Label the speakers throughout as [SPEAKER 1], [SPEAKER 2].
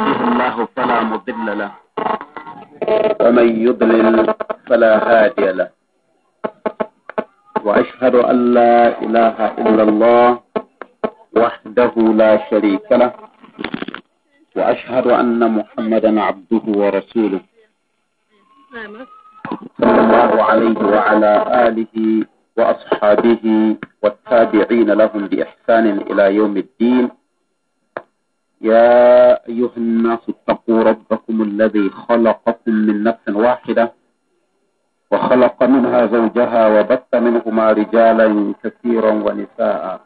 [SPEAKER 1] يهده الله فلا مضل له ومن يضلل فلا هادي له وأشهد أن لا إله إلا الله وحده لا شريك له وأشهد أن محمدا عبده ورسوله صلى الله عليه وعلى آله وأصحابه والتابعين لهم بإحسان إلى يوم الدين يا أيها الناس اتقوا ربكم الذي خلقكم من نفس واحدة وخلق منها زوجها وبث منهما رجالا كثيرا ونساء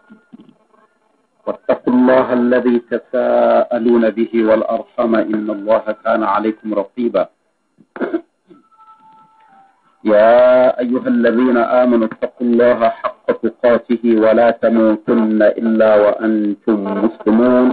[SPEAKER 1] واتقوا الله الذي تساءلون به والأرحم إن الله كان عليكم رقيبا يا أيها الذين آمنوا اتقوا الله حق تقاته ولا تموتن إلا وأنتم مسلمون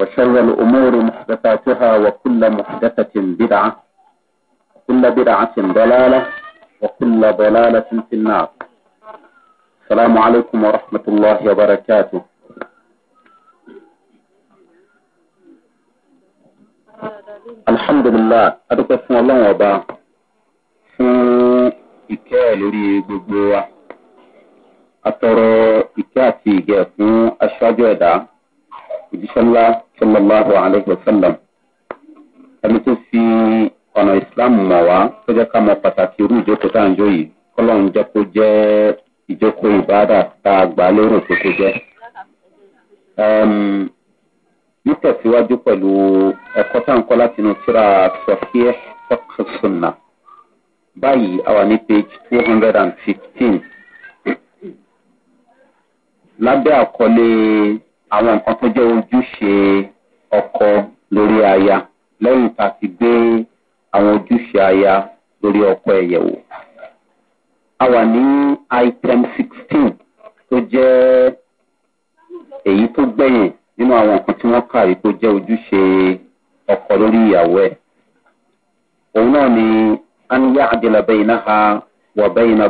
[SPEAKER 1] وشر الأمور محدثاتها وكل محدثة بدعة وكل بدعة ضلالة وكل ضلالة في النار السلام عليكم ورحمة الله وبركاته الحمد لله أدوك ọlọ́run الله وبا ìkẹ́ إكال ريبوا أترى إكاتي atọrọ ìkẹ́ àti إن شاء الله sallallahu alayhi wa sallam ẹni tó fi ọ̀nà islam mọ̀ wá tó jẹ́ ká mọ pàtàkì irú ìjókòó tá à ń jó yìí kọ́lọ́run jẹ́ kó jẹ́ ìjókòó ìbáàdà tá a gbà lérò pé kó jẹ́. nítẹ̀síwájú pẹ̀lú ẹ̀kọ́ tá à ń page two hundred and fifteen lábẹ́ àkọlé àwọn nǹkan tó jẹ́ ojúṣe. ọkọ lórí aya lẹ́yìn tá a ti gbé àwọn ojúṣe aya lórí ọkọ ẹ̀yẹ̀wò. a wà ní item sixteen tó jẹ́ èyí tó gbẹ̀yìn nínú àwọn nǹkan tí wọ́n kà yìí tó jẹ́ ojúṣe ọkọ lórí ìyàwó ẹ̀. òun náà ni anya adela bẹ́yìn ha wà bẹ́yìn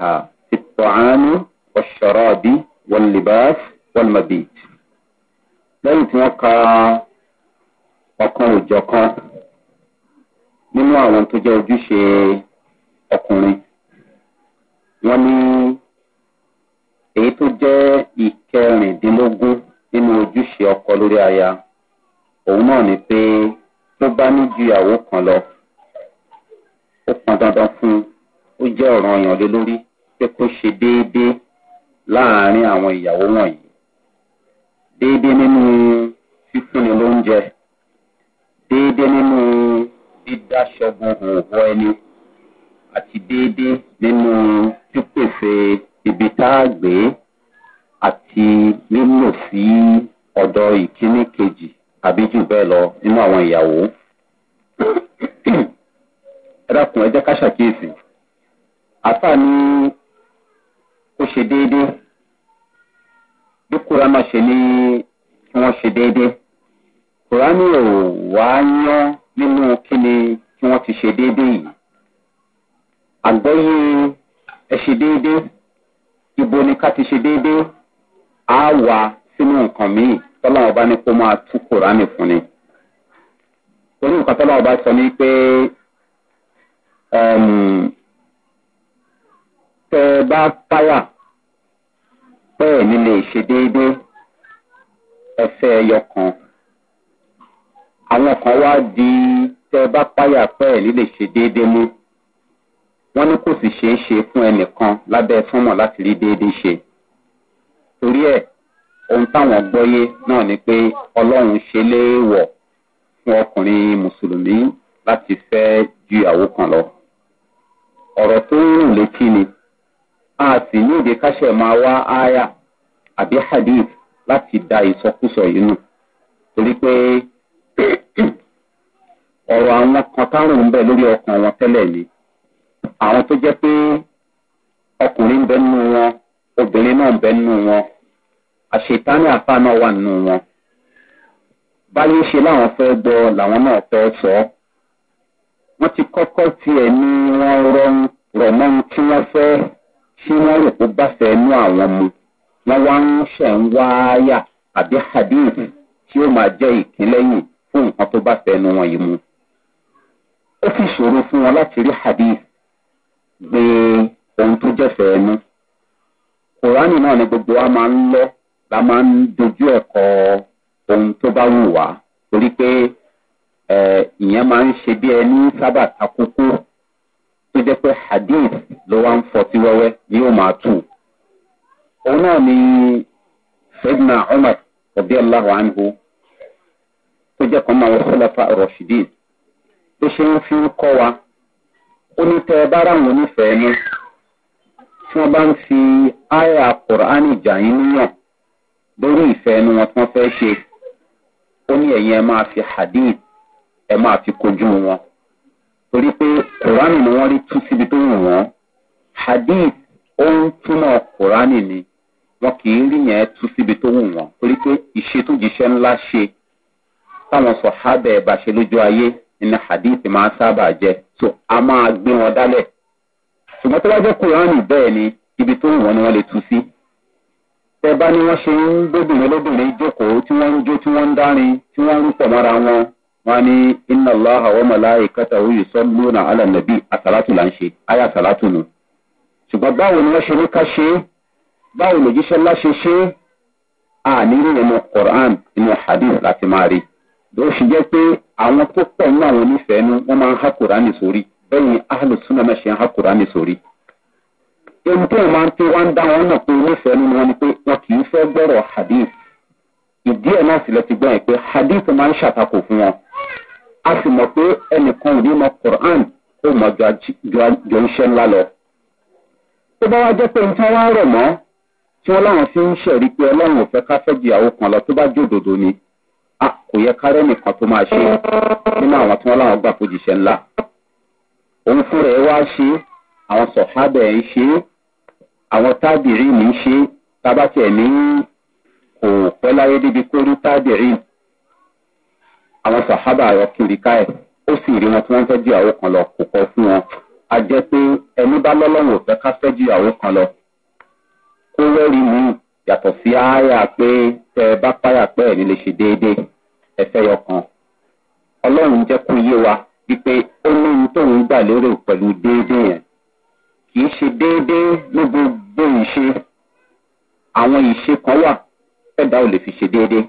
[SPEAKER 1] ha ti tọ́ àánú wọ́n bí wọ́n lẹ́yìn tí wọ́n ka ọ̀kan òjọ̀kan nínú àwọn tó jẹ́ ojúṣe ọkùnrin wọ́n ní èyí tó jẹ́ ìkẹrìndínlógún nínú ojúṣe ọkọ lórí aya òun náà ni pé tó bá ní ju ìyàwó kan lọ ó pọn dandan fún un ó jẹ́ ọ̀ràn èèyàn lé lórí pé kó ṣe déédéé láàárín àwọn ìyàwó wọ̀nyí déédéé nínú fífúnni lóúnjẹ déédéé nínú dídáṣọgun òwò ẹni àti déédéé nínú pípèsè ibi tá a gbé àti lílò sí ọ̀dọ̀ ìkíní kejì àbí jù bẹ́ẹ̀ lọ nínú àwọn ìyàwó. ẹ dákun ẹ jẹ́ ká ó ṣe déédéé bí kúránà ṣe ní kí wọ́n ṣe déédéé kúránì ò wá yán nínú kí ni kí wọ́n ti ṣe déédéé yìí àgbọ́yé ẹ déédéé ibo ni ká ti ṣe déédéé á wà sínú nǹkan míì tọ́lọ́wọ́ bá ní kó máa tú kúránì fún ni torí nǹkan tọ́lọ́wọ́ bá sọ ní pé tẹ bá páyà pé ẹ̀mí lè ṣe déédéé ẹsẹ̀ ẹyọ kan àwọn kan wá di tẹ ẹ bá páyà pé ẹ̀mí lè ṣe déédéé mú wọ́n ní kò sì ṣeé ṣe fún ẹnìkan lábẹ́ fúnmọ̀ láti rí déédéé ṣe torí ẹ̀ ohun táwọn gbọ́yé náà ni pé ọlọ́run ṣe léèwọ̀ fún ọkùnrin mùsùlùmí láti fẹ́ ju ìyàwó kan lọ ọ̀rọ̀ tó ń rùn létí ni. a sì ní èdè káṣẹ̀ máa wá áyà àbí hadith láti da ìsọkúsọ yìí nù torí pé ọ̀rọ̀ àwọn kan táwọn ń bẹ̀ lórí ọkàn wọn tẹ́lẹ̀ ni àwọn tó jẹ́ pé ọkùnrin ń bẹ nínú wọn obìnrin náà ń bẹ nínú wọn àṣetánì àfa náà wà nínú wọn báyìí ṣe láwọn fẹ́ gbọ́ làwọn náà fẹ́ sọ wọ́n ti kọ́kọ́ tiẹ̀ ní wọ́n rọ̀ mọ́ ohun tí wọ́n fẹ́ ṣé wọ́n rò pé bá fẹ́ nú àwọn mu wọ́n wá ń ṣẹ̀ ń wáyà àbí hadith tí ó máa jẹ́ ìkínlẹ́yìn fún nǹkan tó bá fẹ́ nu wọn yìí mu. ó sì ṣòro fún wọn láti rí hadith gbé ohun tó jẹ́ fẹ́ nu. kùránì náà ni gbogbo wa máa ń lọ la máa ń dojú ẹ̀kọ́ ohun tó bá wù wá torí pé ìyẹn máa ń ṣe bí ẹni sábà takókó tó jẹ́ pé hadith ló wá ń fọtí wẹ́wẹ́ yóò máa tù. òun náà ni sayidina umar rabi allahu anhu tó jẹ́ kan máa wọ sọ́lọ́fà rọ̀ṣídìd tó ṣe ń fi ń kọ́ wa ó ní tẹ́ ẹ bá ráwọn onífẹ̀ẹ́ ní tí wọ́n bá ń fi àyà kùránì jà yín níyàn lórí ìfẹ́ ẹnu wọn tí wọ́n fẹ́ ṣe ó ní ẹ̀yin ẹ máa fi hadith ẹ máa fi kojú wọn torí pé kùránì ni wọ́n rí tú síbi tó wù wọ́n hadith ó ń túmọ̀ kùránì ni wọn kì í rí yẹn tú síbi tó wù wọ́n torí pé ìṣe ńlá ṣe táwọn sọ hábẹ́ ìbáṣe lójú ayé ni hadith máa sábà jẹ so a máa gbé wọn dálẹ̀ ṣùgbọ́n tó bá jẹ́ kùránì bẹ́ẹ̀ ni ibi tó wù wọ́n ni wọ́n lè tú sí tẹ bá ní wọ́n ṣe ń gbóbìnrin lóbìnrin jókòó tí wọ́n ń jó tí wọ́n ń dárin tí wọ́n ń rúpọ̀ mọ́ra wọn wọn ní iná aláha wọn mọláyé kẹta òye sọlú náà alẹ nàbí àsàlátù là ń ṣe ayé àsàlátù nù. ṣùgbọ́n báwo ni wọ́n ṣe ní ká ṣe é báwo lòjíṣẹ́ ńlá ṣe ṣe é àní nínú quran nínú hadith láti máa rí ló ṣe jẹ́ pé àwọn tó pọ̀ nínú àwọn onífẹ̀ẹ́ nu wọ́n máa ń ha quran sórí bẹ́yìn ahlus sunna náà ṣe ń ha quran sórí ohun tó máa ń pé wá ń dá wọn náà pé onífẹ̀ẹ́ nínú wọn ni pé wọn kì í fẹ́ gbọ́rọ̀ hadith ìdí ẹ̀ náà sì lọ ti gbọ́n ẹ̀ pé hadith máa ń ṣàtakò fún wọn a sì mọ̀ pé ẹnìkan ò ní mọ quran ó mọ jọ iṣẹ́ ńlá lọ. tó bá wá jẹ́ pé nǹkan wá rọ̀ mọ́ tí wọ́n láwọn fi ń ṣẹ̀rí pé ọlọ́run ò fẹ́ ká fẹ́ jìyàwó kan lọ tó bá jòdòdò ni a kò yẹ kárẹ́ nìkan tó máa ṣe nínú àwọn tí wọ́n láwọn gbà kó jìṣẹ́ ńlá. òun fúnra ẹ wá ṣe àwọn sọ̀hábẹ̀ ń ṣe àwọn tábìrì ń ṣe tábàtì ẹ̀ kò pẹ́ láyé débi kó tábìrì àwọn sàhábà rọ kiri káyẹ ó sì rí wọn tí wọn fẹ́ ju àwọn kan lọ kò kọ fún wọn a jẹ pé ẹni bá lọ́lọ́wọ́ fẹ́ ká fẹ́ ju àwọn kan lọ kó wẹ́rí mi yàtọ̀ sí àyà pé tẹ ẹ bá páyà pé ẹ̀ nílé ṣe déédéé ẹ fẹ́ yọ kan ọlọ́run jẹ́ kó yé wa wípé ó ní ohun tóun gbà lérò pẹ̀lú déédéé yẹn kì í ṣe déédéé ní gbogbo ìṣe àwọn ìṣe kan wà fẹ́dá ò lè fi ṣe déédéé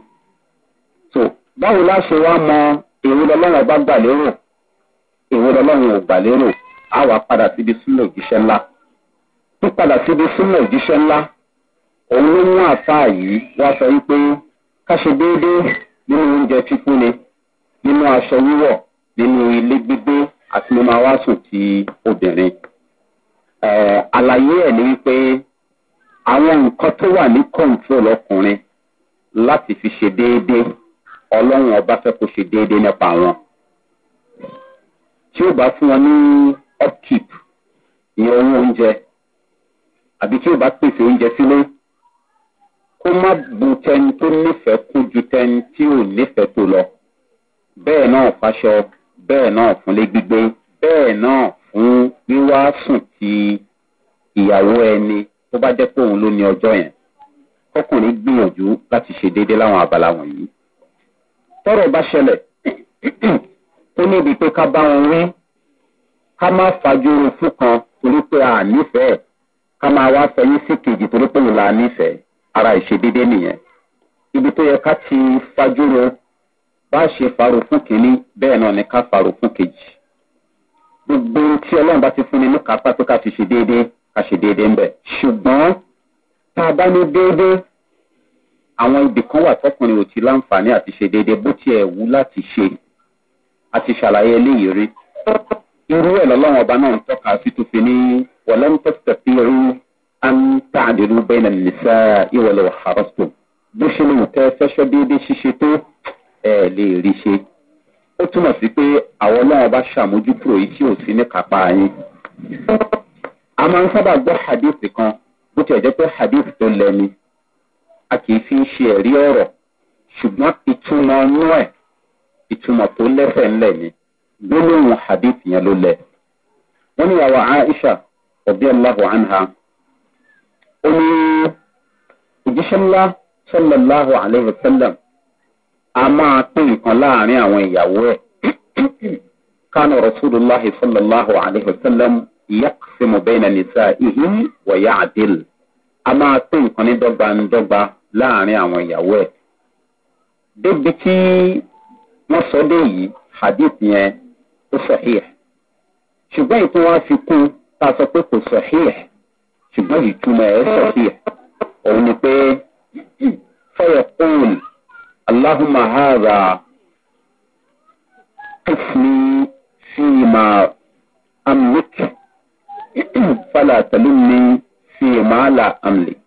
[SPEAKER 1] so báwo la ṣe wá mọ èwo lọlọ́run ọba gbà lérò èwo lọlọ́run ò gbà lérò á wà padà síbi súnmọ́ òjíṣẹ́ ńlá pípadà síbi súnmọ́ òjíṣẹ́ ńlá òun ló mú àfáà yìí wá sọ wípé ká ṣe déédéé nínú oúnjẹ fífúnni nínú aṣọ wíwọ̀ nínú ilé gbígbé àti nínú awásùn ti obìnrin. àlàyé ẹ̀ ni wípé àwọn nǹkan tó wà ní kọ́ńtrol ọkùnrin láti fi ṣe déédéé ọlọ́run ọba fẹ́ kó ṣe déédéé nípa wọn. tí ó bá fún wọn ní upkeep ìyẹn owó oúnjẹ àbí tí ó bá pèsè oúnjẹ sílé kó má bu tẹni tó nífẹ̀ẹ́ kún ju tẹni tí ò nífẹ̀ẹ́ tó lọ. bẹ́ẹ̀ náà fàṣọ bẹ́ẹ̀ náà fúnlé gbígbé bẹ́ẹ̀ náà fún wíwá sùn ti ìyàwó ẹni tó bá jẹ́ pé òun ló ní ọjọ́ yẹn kọkùnrin gbìyànjú láti ṣe déédéé láwọn abala wọ̀nyí tọrọ bá ṣẹlẹ̀ ó níbi pé ká bá wọn rí ká má fàjọrò fún kan torí pé a nífẹ̀ẹ́ ká máa wá fẹyín sí kejì torí pé òun là nífẹ̀ẹ́ ara ìṣedédé nìyẹn ibi tó yẹ ká ti fàjọrò bá ṣe fàrò fún kínní bẹ́ẹ̀ náà ni ká fàrò fún kejì gbogbo tí ọlọ́run bá ti fún ni ní kápá pé ká ti ṣe déédéé ká ṣe déédéé ń bẹ̀ ṣùgbọ́n tá a bá ní déédéé àwọn ibì kan wà tọkùnrin ò ti láǹfààní àti ṣe déédéé bó tiẹ̀ wú láti ṣe àti ṣàlàyé eléyìí rí irú ẹ̀ lọ́lọ́run ọba náà ń tọ́ka sí tó fi ní wọ̀lẹ́n tẹ̀sítẹ̀ fi rí àǹtà àdìrú bẹ́ẹ̀ náà nìṣá ìwọlẹ̀ ọ̀hárọ́sọ̀ bó ṣe lè tẹ́ fẹ́ṣọ́ déédéé ṣíṣe tó ẹ̀ lè rí ṣe ó túmọ̀ sí pé àwọn ọlọ́run ọba ṣàmójúkúrò yìí tí ò sí ní kápá yín a máa ń sábà gbọ́ hadith kan bó tiẹ̀ jẹ́ pé hadith tó lẹ́ni a kì í fi ń ṣe ẹ̀rí ọ̀rọ̀ ṣùgbọ́n ìtumọ̀ inú ẹ̀ ìtumọ̀ tó lẹ́fẹ̀ẹ́ ńlẹ̀ ni gbólóhùn hadith yẹn ló lẹ̀. wọ́n ní àwọn aisha ọ̀bí aláwọ̀ anha ó ní òjíṣẹ́ ńlá sọ́lọ́láhùn àlẹ́wò sẹ́lẹ̀m a máa pín nǹkan láàrin àwọn ìyàwó ẹ̀ kánà rasulillah sọ́lọ́láhùn àlẹ́wò sẹ́lẹ̀m yàtọ̀ bẹ́ẹ̀ nà nìsa ìhín wọ̀yá àdìl a máa pín nǹkan ní dọ́gba ní dọ́gba láàrin àwọn ìyàwó ẹ̀. débi tí wọ́n sọ dé yìí hadith yẹn ó sọ̀hí ẹ̀. ṣùgbọ́n èyí tó wá fi kún tá a sọ pé kò sọ̀hí ẹ̀ ṣùgbọ́n ìtumọ̀ ẹ̀ òun ni pé fọyọ̀ kún aláhùnmá hàrà kìfìlì fìmà amlik fàlà tẹlifíni fìmà amlik.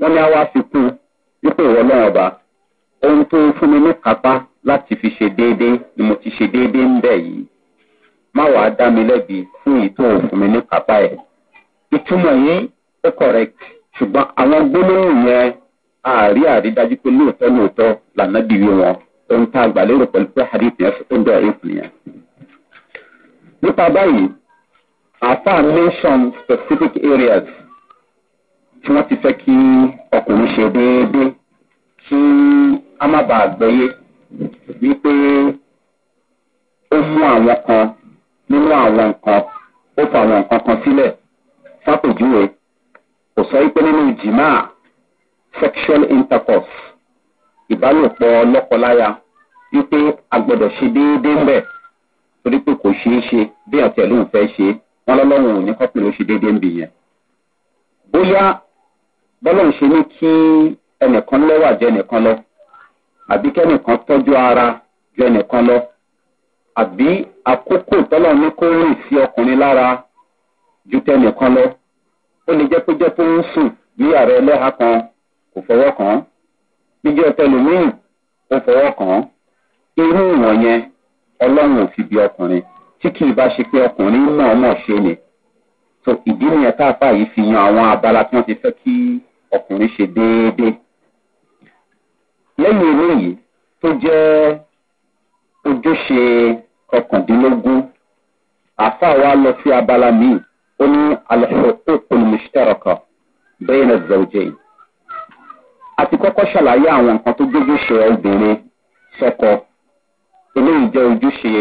[SPEAKER 1] wọ́n ní a wá fi kún wípé ìwọ náà ọba ohun tó fún mi ní kápá láti fi ṣe déédéé ni mo ti ṣe déédéé ń bẹ̀ yìí má wàá dá mi lẹ́bi fún èyí tó fún mi ní kápá ẹ̀. ìtumọ̀ yìí ó correct ṣùgbọ́n àwọn gbólóhùn yẹn àárí àrídájú pé lóòótọ́ lóòótọ́ lànà bíbí wọn ohun tá a gbà lérò pẹ̀lú pé hadith ẹ̀ fún yẹn. nípa báyìí àáfàá specific areas tí wọ́n ti fẹ́ kí ọkùnrin ṣe déédéé kí a má bàa gbẹ́yé wípé ó mú àwọn kan nínú àwọn nǹkan ó fa àwọn nǹkan kan sílẹ̀ fápèjúwe kò sọ wípé nínú jìmá sexual intercourse ìbálòpọ̀ lọ́kọláya wípé a gbọ́dọ̀ ṣe déédéé ń bẹ̀ torí pé kò ṣeé ṣe bí àtẹ̀lóhùn fẹ́ ṣe wọ́n lọ́lọ́run ò ní kọ́pì ló ṣe déédéé ń yẹn bóyá bọ́lá ń ṣe ní kí ẹnìkan lẹ́wà jẹ́ ẹnìkan lọ àbí kẹ́nìkan tọ́jú ara jẹ́ ẹnìkan lọ àbí àkókò tọ́lọ̀ ní kó rìn sí ọkùnrin lára ju tẹ́nìkan lọ ó lè jẹ́ pé jẹ́ pé ń sùn ní ààrẹ ẹlẹ́ha kan kò fọwọ́ kàn án níjẹ́ ọtẹlùmíì ó fọwọ́ kàn án irú ìwọ̀n ọlọ́run ò fi bí ọkùnrin tí kì í bá ṣe pé ọkùnrin mọ̀ọ́mọ̀ ṣe ni so ìdí nìyẹn tá a fà yìí fi yan àwọn abala tí wọ́n ti fẹ́ kí ọkùnrin ṣe déédéé. lẹ́yìn eléyìí tó jẹ́ ojúṣe ọkàndínlógún àfa wa lọ sí abala míì ó ní alẹ́sọ̀tòkùn mùsítẹ́rọ̀kọ bẹ́ẹ̀ náà zọ̀jẹ̀ yìí. àti kọ́kọ́ ṣàlàyé àwọn nǹkan tó gbójúṣe obìnrin sọ́kọ eléyìí jẹ́ ojúṣe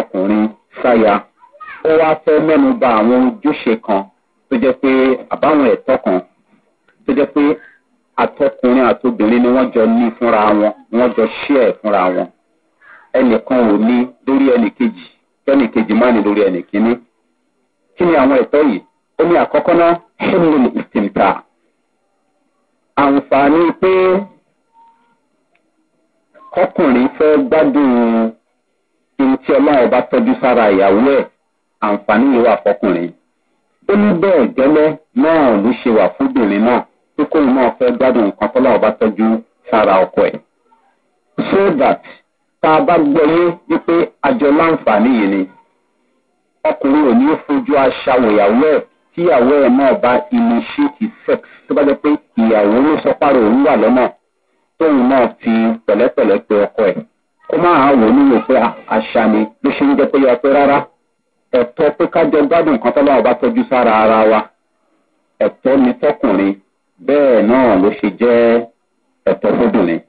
[SPEAKER 1] ọkùnrin sáyà ó wá fẹ́ mẹ́nu ba àwọn ojúṣe kan tó jẹ́ pé àbáwọn ẹ̀tọ́ kan tó jẹ́ pé atọkùnrin àtobìnrin ni wọ́n jọ ní fúnra wọn wọ́n jọ ṣíẹ̀ fúnra wọn ẹnìkan ò ní lórí ẹnìkejì ẹnìkejì má ní lórí ẹnìkíní kí ni àwọn ẹ̀tọ́ yìí ó ní àkọ́kọ́ náà hemlin istimta àǹfààní pé kọkùnrin fẹ́ gbádùn ohun tí ọlọ́run bá tọ́jú sára ìyàwó ẹ̀ àǹfààní yìí wà fọkùnrin ó ní bẹ́ẹ̀ gẹ́lẹ́ náà ló ṣe wà fóbìnrin náà pé kóun náà fẹ́ gbádùn nǹkan tó láwọn bá tọ́jú sára ọkọ ẹ̀. so that tá a bá gbọ́ yé wípé àjọ láǹfààní yìí ni ọkùnrin ò ní fojú aṣàwò ìyàwó ẹ̀ tí ìyàwó ẹ̀ náà bá initiate sex tó bá jẹ́ pé ìyàwó ló sọ párọ̀ òun wà lọ́nà tóun náà fi pẹ̀lẹ́pẹ̀lẹ́ pe ọkọ ẹ̀ kó máa wò nílò pé àṣà ni ló ṣe ń jẹ́ pé yọ pé rárá ẹ̀tọ́ pé ká jọ gbádùn nǹkan tó láwọn bá tọ́jú sára ara wa ẹ̀tọ́ ni tọkùnrin bẹ́ẹ̀ náà ló ṣe jẹ́ ẹ̀tọ́ fóbìnrin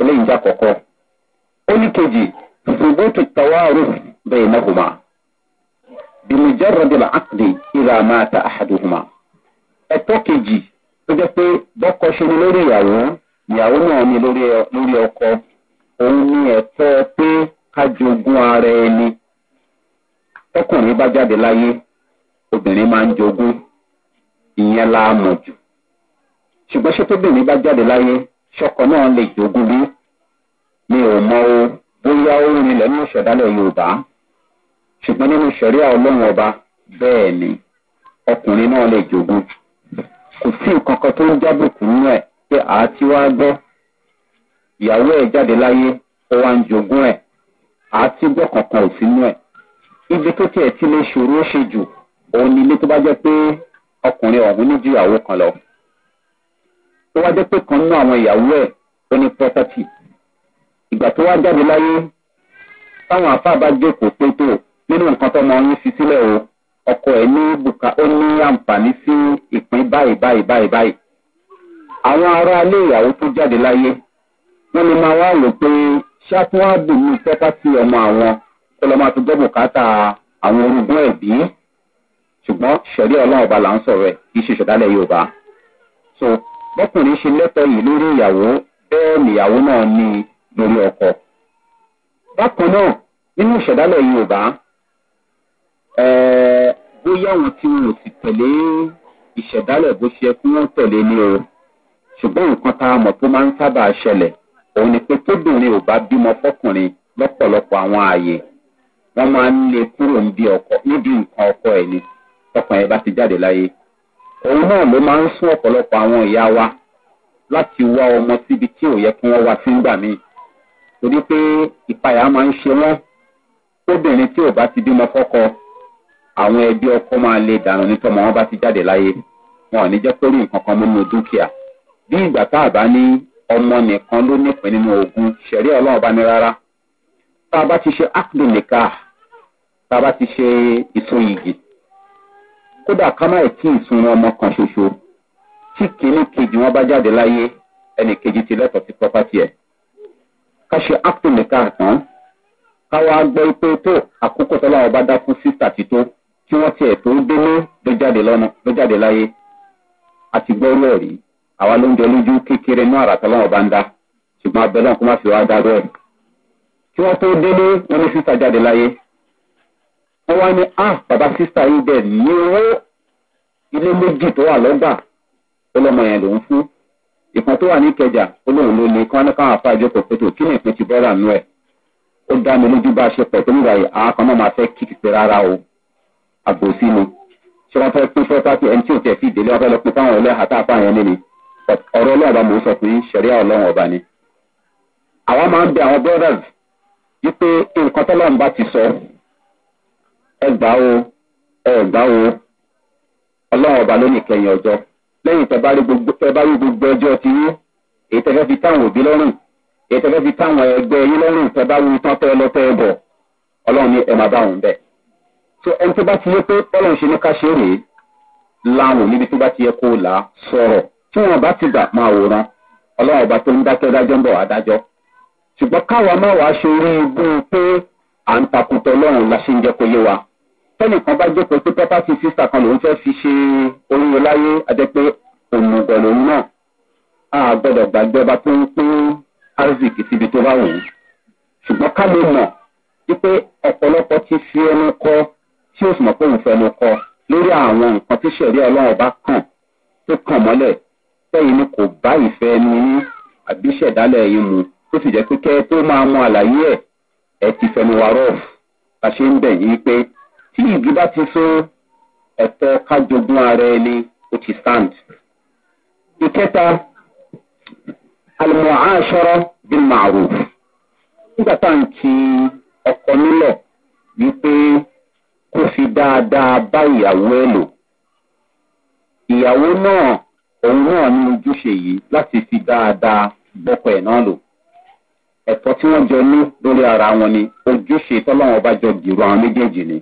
[SPEAKER 1] eléyìí jẹ́ àkọ́kọ́ ó ní kejì ṣùgbọ́n tàwárò bẹ́ẹ̀ náhùmá bìmùjẹ́rọ̀dì làákìdì ìlà máa ta àhàdùhùmá ẹ̀tọ́ kejì ó jẹ́ pé bọ́kọ ṣe ni lórí ìyàwó ìyàwó náà ni lórí ọkọ òun ni ẹ̀tọ́ pé kájogún ara ẹni tọkùnrin bá jáde láyé obìnrin máa ń jogún. ìyẹn la mọ̀ jù ṣùgbọ́n ṣé tóbìnrin bá jáde láyé ṣọkọ náà lè jogún bí mi ò mọ o bóyá ó rinlẹ̀ nínú ìṣẹ̀dálẹ̀ yorùbá ṣùgbọ́n nínú ìṣẹ̀ríà ọlọ́run ọba bẹ́ẹ̀ ni ọkùnrin náà lè jogún kò sí nǹkan kan tó ń jábùkù nínú ẹ̀ pé àá tí wàá gbọ́ ìyàwó ẹ̀ jáde láyé ó wá ń jogún ẹ̀ àá tí gbọ́ kankan ò sínú ẹ̀ ibi tó tiẹ̀ ti lè ṣòro ṣe jù òun ni ilé tó bá jẹ́ pé ọkùnrin ọ̀hún ní ju ìyàwó kan lọ. tó wá jẹ́ pé kan nínú àwọn ìyàwó ẹ̀ ó ní pọ́tàtì. ìgbà tó wá jáde láyé táwọn àfa bá jókòó pé tó nínú nǹkan tó mọ ọyún fi sílẹ̀ o ọkọ ẹ̀ ní bùkà ó ní àǹfààní sí ìpín báyìí báyìí báyìí báyìí. àwọn ará ilé ìyàwó tó jáde láyé wọ́n lè máa wá rò pé ṣáàtúwádùn ní pẹ́tàtì ọmọ àwọn kó lọ́ máa fi gbọ́ bùkátà àwọn orogún ẹ̀bí. ṣùgbọ́n ṣẹ̀rí ọlọ́run ọba là ń sọ̀rọ̀ ẹ̀ kì í ṣe ṣẹ̀dálẹ̀ yorùbá. so bọ́kùnrin ṣe lẹ́tọ̀ yìí lórí ìyàwó bẹ́ẹ̀ nìyàwó náà ní lórí ọkọ̀. bákan náà nínú ìṣẹ̀dálẹ̀ yorùbá eh, bóyá àwọn tí wọn ò sì tẹ̀lé ìṣẹ̀dálẹ̀ bó ṣe kí wọ́n tẹ̀lé ní o ṣùgbọ́n nǹkan tá a mọ̀ tó máa ń sábà ṣẹlẹ̀ ni pé tóbìnrin ò bá bímọ fọkùnrin lọ́pọ̀lọpọ̀ tọkàn ẹ bá ti jáde láyé òun náà ló máa ń sún ọ̀pọ̀lọpọ̀ àwọn ìyá wa láti wá ọmọ síbi tí ò yẹ kí wọ́n wá sí ńgbà míì torí pé ìpayà máa ń ṣe wọ́n obìnrin tí ò bá ti bímọ fọ́kọ àwọn ẹbí ọkọ máa lè dànù nítọ́mọ wọn bá ti jáde láyé wọn ò ní jẹ́ kórìí nǹkan kan nínú dúkìá bí ìgbà tá a ní ọmọ nìkan ló nípìn nínú ogun ṣẹ̀rí ọlọ́run bá ní rárá tá a bá ti ṣe ákùnrin nìka tá a bá ti ṣe ìsoyìgì kódà ká má ì tí ì sun ọmọ kan ṣoṣo tí kìíní kejì wọn bá jáde láyé ẹnì kejì ti lẹ́tọ̀ọ́ sí pọ́pátì ẹ̀. ká ṣe ápù nìkan àtàn ká wá gbọ́ pé tó àkókò tọ́láwọ̀ bá dá fún sísà ti tó kí wọ́n tiẹ̀ tó ń délé ló jáde láyé àti gbọ́rú ẹ̀ rí àwa ló ń jẹ lójú kékeré inú àrà tọ́láwọ̀ bá ń dá ṣùgbọ́n abẹ́lẹ́ kó má fi wá dá bẹ́ẹ̀ kí wọ́n tó délé wọn ní sísà jáde láyé ẹ wá ní ah bàbá sísá yìí dẹ̀ ní owó ilé méjì tó wà lọ́gbà ó yẹn lòún fún ìkan tó wà ní ìkẹjà ó ló ní kán káwọn afá ìjókòó pé kí ni ìpín ti bọ́ra nù ẹ̀ ó dá mi lójú bá a ṣe pẹ̀ tó nígbà yìí àwọn kan náà máa fẹ́ kíkì pé rárá o àgbòsí ni ṣé wọ́n fẹ́ pín fẹ́ pátí ẹni tí ò tẹ̀ sí ìdílé wọn fẹ́ lọ pín fáwọn ọlẹ́ àtàpá yẹn ní ni ọ̀rọ̀ ọlọ́ọ̀bá mò ń sọ pé ṣẹ̀ríà ọlọ́run ọba ni. àwa máa ń bẹ àwọn brothers ẹgbàá o ẹgbàá o ọlọ́run ọba lónìí kẹyìn ọjọ́ lẹ́yìn tẹ bá rí gbogbo ẹjọ́ ti yín èyí tẹ fẹ́ fi táwọn òbí lọ́rùn èyí tẹ fẹ́ fi táwọn ẹgbẹ́ yín lọ́rùn tẹ bá wí tán tẹ́ lọ bọ̀ ọlọ́run ní ẹ máa bá òun bẹ̀. so ẹni tó bá ti yẹ pé ọlọ́run ṣe ní ká ṣe rèé láwọn níbi tó bá ti yẹ kó là á sọ̀rọ̀ tí wọn bá ti gbà máa wòran ọlọ́run ọba tó ń dákẹ́ dájọ́ ń bọ̀ wá dájọ́ ṣùgbọ́n káwa máa wàá ṣe orí ibú pé à ń takùtọ̀ ọlọ́run la ṣe ń jẹ́ kó yé wa tẹ́nìkan bá jẹ́ pé property sister kan lòun fẹ́ fi ṣe oríire láyé àti pé òmùgọ̀ lòun náà a gbọ́dọ̀ gbàjọba tó ń pín arzik síbi tó bá wù ú ṣùgbọ́n ká lè mọ̀ wípé ọ̀pọ̀lọpọ̀ ti fi ẹnu kọ tí ó sì mọ̀ pé òun fẹnu kọ lórí àwọn nǹkan tí sẹ̀rí ọlọ́run bá kàn tó kàn mọ́lẹ̀ sẹ́yìn ni kò bá ìfẹ́ ẹnu yín àbí ṣẹ̀dálẹ̀ yín mu tó sì jẹ́ pé kẹ́ tó máa mọ àlàyé ẹ̀ ẹ ti fẹnu wa rọ̀ bá ṣe ń bẹ̀ yín pé tí ìgi bá ti so ẹ̀tọ́ kájogún ara ẹni ó ti stand. ìkẹta àlùmọ̀ àṣọrọ̀ bí màrú nígbà tá à ń ti ọkọ nílẹ̀ wípé kó fi dáadáa bá ìyàwó ẹ̀ lò ìyàwó náà òun náà ní ojúṣe yìí láti fi dáadáa bọ́kọ ẹ̀ náà lò ẹ̀tọ́ tí wọ́n jọ ní lórí ara wọn ni ojúṣe tọ́lọ́wọ́n bá jọ gìrò àwọn méjèèjì ni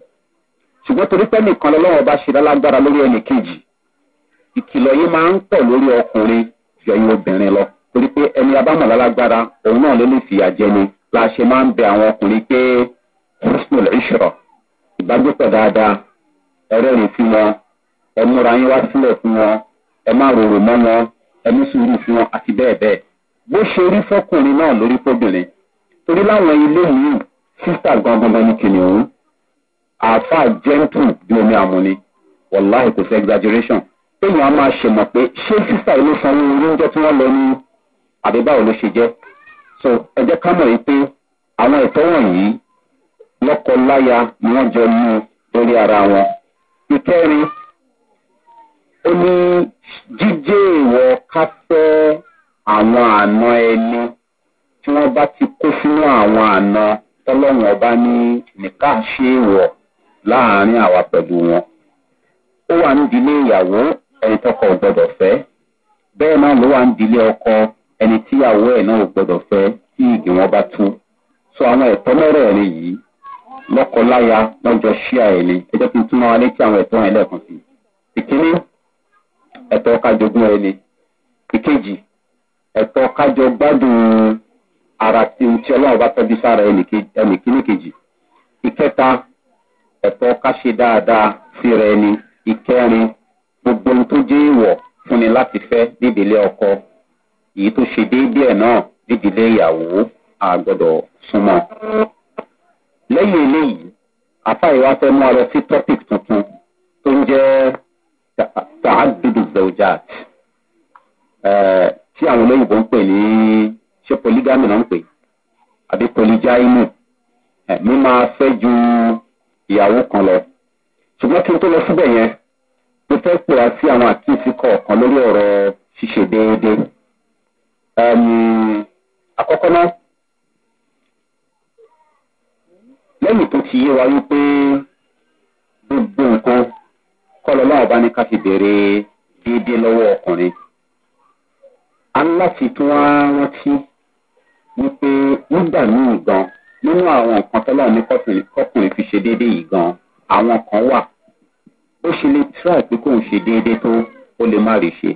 [SPEAKER 1] ṣùgbọ́n torí pé nìkan lọ́wọ́ bá ṣe lálágbára lórí ẹnì kejì ìkìlọ̀ yìí máa ń pọ̀ lórí ọkùnrin ju ẹyin obìnrin lọ torí pé ẹni abámọ̀ lálágbára òun náà ló lè fìyà ni la ṣe máa ń bẹ àwọn ọkùnrin pé hosnul ishra ìbágbépọ̀ dáadáa ẹrẹ́rìn fún wọn ẹ múra yín wá sílẹ̀ fún wọn ẹ má rorò mọ́ wọn ẹ ní sùúrù fún wọn àti bẹ́ẹ̀ bẹ́ẹ̀ bó ṣe rí fọkùnrin náà lórí fóbìnrin torí láwọn ilé yìí sísà gangan ni kìnìún àáfà gentle bí omi àmúni wàláì kò sí exaggeration téèyàn á máa ṣèmọ̀ pé ṣé sísà ilé sanwó oúnjẹ tí wọ́n lọ ní àbí báwo ló ṣe jẹ́ so ẹ jẹ́ ká mọ̀ yìí pé àwọn ẹ̀tọ́ wọ̀nyí lọ́kọ-láya ni wọ́n jọ mú lórí ara wọn. ìkẹrin ó ní jíjẹ́ ìwọ ká fẹ́ àwọn àna ẹni tí wọ́n bá ti kó sínú àwọn àna tọ́lọ́wọ̀n ọba ní nìkan ṣe é wọ̀. láàrin àwa pẹ̀lú wọn. ó wà nídìílé ìyàwó ẹni tọkọ gbọdọ̀ fẹ́ bẹ́ẹ̀ náà ló wà ọkọ ẹni tíyàwó ẹ̀ náà gbọdọ̀ fẹ́ tí wọn bá tú. sọ àwọn ẹ̀tọ́ mẹ́rẹ̀ẹ̀rin yìí lọ́kọ lọ́jọ́ ṣíà ẹ̀ ni ẹ kí n tún máa létí àwọn ẹ̀tọ́ yẹn lẹ́ẹ̀kan sí ìkíní ẹ̀tọ́ ẹ ni ìkejì ẹ̀tọ́ ara ti ohun tí ọlọ́run bá tọ́jú sára kejì ìkẹta ẹ̀tọ́ ká ṣe dáadáa síra ẹni ìkẹrin gbogbo ohun tó jẹ́ ìwọ̀ fúnni láti fẹ́ nídìílé ọkọ èyí tó ṣe déédéé ẹ̀ náà nídìílé ìyàwó àgbọ̀dọ̀ súnmọ́. lẹ́yìn eléyìí afa ìwà fẹ́ mú ọrẹ sí topic tuntun tó ń jẹ́ tààdùdù zẹ̀wùjáàt tí àwọn olóyìnbó ń pè ní ṣé polygamy náà ń pè àbí polygyny mímáa fẹ́ ju ìyàwó kan lọ ṣùgbọ́n kí n tó lọ síbẹ̀ yẹn mo fẹ́ pè á sí àwọn àkíyèsí kọ̀ọ̀kan lórí ọ̀rọ̀ ṣíṣe déédéé. àkọ́kọ́ náà lẹ́yìn tó ti yé wa wípé gbogbo nǹkan kọ́lọ́ láwọn bá ní ká fi bèrè déédéé lọ́wọ́ ọkùnrin. a ń láti rántí wípé nígbà míì gan-an nínú àwọn nǹkan tọ́lọ́ ní kọkùnrin fi ṣe déédéé yìí gan àwọn kan wà ó ṣe lè try pé kóun ṣe déédéé tó ó lè má rí ṣe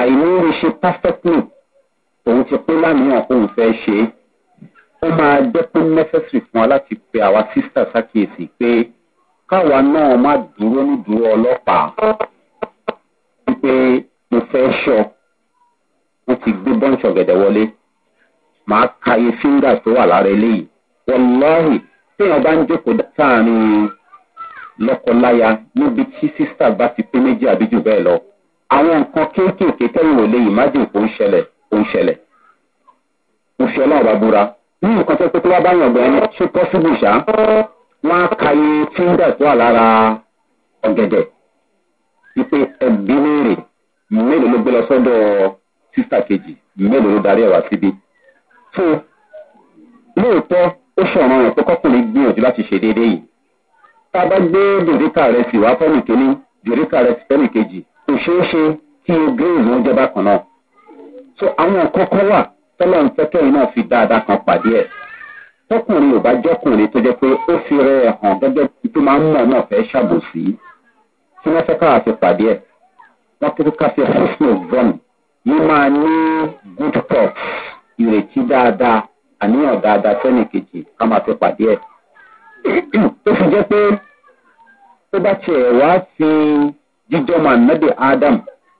[SPEAKER 1] àìní rí ṣe perfectly òun ti pé lánàá òun fẹ́ ṣe é ó máa jẹ́ pé necessary fún wa láti pe àwa sísítà sákìyèsí pé káwa náà má dúró nídúró ọlọ́pàá wípé mo fẹ́ ṣọ mo ti gbé bọ́ǹṣọ̀gẹ̀dẹ̀ wọlé màá ka iye fíńgà tó wà lára eléyìí wọláhì téèyàn bá ń jókòó sáàrin lọkọláya níbi tí sísá bá ti pé méjì àbí jù bẹ́ẹ̀ lọ àwọn nǹkan kéékèèké tẹ́yìn ò lè ìmájì kò ń ṣẹlẹ̀ kò ń ṣẹlẹ̀ mo fi ọlọ́run bá búra ní nǹkan tó pé wá bá yàn bẹ́ẹ̀ ni ṣé pọ́sibú ṣá wọ́n á ka iye fíńgà tó wà lára ọ̀gẹ̀dẹ̀ wípé ẹ̀bí mèrè mélòó ló gbé lọ sọ́dọ̀ sísá kejì mélòó ló darí ẹ̀ síbi so lóòótọ́ ó ṣọ̀ràn rẹ̀ pé kọ́kùnrin gbìyànjú láti ṣe déédéé yìí tá a bá gbé dòríkà rẹ̀ sì wá fẹ́nì kínní dòríkà rẹ̀ sì fẹ́nì kejì kò ṣeé ṣe kí o gírèzì oúnjẹ bákan náà so àwọn kọ́kọ́ wà tọ́lọ́ ń fẹ́kẹ́yìn náà fi dáadáa kan pàdé ẹ̀ tọkùnrin ò bá jọkùnrin tó jẹ pé ó fi rẹ hàn gẹ́gẹ́ tó máa ń mọ̀ náà fẹ́ ṣàbòsí tí wọ́n fẹ́ káà fi pàdé ẹ̀ wọ́n kí ká fi hosùn yìí máa ní good talks ìrètí dáadáa àníyàn dáadáa sẹ́nì kejì ká máa fi pàdé ẹ̀. tó fi jẹ́ pé tó bá tiẹ̀ wá fi jíjọ́ máa nẹ́bẹ̀ adam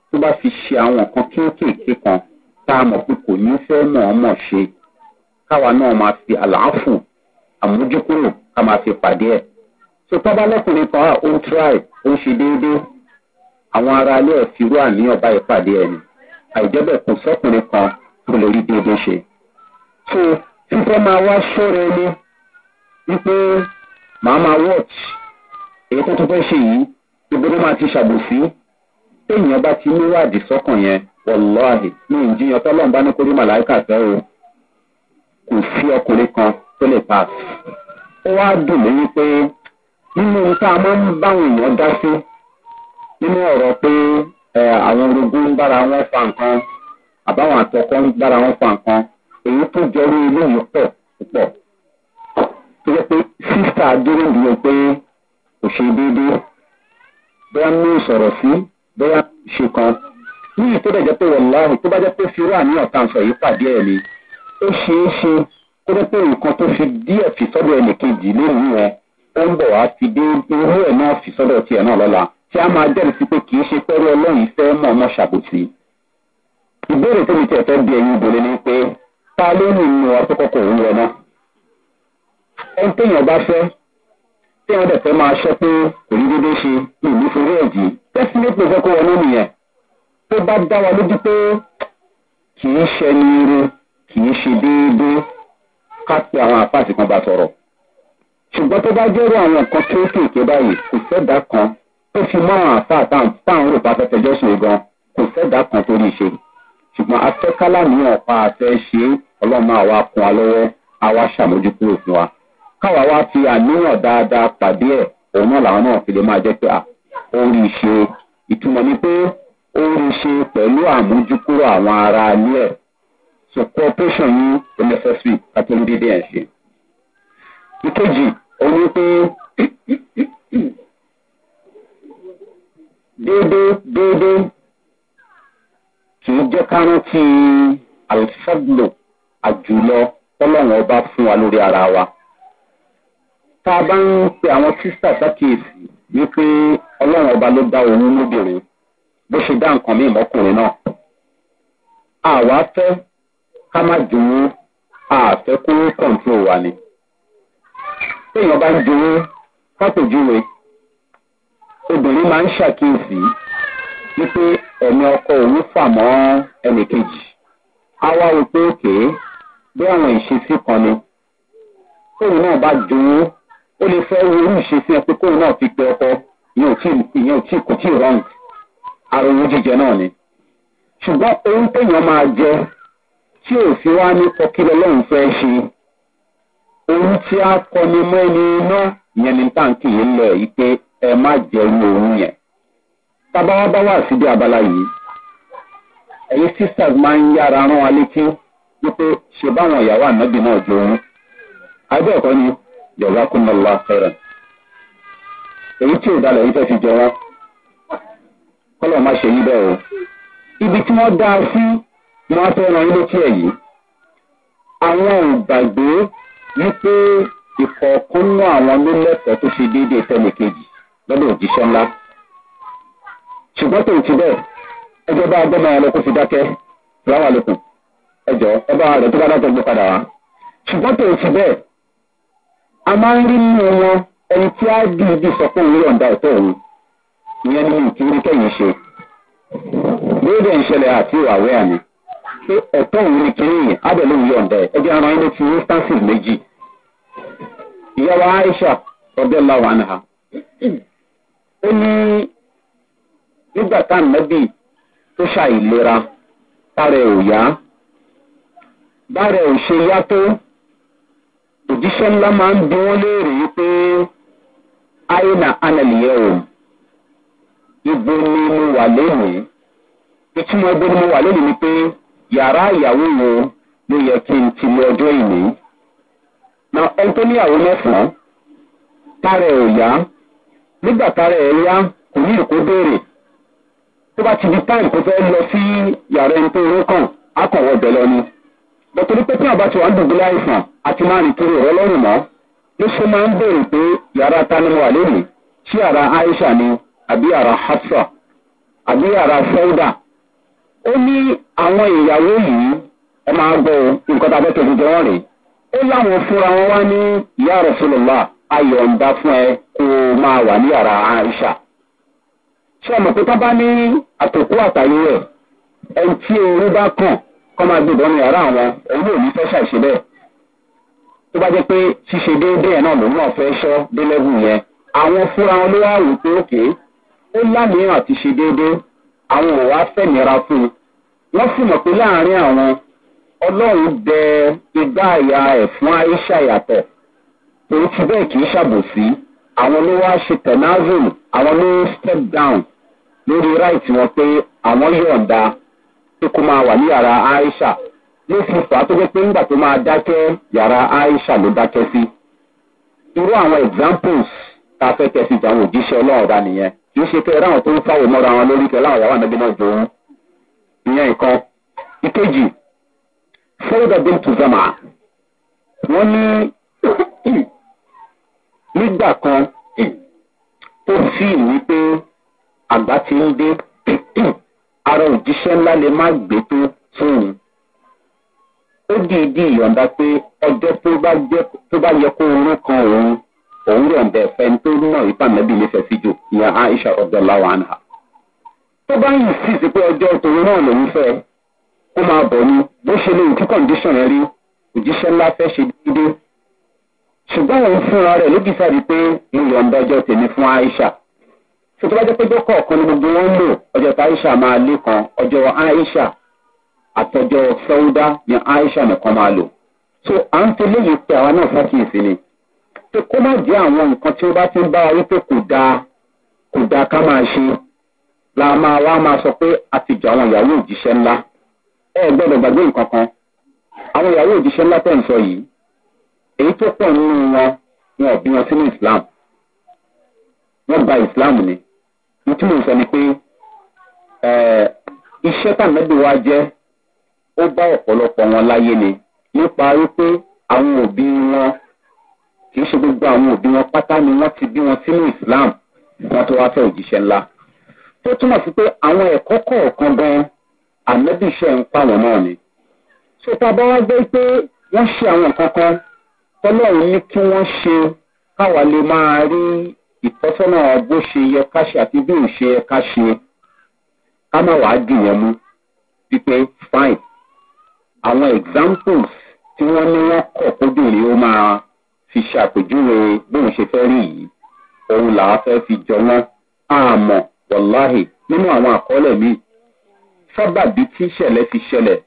[SPEAKER 1] tó bá fi ṣe àwọn nǹkan kéékèèké kan tá a mọ̀ pé kò ní fẹ́ mọ̀ ọ́ mọ̀ ṣe káwa náà máa fi àlàáfù àmójúkúrò ká máa fi pàdé ẹ̀. so tọ́ba lọ́kùnrin kan ó ń tíráì ó ń ṣe déédéé àwọn ará ẹ̀ fi rú àníyàn báyìí pàdé ẹ̀ ni àìjẹ́bẹ̀ kò sọ́kùnrin kan mo lè rí déédéé ṣe. so fífẹ́ máa wá ṣọ́ra ẹni wípé màá máa watch èyí tó tó fẹ́ ṣe yìí ìbúdó máa ti ṣàbòsí téèyàn bá ti níwádìí sọ́kàn yẹn wọ̀lọ́ọ̀hì ní ìjiyàn tọ́lọ́run bá ní kórí màláìkà fẹ́ o kò sí ọkùnrin kan tó lè pass. ó wá dùn mí wípé nínú ohun tá a máa ń báwọn èèyàn dá sí nínú ọ̀rọ̀ pé àwọn orogún ń bára wọn fa nǹkan àbáwọn àtọkọ́ ń dára wọn fa nǹkan èyí tó jẹrú ilé yìí pọ̀ púpọ̀ tó yẹ pé sísá dúró dúró pé kò ṣe déédéé bóyá mú ìsọ̀rọ̀ sí bóyá ṣe kan ní ìtọ́jà jẹ́ pé wọ̀láhù tó bá jẹ́ pé fi wà ní ọ̀tá ǹsọ̀ yìí pàdé ẹ̀ ni ó ṣeé ṣe kó jẹ́ pé nǹkan tó fi díẹ̀ fi sọ́dọ̀ ẹ̀ nìkejì lórí rẹ̀ ó ń bọ̀ wá ti dé irú ẹ̀ náà fi sọ́dọ̀ tiẹ̀ náà lọ́la tí a máa jẹ́rìí sí pé kì í ṣe pẹ́rú ọlọ́run fẹ́ mọ̀ ọmọ ṣàbòsí ìbéèrè tó mi tẹ̀ fẹ́ bí ẹyin ìbòlè ni pé ta ló ní inú akókòkò òun yẹn náà. ẹni téèyàn bá fẹ́ téèyàn dẹ̀ fẹ́ máa ṣẹ́ pé kò ní dédé ṣe ní ìlú fún rẹ́ẹ̀dì tẹ́sílẹ́pù fẹ́ kó wọnú nìyẹn tó bá dá wa lójú pé kì í ṣẹni irun kì í ṣe déédéé ká pe àwọn àpáàtì kan bá sọ̀rọ̀ ṣùgbọ́n tó bá jẹ́rú àwọn nǹkan kéékèèké báyìí kò sẹ́dá kan tó fi mọ́ àwọn àpáàtà táwọn rò pa fẹ́fẹ́ jọ́sùn gan kò sẹ́dá kan tó rí ṣe. ṣùgbọ́n afẹ́kálà ní ọ̀pá àfẹ́ ṣe ọlọ́mọ àwa kun wa lọ́wọ́ àwa ṣàmójúkúrò kawawa wa káwa wá fi àníyàn dáadáa pàdé ẹ̀ òun náà náà fi lè máa jẹ́ pé ni pé ó ṣe pẹ̀lú àmójúkúrò àwọn ara ilé ẹ̀ so cooperation ẹ̀ pé kì í jẹ́ ká rántí alifadlo àjùlọ tọ́lọ́wọ́n ọba fún wa lórí ara wa. tá a bá ń pe àwọn sísà sákèésì wípé ọlọ́run ọba ló dá òun lóbìnrin bó ṣe dá nǹkan míì mọ́kùnrin náà. àwa fẹ́ ká má jòwó àfẹ́ wa ni. téèyàn bá ń wípé ẹ̀mí ọkọ òun fà mọ́ ẹnìkejì á wá rí pé òkè bí àwọn ìṣesí kan ni tóun náà bá jowó ó lè fẹ́ wo irú ìṣesí ẹ pé kóun náà fi pe ọkọ ìyẹn ò tí ìyẹn ò tí kò tí wrong ariwo jíjẹ náà ni ṣùgbọ́n ohun téèyàn máa jẹ tí ò fi wá ní kọkílẹ̀ lọ́hùn fẹ́ ṣe ohun tí a kọni mọ́ ẹni iná ìyẹn ní táǹkì yìí lọ yìí pé ẹ má jẹ irú òun yẹn. tábà wá bá wà síbi abala yìí Eyi sisters máa ń yára rán wa létí wípé ṣe báwọn ìyàwó ànábì náà jọ wọn ni yorùbá kún náà lọ fẹ́ràn èyí tí ò dalẹ̀ yìí fẹ́ fi jọ wọn kọ́lọ̀ má ṣe yí o ibi tí wọ́n dá a sí ni wọ́n fẹ́ ran ilé tí ẹ̀ yìí àwọn ò wípé ìkọ̀ọ̀kan náà àwọn ló lẹ́tọ̀ọ́ tó ṣe déédéé tẹ́lẹ̀ kejì lọ́dọ̀ òjíṣẹ́ ṣùgbọ́n tó ti bẹ́ẹ̀ ẹjọ́ bá gbọ́mọ ẹ̀rọ kó fi dákẹ́ láwà lókun ẹjọ́ ẹ bá rẹ̀ tó bá dákẹ́ gbé padà wá. ṣùgbọ́n tó ti bẹ́ẹ̀ a máa ń rí nínú wọn ẹni tí a dì í bí sọ pé òun yọ̀ǹda ẹ̀tọ́ òun ìyẹn ni mi kì í rí kẹ́yìn ṣe. lóde ìṣẹ̀lẹ̀ àti ìwàwé àmì pé ẹ̀tọ́ òun ni kìíní abẹ́lé òun yọ̀ǹda ẹ̀ ẹjọ́ ara ẹni ti instances méjì. ìyàwó aisha ọ̀dẹ́lá wàhánà ó ní nígbà tá ànábì tó ṣàìlera tára ẹ̀ ò yá bára ẹ̀ ò ṣe yá tó òjíṣẹ́ ńlá máa ń bí wọ́n léèrè pé àyínà ànàlìyẹ o ibo ni mo wà lónìí ìtumọ̀ ibo ni mo wà lónìí ni pé yàrá ìyàwó wo ló yẹ kí n ti lọ ọjọ́ ìní na ẹni tó níyàwó mẹ́sàn-án tára ẹ̀ ò yá nígbà tára ẹ̀ yá kò ní ìkó béèrè tó bá ti di time tó fẹ́ lọ sí yàrá ẹni tó rẹ kàn á kàn wọ bẹ̀ ni. bẹ̀tẹ̀rí pé tí àbá ti wà láìsàn àti máa rìn kiri ọ̀rọ̀ lọ́rùn mọ́ ló ṣe máa ń béèrè pé yàrá tanimu àlẹ́mì ṣé yàrá aisha ni àbí yàrá hafsa àbí yàrá fẹ́údà. ó ní àwọn ìyàwó yìí ẹ máa gbọ́ nǹkan tá a fẹ́ tó fi jẹ wọ́n rèé ó láwọn fúnra wọn wá ní ìyá rọ̀ṣọlọ́lá ayọ̀ǹda fún ẹ kó máa wà ní yàrá aisha. ṣé ọmọ pé tá bá ní àtòkú àtàyè rẹ̀ ẹni tí orí bá kàn kọ́ máa gbé ìbọn ní yàrá àwọn òun ò ní fẹ́ ṣàìṣe bẹ́ẹ̀ tó bá jẹ́ pé ṣíṣe déédéé ẹ̀ náà lòun náà fẹ́ ṣọ́ dé lẹ́bù yẹn àwọn fúnra wọn ló wá rò pé òkè ó láníyàn àti ṣe déédéé àwọn ò wá fẹ̀mìíra fún un wọ́n sì pé láàrin àwọn ọlọ́run dẹ igbá àyà ẹ̀ fún aisha yàtọ̀ èyí ti bẹ́ẹ̀ kì í ṣàbòsí àwọn ló wá ṣe tẹ̀názùn àwọn ló step down lórí ráìtì wọn pé àwọn yọ̀ǹda tó kó máa wà ní yàrá aisha ló fi fà á tó jẹ́ pé nígbà tó máa dákẹ́ yàrá aisha ló dákẹ́ sí. irú àwọn examples tá a fẹ́ kẹ́sì jàǹwò jíṣẹ́ ọlọ́run nìyẹn kì í ṣe pé tó ń mọ́ra wọn lórí kẹ láwọn yàrá náà jòun ìyẹn nǹkan. ìkejì bí ní nígbà kan tó fíìmù àgbà ti ń dé ara òjíṣẹ́ ńlá lè má gbé tó fún un. ó dìídì ìyọ̀ǹda pé ọjọ́ tó bá yẹ kó orún kan òun òun rẹ̀ ń bẹ̀ fẹ́ tó náà ipa mẹ́bí lè fẹ́ sí jù ìyá aisha ọ̀dọ̀ láwọn àná. tó bá yìí sí sí pé ọjọ́ tòun náà lòún fẹ́ kó máa bọ̀ ni bó ṣe lè tí kọ̀ǹdíṣàn rẹ rí òjíṣẹ́ ńlá fẹ́ ṣe déédéé. ṣùgbọ́n òun fúnra rẹ̀ ló kìí sáré pé ìyọ̀ǹda ọjọ́ tèmi fún aisha. tó tó bá jẹ́ pé ọjọ́ ni gbogbo wọn lò ọjọ́ aisha máa lé kan ọjọ́ aisha àtọjọ́ sẹ́wúdá ni aisha nìkan máa lò so à ń fi pé àwa náà ni pé kó má jẹ́ àwọn nǹkan tí ti ń bá wa wípé kò kò ká sọ pé a ti jọ àwọn ìyàwó òjíṣẹ́ ńlá ẹ gbọ́dọ̀ gbàgbé nǹkan kan àwọn ìyàwó òjíṣẹ́ ńlá tẹ̀ ń sọ yìí tó pọ̀ wọn wọn gba islam ni ìtú mò ń sọ ni pé iṣẹ́ tànàbí wa jẹ́ ó bá ọ̀pọ̀lọpọ̀ wọn láyé ni nípa wípé àwọn òbí wọn kì í ṣe gbogbo àwọn òbí wọn pátá ni wọ́n ti bí wọn sínú islam wọn tó wá fẹ́ òjíṣẹ́ ńlá tó túmọ̀ sí pé àwọn ẹ̀kọ́ kọ̀ọ̀kan gan ànábì iṣẹ́ ń pa wọn náà ni tó tá a bá wá gbé pé wọ́n ṣe àwọn nǹkan kan tọ́lọ́run ní kí wọ́n ṣe káwa lè máa rí ìtọ́sọ́nà bó ṣe yẹ ká ṣe àti bí ṣe yẹ ká ṣe ká má wàá dìyẹn mú wípé fine àwọn examples tí wọ́n ní wọ́n kọ̀ kóbìnrin ó máa fi ṣàpèjúwe bóun ṣe fẹ́ rí yìí òun làá fẹ́ fi jọ wọ́n àmọ̀ wàláhì nínú àwọn àkọọ́lẹ̀ míì sábàbí tí ìṣẹ̀lẹ̀ fi ṣẹlẹ̀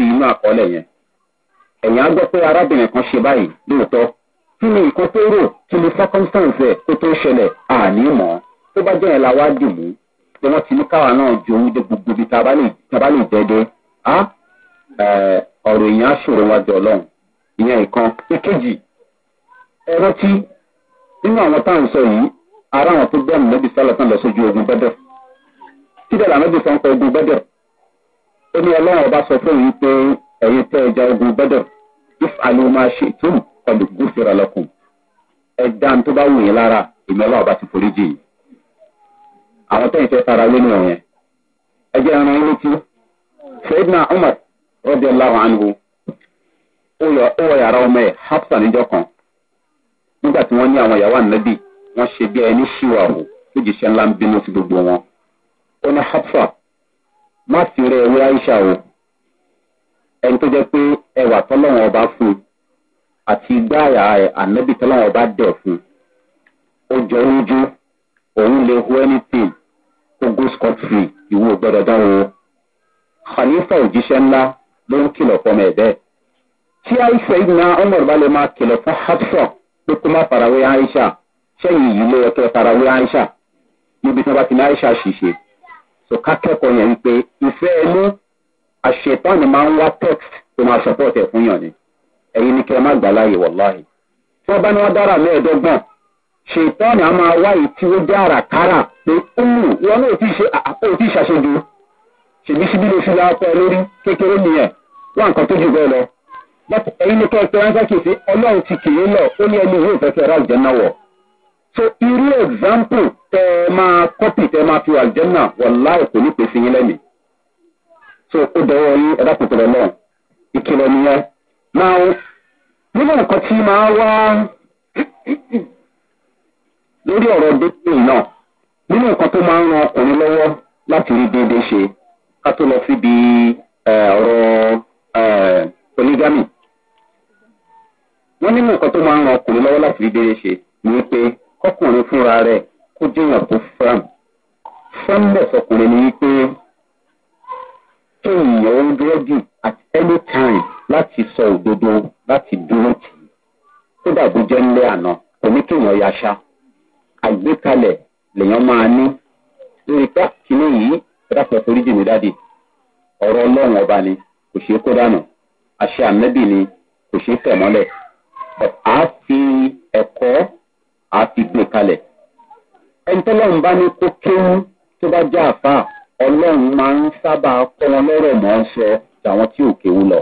[SPEAKER 1] inú àkọọ́lẹ̀ yẹn ẹ̀yìn á gbọ́ pé kan ṣe báyìí lóòótọ́ kí ni nǹkan tó rò kí ni circumstance ẹ̀ tó tó ṣẹlẹ̀ àní mọ́ tó bá jẹ́ yẹn la wá dì mú pé wọ́n ti ní káwa náà ju ohun dé gbogbo ibi tá a bá lè dẹ́dẹ́ á ọ̀rọ̀ èèyàn á ṣòro wájú ọlọ́run ìyẹn nǹkan ìkejì ẹ rántí nínú àwọn táwọn sọ yìí ara àwọn tó bẹ́ẹ̀ mọ́bí sálọ tán lọ sójú ogun bẹ́dẹ̀ síbẹ̀ làmọ́bí sọ ń pọ ogun bẹ́dẹ̀ ó ní ọlọ́run ọba sọ fún yìí pé ẹ̀yin tẹ́ ẹja ogun bẹ́dẹ̀ if aloma ṣe tóun kọlu gúfèrè lọkùn ẹ̀dá tó bá wù yín lára èmi ọlọ́wọ́ bá ti forí jì yín àwọn tẹ́yìn fẹ́ fara lé nìyẹn ẹjẹ́ ẹran yín létí fẹ́ẹ́dínà umar rọ́bì ọláwọ̀ ànúwò ó wọ yàrá ọmọ ẹ̀ hapsa níjọ kan nígbà tí wọ́n ní àwọn ìyàwó ànábì wọ́n ṣe bí ẹni ṣìwà tó jìṣẹ́ ńlá gbogbo wọn ó ní hapsa má ewé o ẹni àti gbáàyà ẹ̀ ànábì tọ́lá ẹ̀ bá dẹ̀ fún ó jọ oúnjẹ òun lè hu anything kó go scot free ìwọ gbọdọ̀ dáwọ́ khalifa òjíṣẹ́ ńlá ló ń kìlọ̀ fọmọ ẹ̀ bẹ́ẹ̀ tí aisha ibùnà ọmọ ìbá máa kìlọ̀ fún hapsọ pé kó má farawé aisha sẹ́yìn yìí ló yẹ kẹ́ farawé níbi tí wọ́n bá ti ní aisha ṣìṣe so kákẹ́kọ̀ọ́ yẹn ń pé ìfẹ́ ẹnu àṣetán ni máa ń wá text tó máa support ẹ̀ fún yàn ni ẹ̀yin ni kẹ́ ẹ má gbà láàyè wọ̀láhì. tí wọ́n bá ní wọ́n dára mẹ́ẹ̀ẹ́dọ́gbọ̀n ṣètọ́nì a máa wá ìtí ó dára kára pé ó mú wọn náà ò tí ì ṣàṣejù ṣèbí síbí lè fi la ọkọ lórí kékeré nìyẹn wọn nǹkan tó jù bẹ́ẹ̀ lọ. bàtà ẹ̀yin ni kẹ́ ẹ pé ránṣẹ́ kìsì ọlọ́run ti kì lọ ó ní ẹni ìwé ìfẹ́ fẹ́ ra àlùjẹ́nà so irú example tẹ ẹ máa kọ́pì tẹ ẹ máa fi àlùjẹ́nà wọ̀ láì kò ní yín lẹ́nu. so ó dọwọ́ yín ẹ dákòtò lọ́nà ìkìlọ̀ Now, nínú nǹkan tí máa wá lórí ọ̀rọ̀ déédéé náà, nínú nǹkan tó máa ń ọkùnrin lọ́wọ́ láti rí déédéé ṣe ká tó lọ síbi polygamy. Wọ́n nínú nǹkan tó máa ń ran ọkùnrin lọ́wọ́ láti rí déédéé ṣe ni pé kọ́kùnrin fúnra rẹ̀ kó tó ọkùnrin ni wípé dúró jù at any láti sọ òdodo láti dúró tì í kódà bó jẹ́ ńlẹ́ àná kò ní kéèyàn yaṣá àgbékalẹ̀ lèèyàn máa ní lórí pé kínní yìí rápẹ́ foríjì mi dáde ọ̀rọ̀ ọlọ́run ọba ni kò ṣeé kó dànù àṣẹ àmẹ́bì ni kò ṣeé tẹ̀ mọ́lẹ̀ à á fi ẹ̀kọ́ à á fi gbé kalẹ̀ ẹni bá ní kó kéwú tó bá jẹ́ àfà ọlọ́run máa ń sábà kọ́ wọn lọ́rọ̀ mọ́ ọ sọ tàwọn tí ò kéwú lọ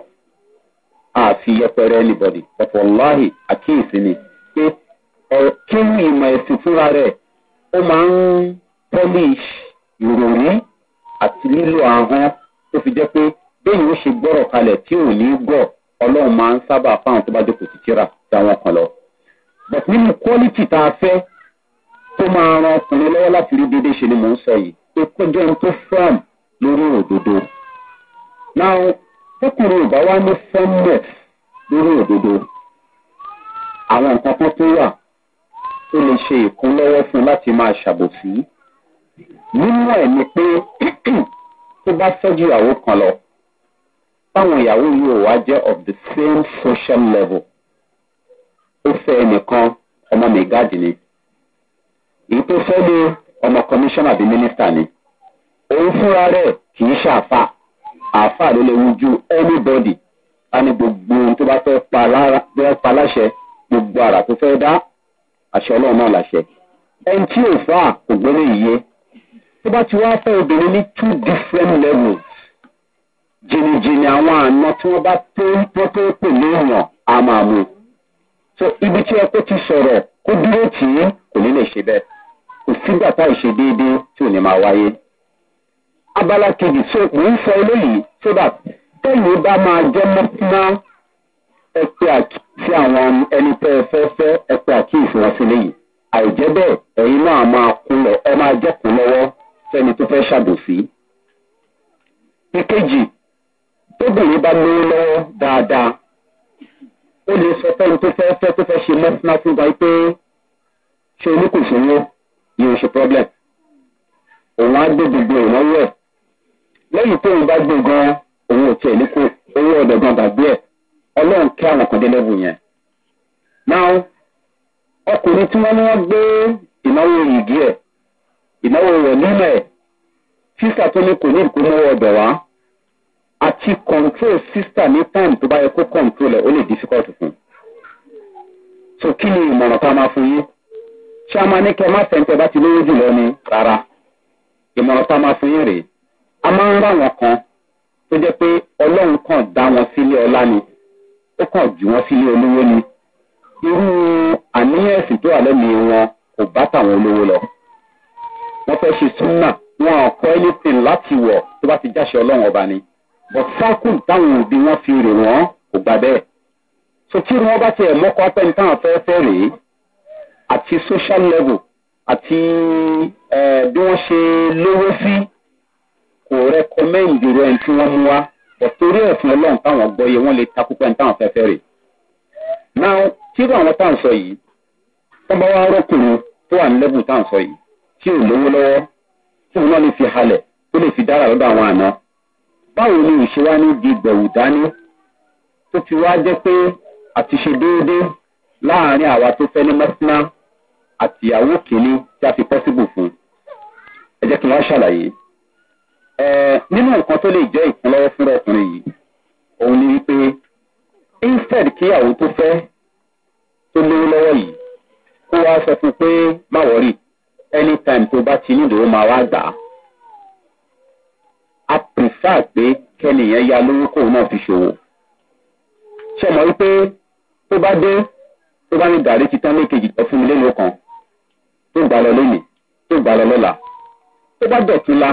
[SPEAKER 1] àfi yẹpẹrẹ anybody ọ̀pọ̀ láàyè àkíyèsí ni pé kíni ìmọ̀ ẹ̀sìn fúnra rẹ̀ ó máa ń polish ìròrí àti lílo ahọ́n tó fi jẹ́ pé bẹ́ẹ̀ ó ṣe gbọ́rọ̀ kalẹ̀ tí ò ní gọ̀ ọlọ́run máa ń sábà fáwọn tó bá jókòó sí tíra táwọn kan lọ. but nínú quality tá a fẹ́ tó máa ran ọkùnrin lọ́wọ́ láti rí déédéé ṣe ni mò ń sọ yìí pé kó jẹ́ tó firm lórí òdodo. now tọkùnrin ò bá ní fẹ́mẹ̀ lórí òdodo àwọn nǹkan kan tó wà tó lè ṣe ìkúnlọ́wọ́ fún láti máa ṣàbòsí nínú ẹ̀ ni pé tó bá fẹ́jú ìyàwó kan lọ táwọn ìyàwó yìí ò wá jẹ́ of the same social level ó fẹ́ ẹnìkan ọmọ mẹ́gáàdì ni èyí tó fẹ́ ni ọmọ kọmíṣánná àbí mínísítà ni òun fúnra rẹ̀ kì í ṣàfà àáfàá ló lè wojú anybody a ní gbogbo ohun tó bá fẹ́ pa láṣẹ gbogbo àrà tó fẹ́ dá àṣẹ ọlọ́run náà láṣẹ. ẹni tí ò fà kò gbélé yìí tó bá ti wá fẹ́ obìnrin ní two different levels jìnnìjìnnì àwọn àna tí wọ́n bá tó tó pè léèyàn á so ibi tí ẹ kó ti sọ̀rọ̀ kó dúró tì í kò ní lè ṣe bẹ́ẹ̀ kò sígbà tá ìṣe déédéé tí ò ní máa wáyé abala kejì ṣe mò ń sọ eléyìí so that tẹ́yìn bá máa jẹ́ mọ́tínà ẹ pé àkíyèsí àwọn ẹni tẹ́ ẹ fẹ́ fẹ́ ẹ pé àkíyèsí wọn sí léyìí àìjẹ́ bẹ́ẹ̀ ẹ̀yin náà máa kúnlẹ̀ ẹ máa jẹ́kùn lọ́wọ́ sẹ́ni tó fẹ́ ṣàbòsí. ìkejì tóbìnrin bá lówó lọ́wọ́ dáadáa ó lè sọ fẹ́ni tó fẹ́ fẹ́ tó fẹ́ ṣe mọ́tínà fún wa pé ṣe oníkùnṣòwò yóò ṣe problem òun á gbé gbogbo ìnáwó lẹ́yìn tó ń bá gbé gan òun ò tiẹ̀ owó ọ̀dọ̀ gan bàbí ẹ̀ ọlọ́run àwọn kan dé lẹ́bù yẹn. now ọkùnrin tí wọ́n ní wọ́n gbé ìnáwó ìdí ẹ̀ ìnáwó rẹ̀ nílẹ̀ sísà tó ní kò ní ọ̀dọ̀ wá àti control ní time tó bá yẹ kó control ẹ̀ ó lè ni ìmọ̀ràn tá a máa fún a ti lówó jùlọ ni rárá ìmọ̀ràn tá a a máa ń rà wọn kan tó jẹ́ pé ọlọ́run kàn dá wọn sílé ọlá ni ó kàn jù wọn sílé olówó ni irú àníyàn ẹ̀sìn tó wà lẹ́nu wọn kò bá tàwọn olówó lọ wọ́n fẹ́ ṣe súnmà wọn ò kọ́ anything láti wọ̀ tó bá ti jáṣe ọlọ́run ọba ni but sáàkùn táwọn òbí wọn fi rè wọ́n kò gbà bẹ́ẹ̀ so tí wọn bá tiẹ̀ mọ́kọ́ apẹ́ni táwọn fẹ́ fẹ́ rèé àti social level àti eh, bí wọ́n ṣe lówó sí kò rẹkọmẹ́ǹdì rẹ̀ tí wọ́n mú wá bọ̀ torí ẹ̀sìn ọlọ́run táwọn gbọ́ yẹ wọ́n lè takú pẹ́ táwọn fẹ́ fẹ́ rè. náà tíru àwọn táwọn sọ yìí wọ́n bá wá rọ́kùnrin tó wà ní lẹ́bùn táwọn sọ yìí tí ò lówó lọ́wọ́ tí òun náà lè fi halẹ̀ tó lè fi dára lọ́dọ̀ àwọn àná. báwo ni ìṣe wá ní di gbẹ̀wù dání tó fi wá jẹ́ pé àti ṣe déédéé láàrin àwa tó fẹ́ ní mọ́síná àtìyàwó kìíní tí a fi pọ́síbù fún. ẹ jẹ́ kí wọ́n ṣàlàyé nínú nǹkan tó lè jẹ́ ìkúnlọ́wọ́ fúnra ọkùnrin yìí òun ni wípé instead kí àwọn tó fẹ́ tó lówó lọ́wọ́ yìí kó wá sọ fún pé má wọ́rì anytime tó bá ti nídòó máa wá gbà á a prefer pé kẹ́nìyàn ya lówó kóun náà fi ṣòwò ṣe mọ̀ wípé tó bá dé tó bá ní gàrí ti tán lékejì tó fún mi lẹ́nu kan tó gbà lọ lónìí tó gbà lọ lọ́la tó bá dọ̀tún la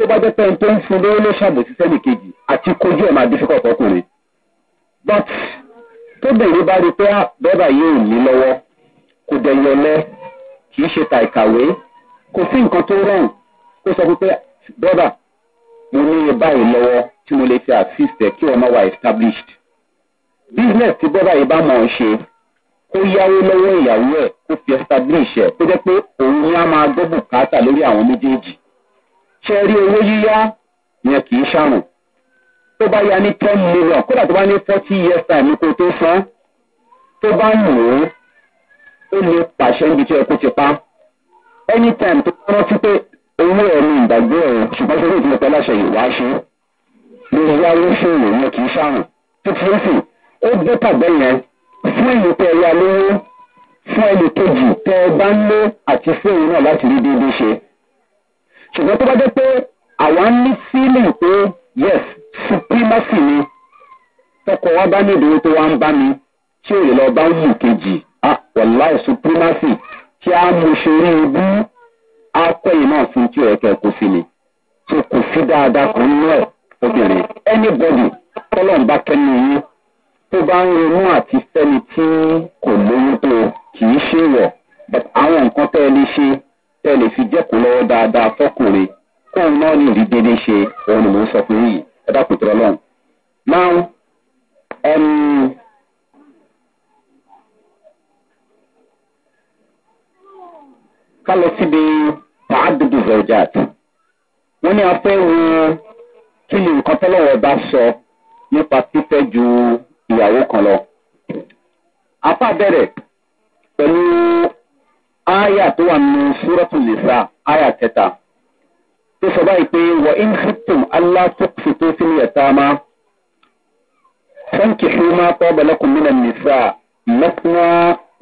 [SPEAKER 1] tó bá jẹ́ pé ẹni tó ń fún lówó ló ṣàbòsí sẹ́nì kejì àti kojú ẹ̀ máa difficult ọkùnrin but tóbìnrin bá rí pé ah, bẹ́ẹ̀ yìí ò ní lọ́wọ́ kò dẹ̀ yọlẹ́ kì í ṣe ta ìkàwé kò sí nǹkan tó rọrùn kó sọ pé bọ́dà mo ní iye báyìí lọ́wọ́ tí mo lè fi assist ẹ̀ kí ọmọ wa established business tí bọ́dà yìí bá mọ̀ ọ́n ṣe kó yáwó lọ́wọ́ ìyàwó ẹ̀ kó fi establish ẹ̀ kó jẹ́ pé òun ni a máa gbọ́ bùkátà lórí àwọn méjèèjì ṣe rí owó yíyá yẹn kì í ṣàrùn tó bá ya ní ten million kódà tó bá ní forty years time kó tó san tó bá wù ú ó lè pàṣẹ níbi tí ẹkú ti pa anytime tó kọ́ rántí pé owó ẹ̀mí ìgbàgbé ẹ̀rọ ṣùgbọ́n ṣe léèdì nípa aláṣẹ ìwà ṣe lórí yáwó ṣòwò yẹn kì í ṣàrùn títí ó dé tàbẹ́ yẹn fún ìlú tẹ ẹ̀yà lówó fún ẹnì kejì tẹ ẹ bá ń lé àti fún ìlú náà láti rí déédéé ṣe ṣùgbọ́n tó bá jẹ́ pé àwa ń ní feeling pé yes supremacy ni tọkọ wa bá ní ìdúró tó wá ń bá mi tí ò lè lọ bá wù kejì ah, wàláì supremacy kí a mú ṣeré ibú akọ̀yìn náà fún tí ọ̀rẹ́ kẹ́ kó sí ni tí kò sí dáadáa kan nínú ẹ̀ obìnrin anybody tọ́lọ́n bá kẹ́nu yín tó bá ń ronú àti fẹ́ni tí kò lóyún tó kì í ṣe wọ̀ but àwọn nǹkan tẹ́ ẹ lè ṣe tẹ́ lè fi jẹ́kùn lọ́wọ́ dáadáa fọ́kùnrin kóun náà ní ìrí déédéé ṣe òun ni mò ń sọ fún yìí ẹ dákun tó lọ́wọ́. now um, ká lọ síbi tààdùdù zọjàt wọ́n ní afẹ́ wo kí ni nǹkan tọ́lọ́wọ́ bá sọ nípa pípẹ́ ju ìyàwó kan lọ. apá bẹ̀rẹ̀ pẹ̀lú áyà tó wà nù súrọ́tù nìsà áyà kẹta tó sọ báyìí pé wà ń hìtùm aláàtúkùsì tó sínú ẹ̀ta ma fẹ́ǹkì ṣúmá tọ́bẹ̀lẹ́kùn mílẹ̀ nìsà mẹ́tìnà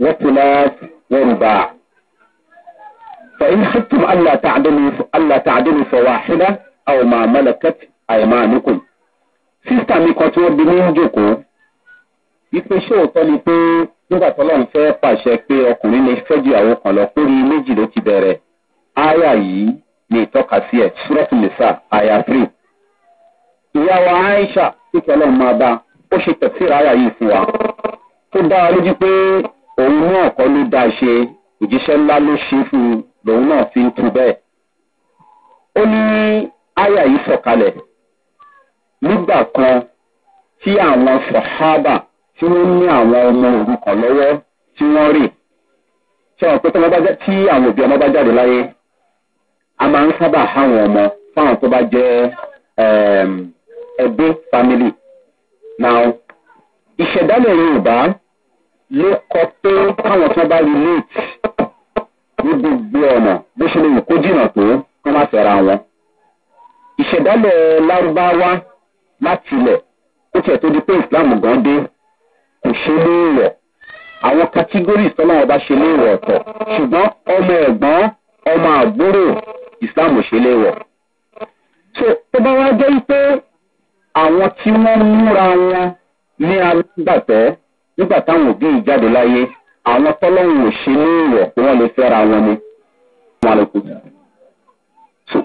[SPEAKER 1] wọ́tìlá wọ́rùbá. فإن خفتم ألا تعدلوا ألا تعدلوا فواحدة أو ما ملكت أيمانكم. Sísítà mi kan tí wọ́n bí nígbà tó lọ́n fẹ́ pàṣẹ pé ọkùnrin lè fẹ́jú ìyàwó kan lọ pé ní méjì ló ti bẹ̀rẹ̀ àyà yìí ni ìtọ́ka sí ẹ̀ súrọ́tù nìsà àyà three. ìyàwó aisha tí kẹlẹ́ máa bá ó ṣe tẹ̀síra àyà yìí fún wa tó dá wa lójú pé òun náà kọ́ ló dá ṣe òjíṣẹ́ ńlá ló ṣe fún un lòun náà fi ń tu bẹ́ẹ̀. ó ní àyà yìí sọ̀kalẹ̀ nígbà kan tí àwọn sọ̀hábà tí wọ́n ní àwọn ọmọ òrukàn lọ́wọ́ tí wọ́n rì ṣé wọn pé tí àwọn òbí ọmọ bá jáde láyé a máa ń sábà háwọn ọmọ fáwọn tó bá jẹ́ ẹbí family now ìṣẹ̀dálẹ̀ yorùbá ló kọ pé káwọn tó bá relate ní gbogbo ọ̀nà bó ṣe lè kó jìnnà tó kó má fẹ́ra wọn ìṣẹ̀dálẹ̀ lárúbáwá látilẹ̀ kó tiẹ̀ tó di pé ìsìlámù gan dé kò ṣe é léèwọ̀ àwọn categories tọ́lá ọba ṣe léèwọ̀ ọ̀tọ̀ ṣùgbọ́n ọmọ ẹ̀gbọ́n ọmọ àbúrò islam ò ṣe léèwọ̀. so tó bá wá jẹ́ pé àwọn tí wọ́n múra wọn ní alágbàtẹ́ nígbà táwọn òbí ìjáde láyé àwọn tọ́lọ́hún ò ṣe léèwọ̀ pé wọ́n lè fẹ́ra wọn ni.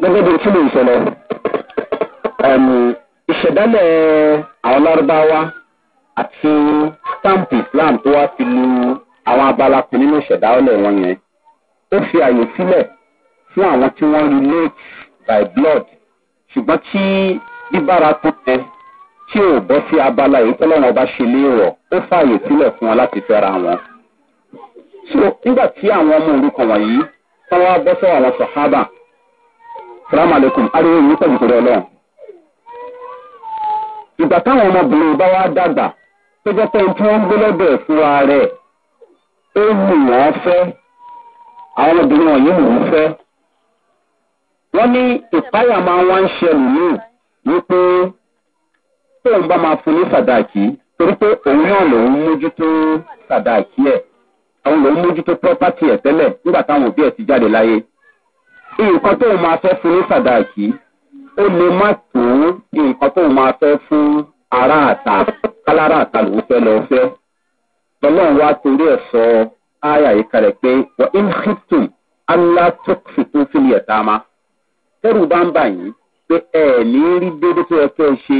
[SPEAKER 1] gẹ́gẹ́ bí tí mo ń sọ ìṣẹ̀dálẹ̀ àwọn lárúbáwá àti stamp islam tó wá fi lu àwọn abala kan nínú ìṣẹ̀dá ọ̀lẹ̀ wọn yẹn ó fi àyè sílẹ̀ fún àwọn tí relate by blood ṣùgbọ́n tí bíbára tó tẹ tí ò bọ́ sí abala èyí tọ́lọ́wọ́n ọba ṣe o ó fààyè sílẹ̀ fún wọn láti fẹ́ra wọn. so nígbà tí àwọn ọmọ òrukàn wọ̀nyí wọ́n wá bọ́ sọ́wọ́ àwọn ariwo yìí pẹ̀lú ìtòrò ọlọ́run. ìgbà táwọn ọmọbìnrin bá wá tó jẹ́ pé tí wọ́n gbé lọ́dọ̀ ìfúra rẹ̀ ó wù wọ́n fẹ́ àwọn obìnrin wọ̀nyí wù wọ́n fẹ́. wọ́n ní ìpáyà máa wá ń ṣẹlù ní wípé tóun bá máa fún ní sàdáàkì torí pé òun náà lòun mójútó sàdáàkì ẹ̀ àwọn lòun mójútó pọ́pátì ẹ̀ tẹ́lẹ̀ nígbà táwọn òbí ẹ̀ ti jáde láyé. nǹkan tóun máa fẹ́ fún ní sàdáàkì ó lè má tó nǹkan tóun máa fẹ́ fún ará àtà kálára àtà lòún fẹ́ lọ fẹ́ lọ́lọ́run wá torí ẹ̀ sọ áyà yìí kalẹ̀ pé wà ń hìtùm allah tó fìtú fìlì ẹ̀ta ma tẹ́rù bá ń bà yín pé ẹ ní rí déédéé tó yẹ kẹ́ ẹ ṣe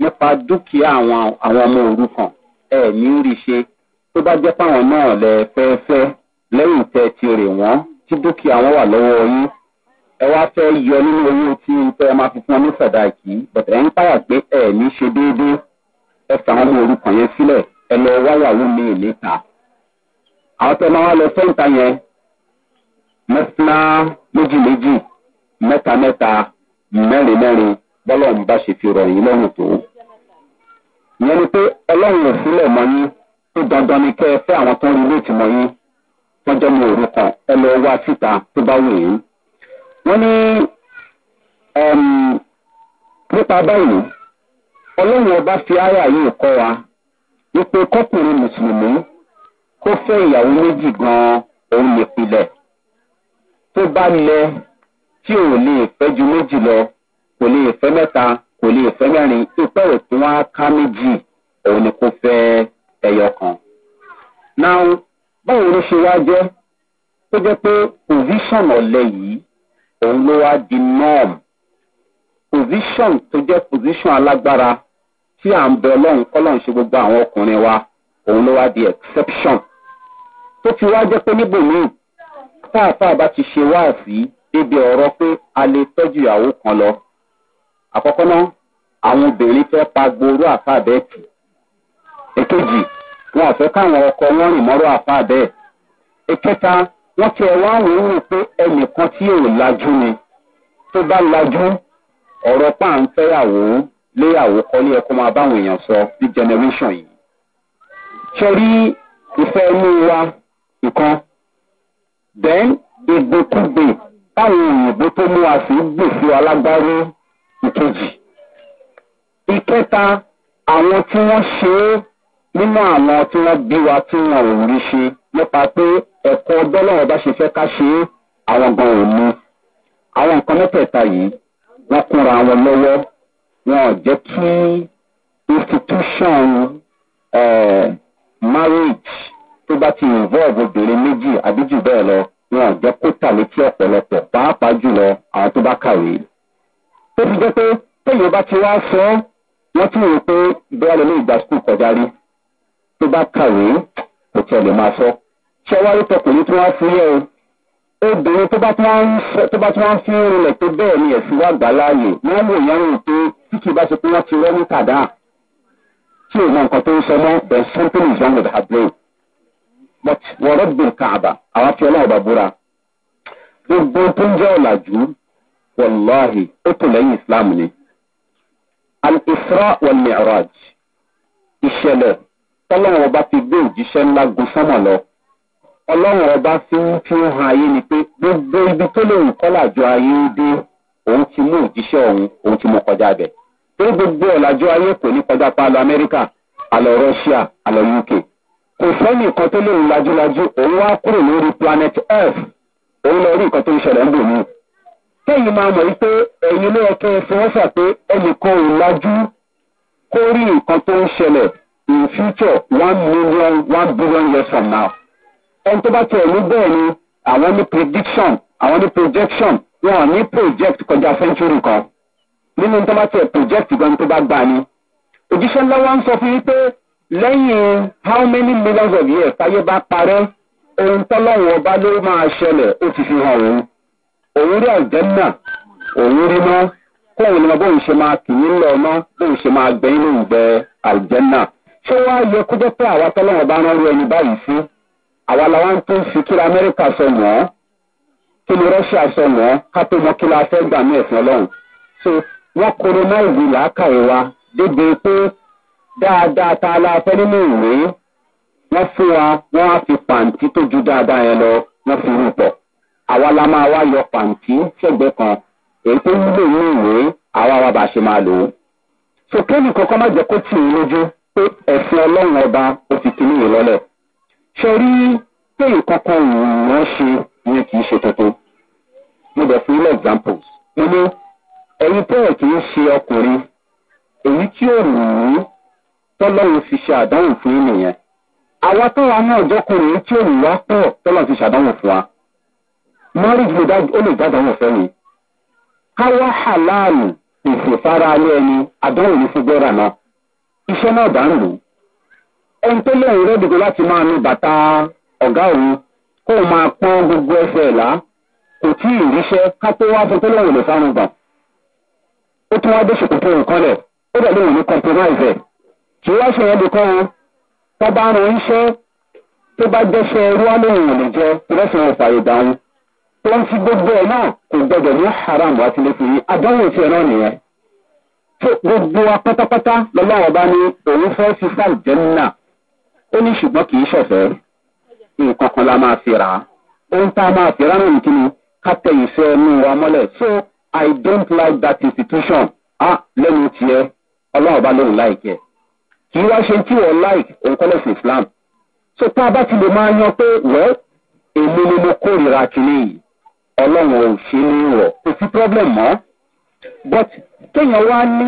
[SPEAKER 1] nípa dúkìá àwọn ọmọ òrukàn ẹ ní rí ṣe tó bá jẹ́ fáwọn náà lẹ fẹ́ fẹ́ lẹ́yìn tẹ́ ti rè wọ́n tí dúkìá wọn wà lọ́wọ́ yín ẹ fẹ yọ nínú owó tí nke máa fi fún ọ ní sàdáàkì but ẹ̀ ń pé ẹ ní ṣe déédéé ẹ fà wọn ní orúkọ yẹn sílẹ̀ ẹ lọ wáyàwó mi níta. àwọn tẹ́ máa wá lọ yẹn mẹ́tìlá fi rọrùn tó. ni pé ò yín tó dandan ni ẹ àwọn tó wọ́n ní nípa báyìí ọlọ́run ọba fi ara yìí kọ́ wa wípé kọkùnrin mùsùlùmí kó fẹ́ ìyàwó méjì gan-an òun lè pilẹ̀ tó bá lẹ tí ò lè fẹ́ ju méjì lọ kò lè fẹ́ mẹ́ta kò lè fẹ́ mẹ́rin ìpẹ́ rẹ̀ tí wọ́n á ká méjì òun ni kó fẹ́ ẹyọ kan. now báwo ló ṣe wá jẹ́ tó jẹ́ pé position ọ̀lẹ́ yìí òun ló wá di norm position tó jẹ́ position alágbára tí à ń bẹ ọlọ́run kọ́lọ́run ṣe gbogbo àwọn ọkùnrin wa òun ló wá di exception tó fi wá jẹ́ pé níbòmíì táàfáà bá ti ṣe wáàsí débi ọ̀rọ̀ pé a lè tọ́jú ìyàwó kan lọ àkọ́kọ́ náà àwọn obìnrin fẹ́ pa gbòòrò àfàbẹ́ẹ̀tì èkejì wọn àfẹ́ káwọn ọkọ wọn rìn mọ́rọ́ àfàbẹ́ẹ̀ èkẹta wọ́n tẹ wá wò ó wò pé ẹnìkan tí ò lajú ni tó bá lajú ọ̀rọ̀ páńpẹ́yàwó léyàwó kọ́lé ẹ̀kọ́ máa báwọn èèyàn sọ ní generation yìí. ṣe rí ìfẹ́ inú wa nǹkan then ìgbòkúgbè táwọn òyìnbó tó mú wa sí gbè sí alágbárú ìkejì. ìkẹta àwọn tí wọ́n ṣe é nínú àwọn tí wọ́n bí wa tí wọ́n ò rí ṣe nípa pé ẹ̀kọ́ bọ́lọ́wọ́ bá ṣe fẹ́ ká ṣe é àwọn gan ò mu àwọn nǹkan mẹ́tẹ̀ẹ̀ta yìí wọ́n kúnra wọn lọ́wọ́ wọn ò jẹ́ kí institution eh, marriage tó bá ti involve obìnrin méjì àbí jù bẹ́ẹ̀ lọ wọn ò jẹ́ kó tà létí ọ̀pọ̀lọpọ̀ pàápàá jùlọ àwọn tó bá kàwé. tó fi jẹ́ pé téèyàn bá ti wá sọ ọ́ wọ́n tún rò pé bẹ́ẹ̀ ní ìgbà skul kọjá rí tó bá kàwé kò tiẹ̀ lè máa sọ. So ṣọwárí tọkùnrin tí wọ́n fi yẹ o obìnrin tó bá tí wọ́n fi ń rinlẹ̀ tó bẹ́ẹ̀ ni ẹ̀sìn wà gbà láàyè wọ́n wò yẹn rò pé tí kì í bá ṣe pé wọ́n ti rẹ́ ní kàdá tí ò mọ nǹkan tó ń sọ mọ́ then something is wrong with her brain but wọ́n rẹ́ bí nǹkan àbá àwọn fi ọlọ́run bá búra gbogbo tó ń jẹ́ ọ̀làjú wàláhì ó tò lẹ́yìn islam ni al-isra wal-mi'raj ìṣẹ̀lẹ̀ tọ́lọ́wọ́n bá ti gbé òjíṣẹ́ ńlá gun sọ́mọ̀ lọ. ọlọ́run ọba fi ń fi ń han ayé ni pé gbogbo ibi tó lè wù kọ́làjọ ayé dé òun ti mú òjíṣẹ́ òun òun ti mú kọjá bẹ̀. pé gbogbo ọ̀làjọ ayé kò ní kọjá pa amẹ́ríkà russia àlọ́ uk. kò sẹ́ni nǹkan tó lè wù lajúlajú planet earth òun lọ rí nǹkan tó ń ṣẹlẹ̀ ń kẹ́yìn máa mọ̀ wípé ẹ̀yin kí one million one billion years from ẹni tó bá tẹ̀ ní bẹ́ẹ̀ ni àwọn ní prediction àwọn ní projection wọn ò ní project kọjá century kan nínú tó bá tẹ̀ project gan tó bá gbà ni. òjíṣẹ́ ńlá wa ń sọ fún yín pé lẹ́yìn how many millions of years táyé bá parẹ́ ohun tọ́lọ́wọ́ ọba ló máa ṣẹlẹ̀ ó ti fi hàn òun òun rí àjẹ́nà òun rí mọ́ kóun ni bóun ṣe máa kì í lọ mọ́ bóun ṣe máa gbẹ inú ìgbẹ́ àjẹ́nà ṣé wàá yẹ kó jẹ́ pé àwa tọ́lọ́wọ́ bá rán rí ẹni báyìí fún àwa la wọn tún fi kí amẹ́ríkà sọ mọ́ kí ni russia sọ mọ́ ká tó mọ kí la fẹ́ gbà mí ẹ̀sìn ọlọ́run so wọ́n koro náà ìwé làákàyè wa débi pé dáadáa tá la fẹ́ nínú ìwé wọ́n fún wa wọ́n á fi pàǹtí tó ju dáadáa yẹn lọ wọ́n fi rú pọ̀ àwa la máa wá yọ pàǹtí sẹ́gbẹ́ kan èyí tó wúlò ní ìwé àwa wa bá ṣe máa lò ó. so kéènì kankan má jẹ́ kó tì í lójú pé ẹ̀sìn ọlọ́run ọba ó fi kíní yìí ṣe rí pé nǹkan kan èèyàn ṣe ìyẹn kì í ṣe tuntun mo dẹ̀ fún ilé examples nínú ẹ̀yin tẹ́lẹ̀ kì í ṣe ọkùnrin èyí tí ò wù ú tọ́lọ́run fi ṣe àdánwò fún yín nìyẹn àwa táwa náà tí ò pọ̀ tọ́lọ́run fi fún wa ó lè dáadáa wọ̀ fẹ́ mi káwá alẹ́ ẹni ẹni tó lóun rẹ́dìgbò láti máa nu bàtà ọ̀gá òun kó o máa pọ́n gbogbo ẹsẹ̀ ẹ̀lá kò tí ì ríṣẹ́ ká tó wá fún tó lè gbà. ó tún wá dé ṣòkòtò nǹkan rẹ̀ ó dẹ̀ lóun ní compromise ẹ̀ kì í wá ṣe o tó bá ran iṣẹ́ tó bá jẹ́ṣẹ́ irú wá ò lè tó ó ní ṣùgbọ́n kì í ṣọ̀fẹ́ nǹkan kan la máa fi rà á ohun tá a máa fi rà náà nìkíni ká tẹ ìfẹ́ ẹnu wa mọ́lẹ̀ so i don't like that institution ah lẹ́nu tiẹ̀ ọlọ́run bá lóun láìkẹ́ kì í wá ṣe tí wọ́n like òun kọ́ islam so tá a bá ti lè máa yan pé wẹ́ èmi ni mo kórìíra kìíní yìí ọlọ́run ò ṣe ní rọ̀ kò sí problem mọ́ but kéèyàn wá ní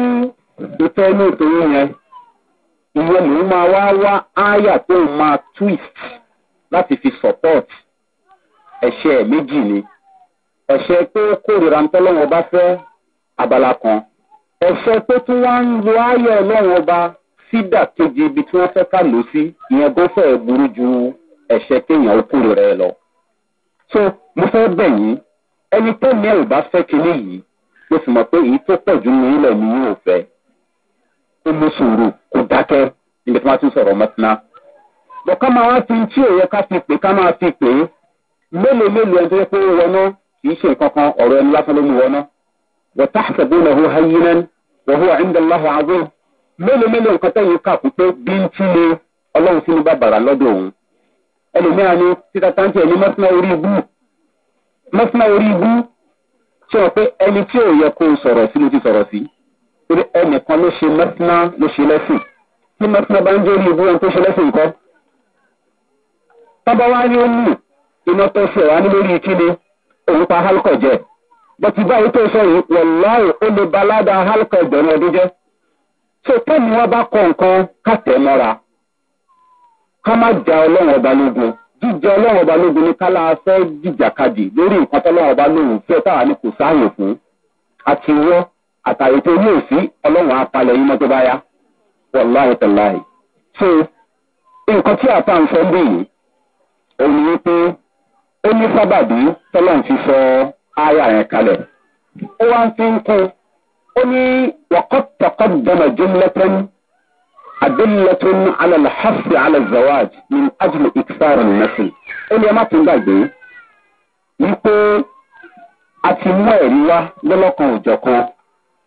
[SPEAKER 1] ìfẹ́ inú ìtòun yẹn ìwọ ló máa wá wá áyà tó máa twist láti fi support ẹ̀ṣẹ̀ méjì ni ẹ̀ṣẹ̀ pé kórìíra ń tọ́lọ́wọ́ ọba fẹ́ abala kan ẹ̀ṣẹ̀ pé tí wọ́n ń lo áyà ọlọ́wọ́ ọba sídà kejì ibi tí wọ́n fẹ́ ká lò sí ìyẹn bó fẹ́ burú ju ẹ̀ṣẹ̀ kéèyàn ó kórìíra ẹ lọ. so mo fẹ́ bẹ̀ yín ẹni tó ní ẹ̀ ò bá fẹ́ kinní yìí mo sì mọ̀ pé èyí tó pọ̀ jù nínú mi yóò fẹ́ ó mú sùúrù kó dákẹ́ níbi tí wọ́n ti ń sọ̀rọ̀ mọ́tíná. bọ̀ ká máa wá fi tí òye ká fi pè ká máa fi pè é mélòó mélòó ẹni tó yẹ pé ó wọná kì í ṣe nǹkan ọ̀rọ̀ ẹni lásán ló mú wọná. wọ́n tá àṣẹ̀gbọ́n náà wọ́n háyé náà wọ́n hùwà ń láhùn àgbọ̀n mélòó mélòó nǹkan tẹ́yìn kà fún pé bí ń tí ni ọlọ́run sínú bàbàrà lọ́dọ̀ òun. ẹlòmíràn ni títa táǹtì ẹni mọ́tíná orí ibú mọ́tíná orí ibú ṣe wọ́n pé ẹni tí torí kan ló ṣe mẹ́tínà ló ṣe lẹ́sìn tí mẹ́tínà bá ń jẹ́ orí ìbúra tó ṣe lẹ́sìn kọ́. tọ́ba wá iná tó ṣe wá ní lórí kíni òun pa halkọ jẹ bọ́tí báyìí tó sọ yìí wọ̀láì ó lè halkọ ẹgbẹ̀rún ọdún jẹ́. so wọn bá kọ nǹkan mọ́ra ká má ja ọlọ́run jíjẹ ọlọ́run ọba lógun ni jìjàkadì lórí nǹkan tọ́lọ́run ọba lóhùn fẹ́ táwa sáàyè àtàrí tó yóò sí ọlọ́run apalẹ̀ yín mọ́tò bá yá wọláì tẹ̀láì. so nǹkan tí ni pé ó ní sábàbí tọ́lọ́n fi sọ ara rẹ̀ kalẹ̀ ó wá ń fi ń kú ó ní wọ́kọ́tọ̀kọ́ dọ́mọ̀ jẹ́mílẹ́tọ́n adélẹ́tọ́n alàlhàfì zawad ní ajílẹ̀ nẹ́sì ó ní ẹ má tún gbàgbé wípé a ti mú ẹ̀rí wá lọ́lọ́kan kan.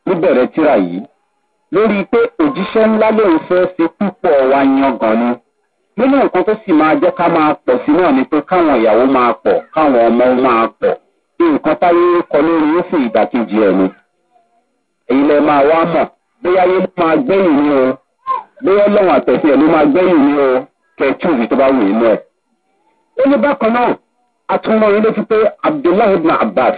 [SPEAKER 1] níbẹ̀rẹ̀ tíra yìí lórí pé òjíṣẹ́ ńlá lòun fẹ́ fi púpọ̀ wa gan ni nínú nǹkan tó sì máa jẹ́ ká máa pọ̀ sí náà ni pé káwọn ìyàwó máa pọ̀ káwọn ọmọ máa pọ̀ bí nǹkan táyé kọ lórí yóò fún ẹ̀ ni èyí lẹ máa wá mọ̀ bóyá yóò máa gbẹ́yìn ni o bóyá lọ́wọ́n àtẹ̀sí ẹ̀ ló máa gbẹ́yìn ni o kẹ̀tùn tó bá wù ẹ̀. ó bákan náà àtúnmọ̀ abdullahi ibn abbas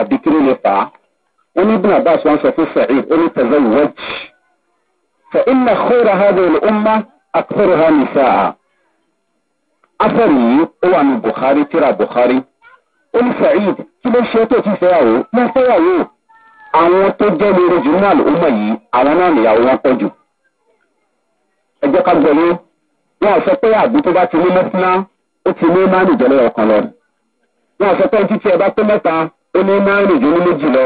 [SPEAKER 1] àbí kí ló lè fà á wọn ní ibùdó àbáṣe wọn sọ fún sa'id ó ní tẹ̀lé ìwọ́jì fa inna khayra hadhihi al-umma aktharuha nisaa afẹ́rù yìí ó wà ní buhari tíra buhari ó ní sa'id kí ló ṣe tó ti fẹ́yàwó wọn fẹ́yàwó àwọn tó jẹ́ lórí jù ní yìí àwọn náà nìyàwó wọn pọ̀ jù ká gbọ́ wọn sọ pé àbí tó bá ti ní mọ́fúnná ó ti ní mánìjọ́lẹ́ ọkàn lọ wọn sọ pé títí ẹ bá pé mẹ́ta ó ní márùn n'ime ji lọ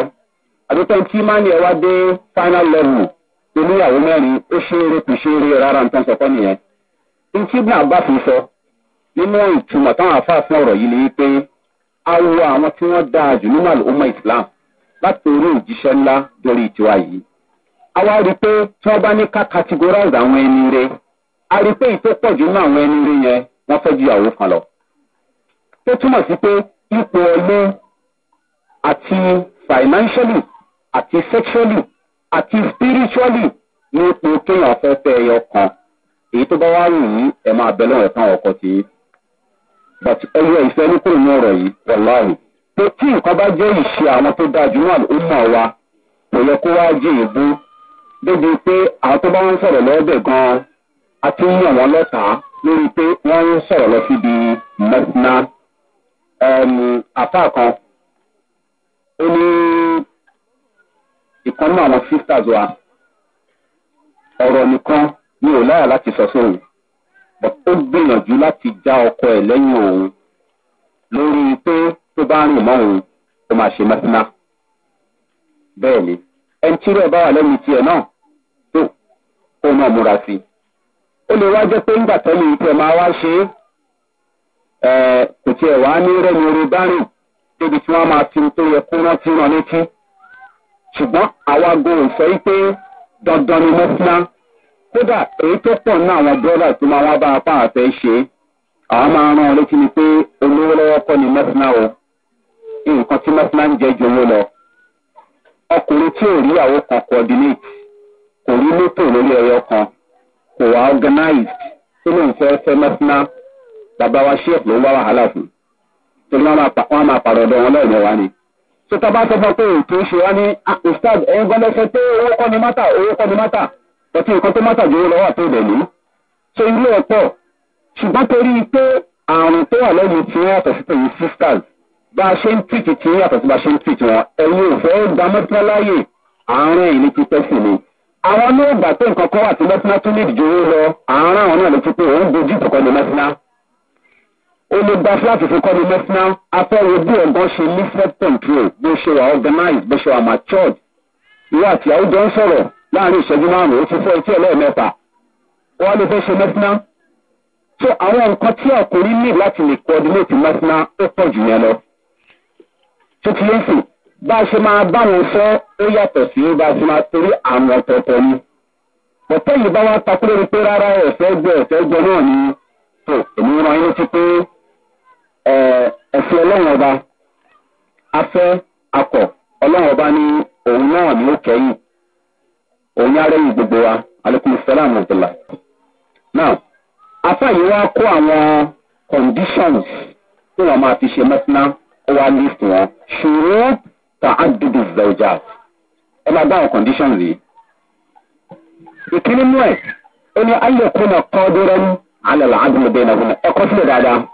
[SPEAKER 1] àdúpẹ́ tí mánì ẹ̀ dé final level onye mẹ́rin ó ṣeré kò ṣeré rárá nǹkan sọ̀kọ́ nìyẹn. ntí ibùdó àbá fi sọ nínú táwọn afáàfin ọrọ yìí ni pé awo àwọn tí wọn dáa jù nínú àlùmọ́ islam láti orí òjíṣẹ́ ńlá dórí ìtiwa yìí. a wá rí i pé tí wọ́n bá ní ká categorize àwọn ẹni a rí pé ìtó pọ̀ jù àwọn ẹni yẹn ju ìyàwó kan lọ. tó túmọ̀ sí pé àti financially àti sexually àti spiritually ní ipò kéèyàn fẹ́ fẹ́ ẹyọ kan èyí tó bá wá rù yìí ẹ máa bẹ but ẹyọ ìfẹ́ ní kúrò ní ọ̀rọ̀ yìí wọ̀láhì pé tí nǹkan bá jẹ́ ìṣe àwọn tó dáa jù náà ó mọ̀ wa kò yẹ kó wá jẹ èébú débi pé àwọn tó bá gan-an a ti ń yàn wọ́n lọ́tàá lórí pé wọ́n ń sọ̀rọ̀ lọ ó ní ìkan nínú àwọn sisters wa ọ̀rọ̀ nìkan ni ò láyà láti sọ sóhun but ó gbìyànjú láti já ọkọ ẹ̀ lẹ́yìn òun lórí pé tó bá rìn mọ́ òun ó máa ṣe mẹ́tínà bẹ́ẹ̀ ni ẹni tí rẹ̀ bá wà lẹ́nu tiẹ̀ náà tó kó náà múra sí i ó lè wá jẹ́ pé ńgbà tẹ́lẹ̀ ìtẹ̀ máa wá ṣe é kò tiẹ̀ wá ní rẹ́ni orí bá rìn. débi tí wọ́n máa fi tó yẹ kó rántí rán létí. ṣùgbọ́n àwa gan ò pé dandan ni kódà èyí tó pọ̀ ní àwọn tó máa wá bá apá àfẹ́ ṣe àwọn máa rán létí ni pé olówó lọ́wọ́ kọ́ ni mọ́fúnná o nǹkan tí mọ́fúnná ń jẹ́ lọ. ọkùnrin tí ò rí àwọn kan coordinate kò rí mọ́tò lórí ẹ̀yọ bàbá wa ṣe ló torí wọn máa pàrọ̀ ọ̀dọ̀ wọn lẹ́ẹ̀mẹ̀ wá ni. so tá a bá sọ fún ọ pé òkè ṣe wá ní ah, ustaz ẹ̀yin gan lẹ́sẹ̀ pé owó kọ́ ni mátà owó kọ́ ni mátà ọtí nǹkan tó mátà jòwó lọ́wọ́ àti ìbẹ̀ ní. so ilé ẹ̀ pọ̀ ṣùgbọ́n torí pé àrùn tó wà lẹ́nu tí wọ́n yàtọ̀ sí tòun sisters bá a ṣe ń tìtì tí yàtọ̀ sí bá a ṣe ń tìtì wọn ẹ̀yin ò fẹ́ gba mọ́tínà láàyè àárín ẹ̀yìn ní pípẹ́ sí ni. àwọn ní ìgbà pé nǹkan kan wà tí mọ́tínà tún lè jòwó lọ àárín àwọn náà lè ti pé òun dojú ìtọ̀kọ́ ni mọ́tínà olùgbà flat fi kọ́ ni national afẹ́rẹ́ bí ọ̀gán ṣe ní self control bó ṣe wà organized bó ṣe wà matured ìwà àti àwùjọ ń sọ̀rọ̀ láàrin ìṣẹ́jú márùn-ún ó ti fọ́ etí ẹlẹ́ẹ̀mẹ́ta wọ́n lè fẹ́ ṣe national so àwọn nǹkan tí àkórí ní láti lè coordinate national ó pọ̀ jù yẹn lọ tó ti yẹn sìn bá a ṣe máa bá wọn sọ ó yàtọ̀ sí bá a ṣe máa torí àwọn ọ̀tọ̀ọ̀tọ̀ ni bọ̀tẹ́ yìí bá wa takúrò ní pé rárá ẹ̀fẹ́ gbọ́ ẹ̀fẹ́ gbọ́ náà ni tó èmi rán yín létí pé efe ọlọ́run ọba afẹ́ akọ̀ ọlọ́run ọba ní òun náà ni ó kẹ́yìn òun arẹ́yìn gbogbo wa aleykum salaam now afa yìí wá kó àwọn conditions tí wọ́n máa fi ṣe mẹ́tíná ó wá list wọn ṣòro ta adudu zaujas ẹ máa gbá àwọn conditions yìí ìkíni mú ẹ ó ní alẹ́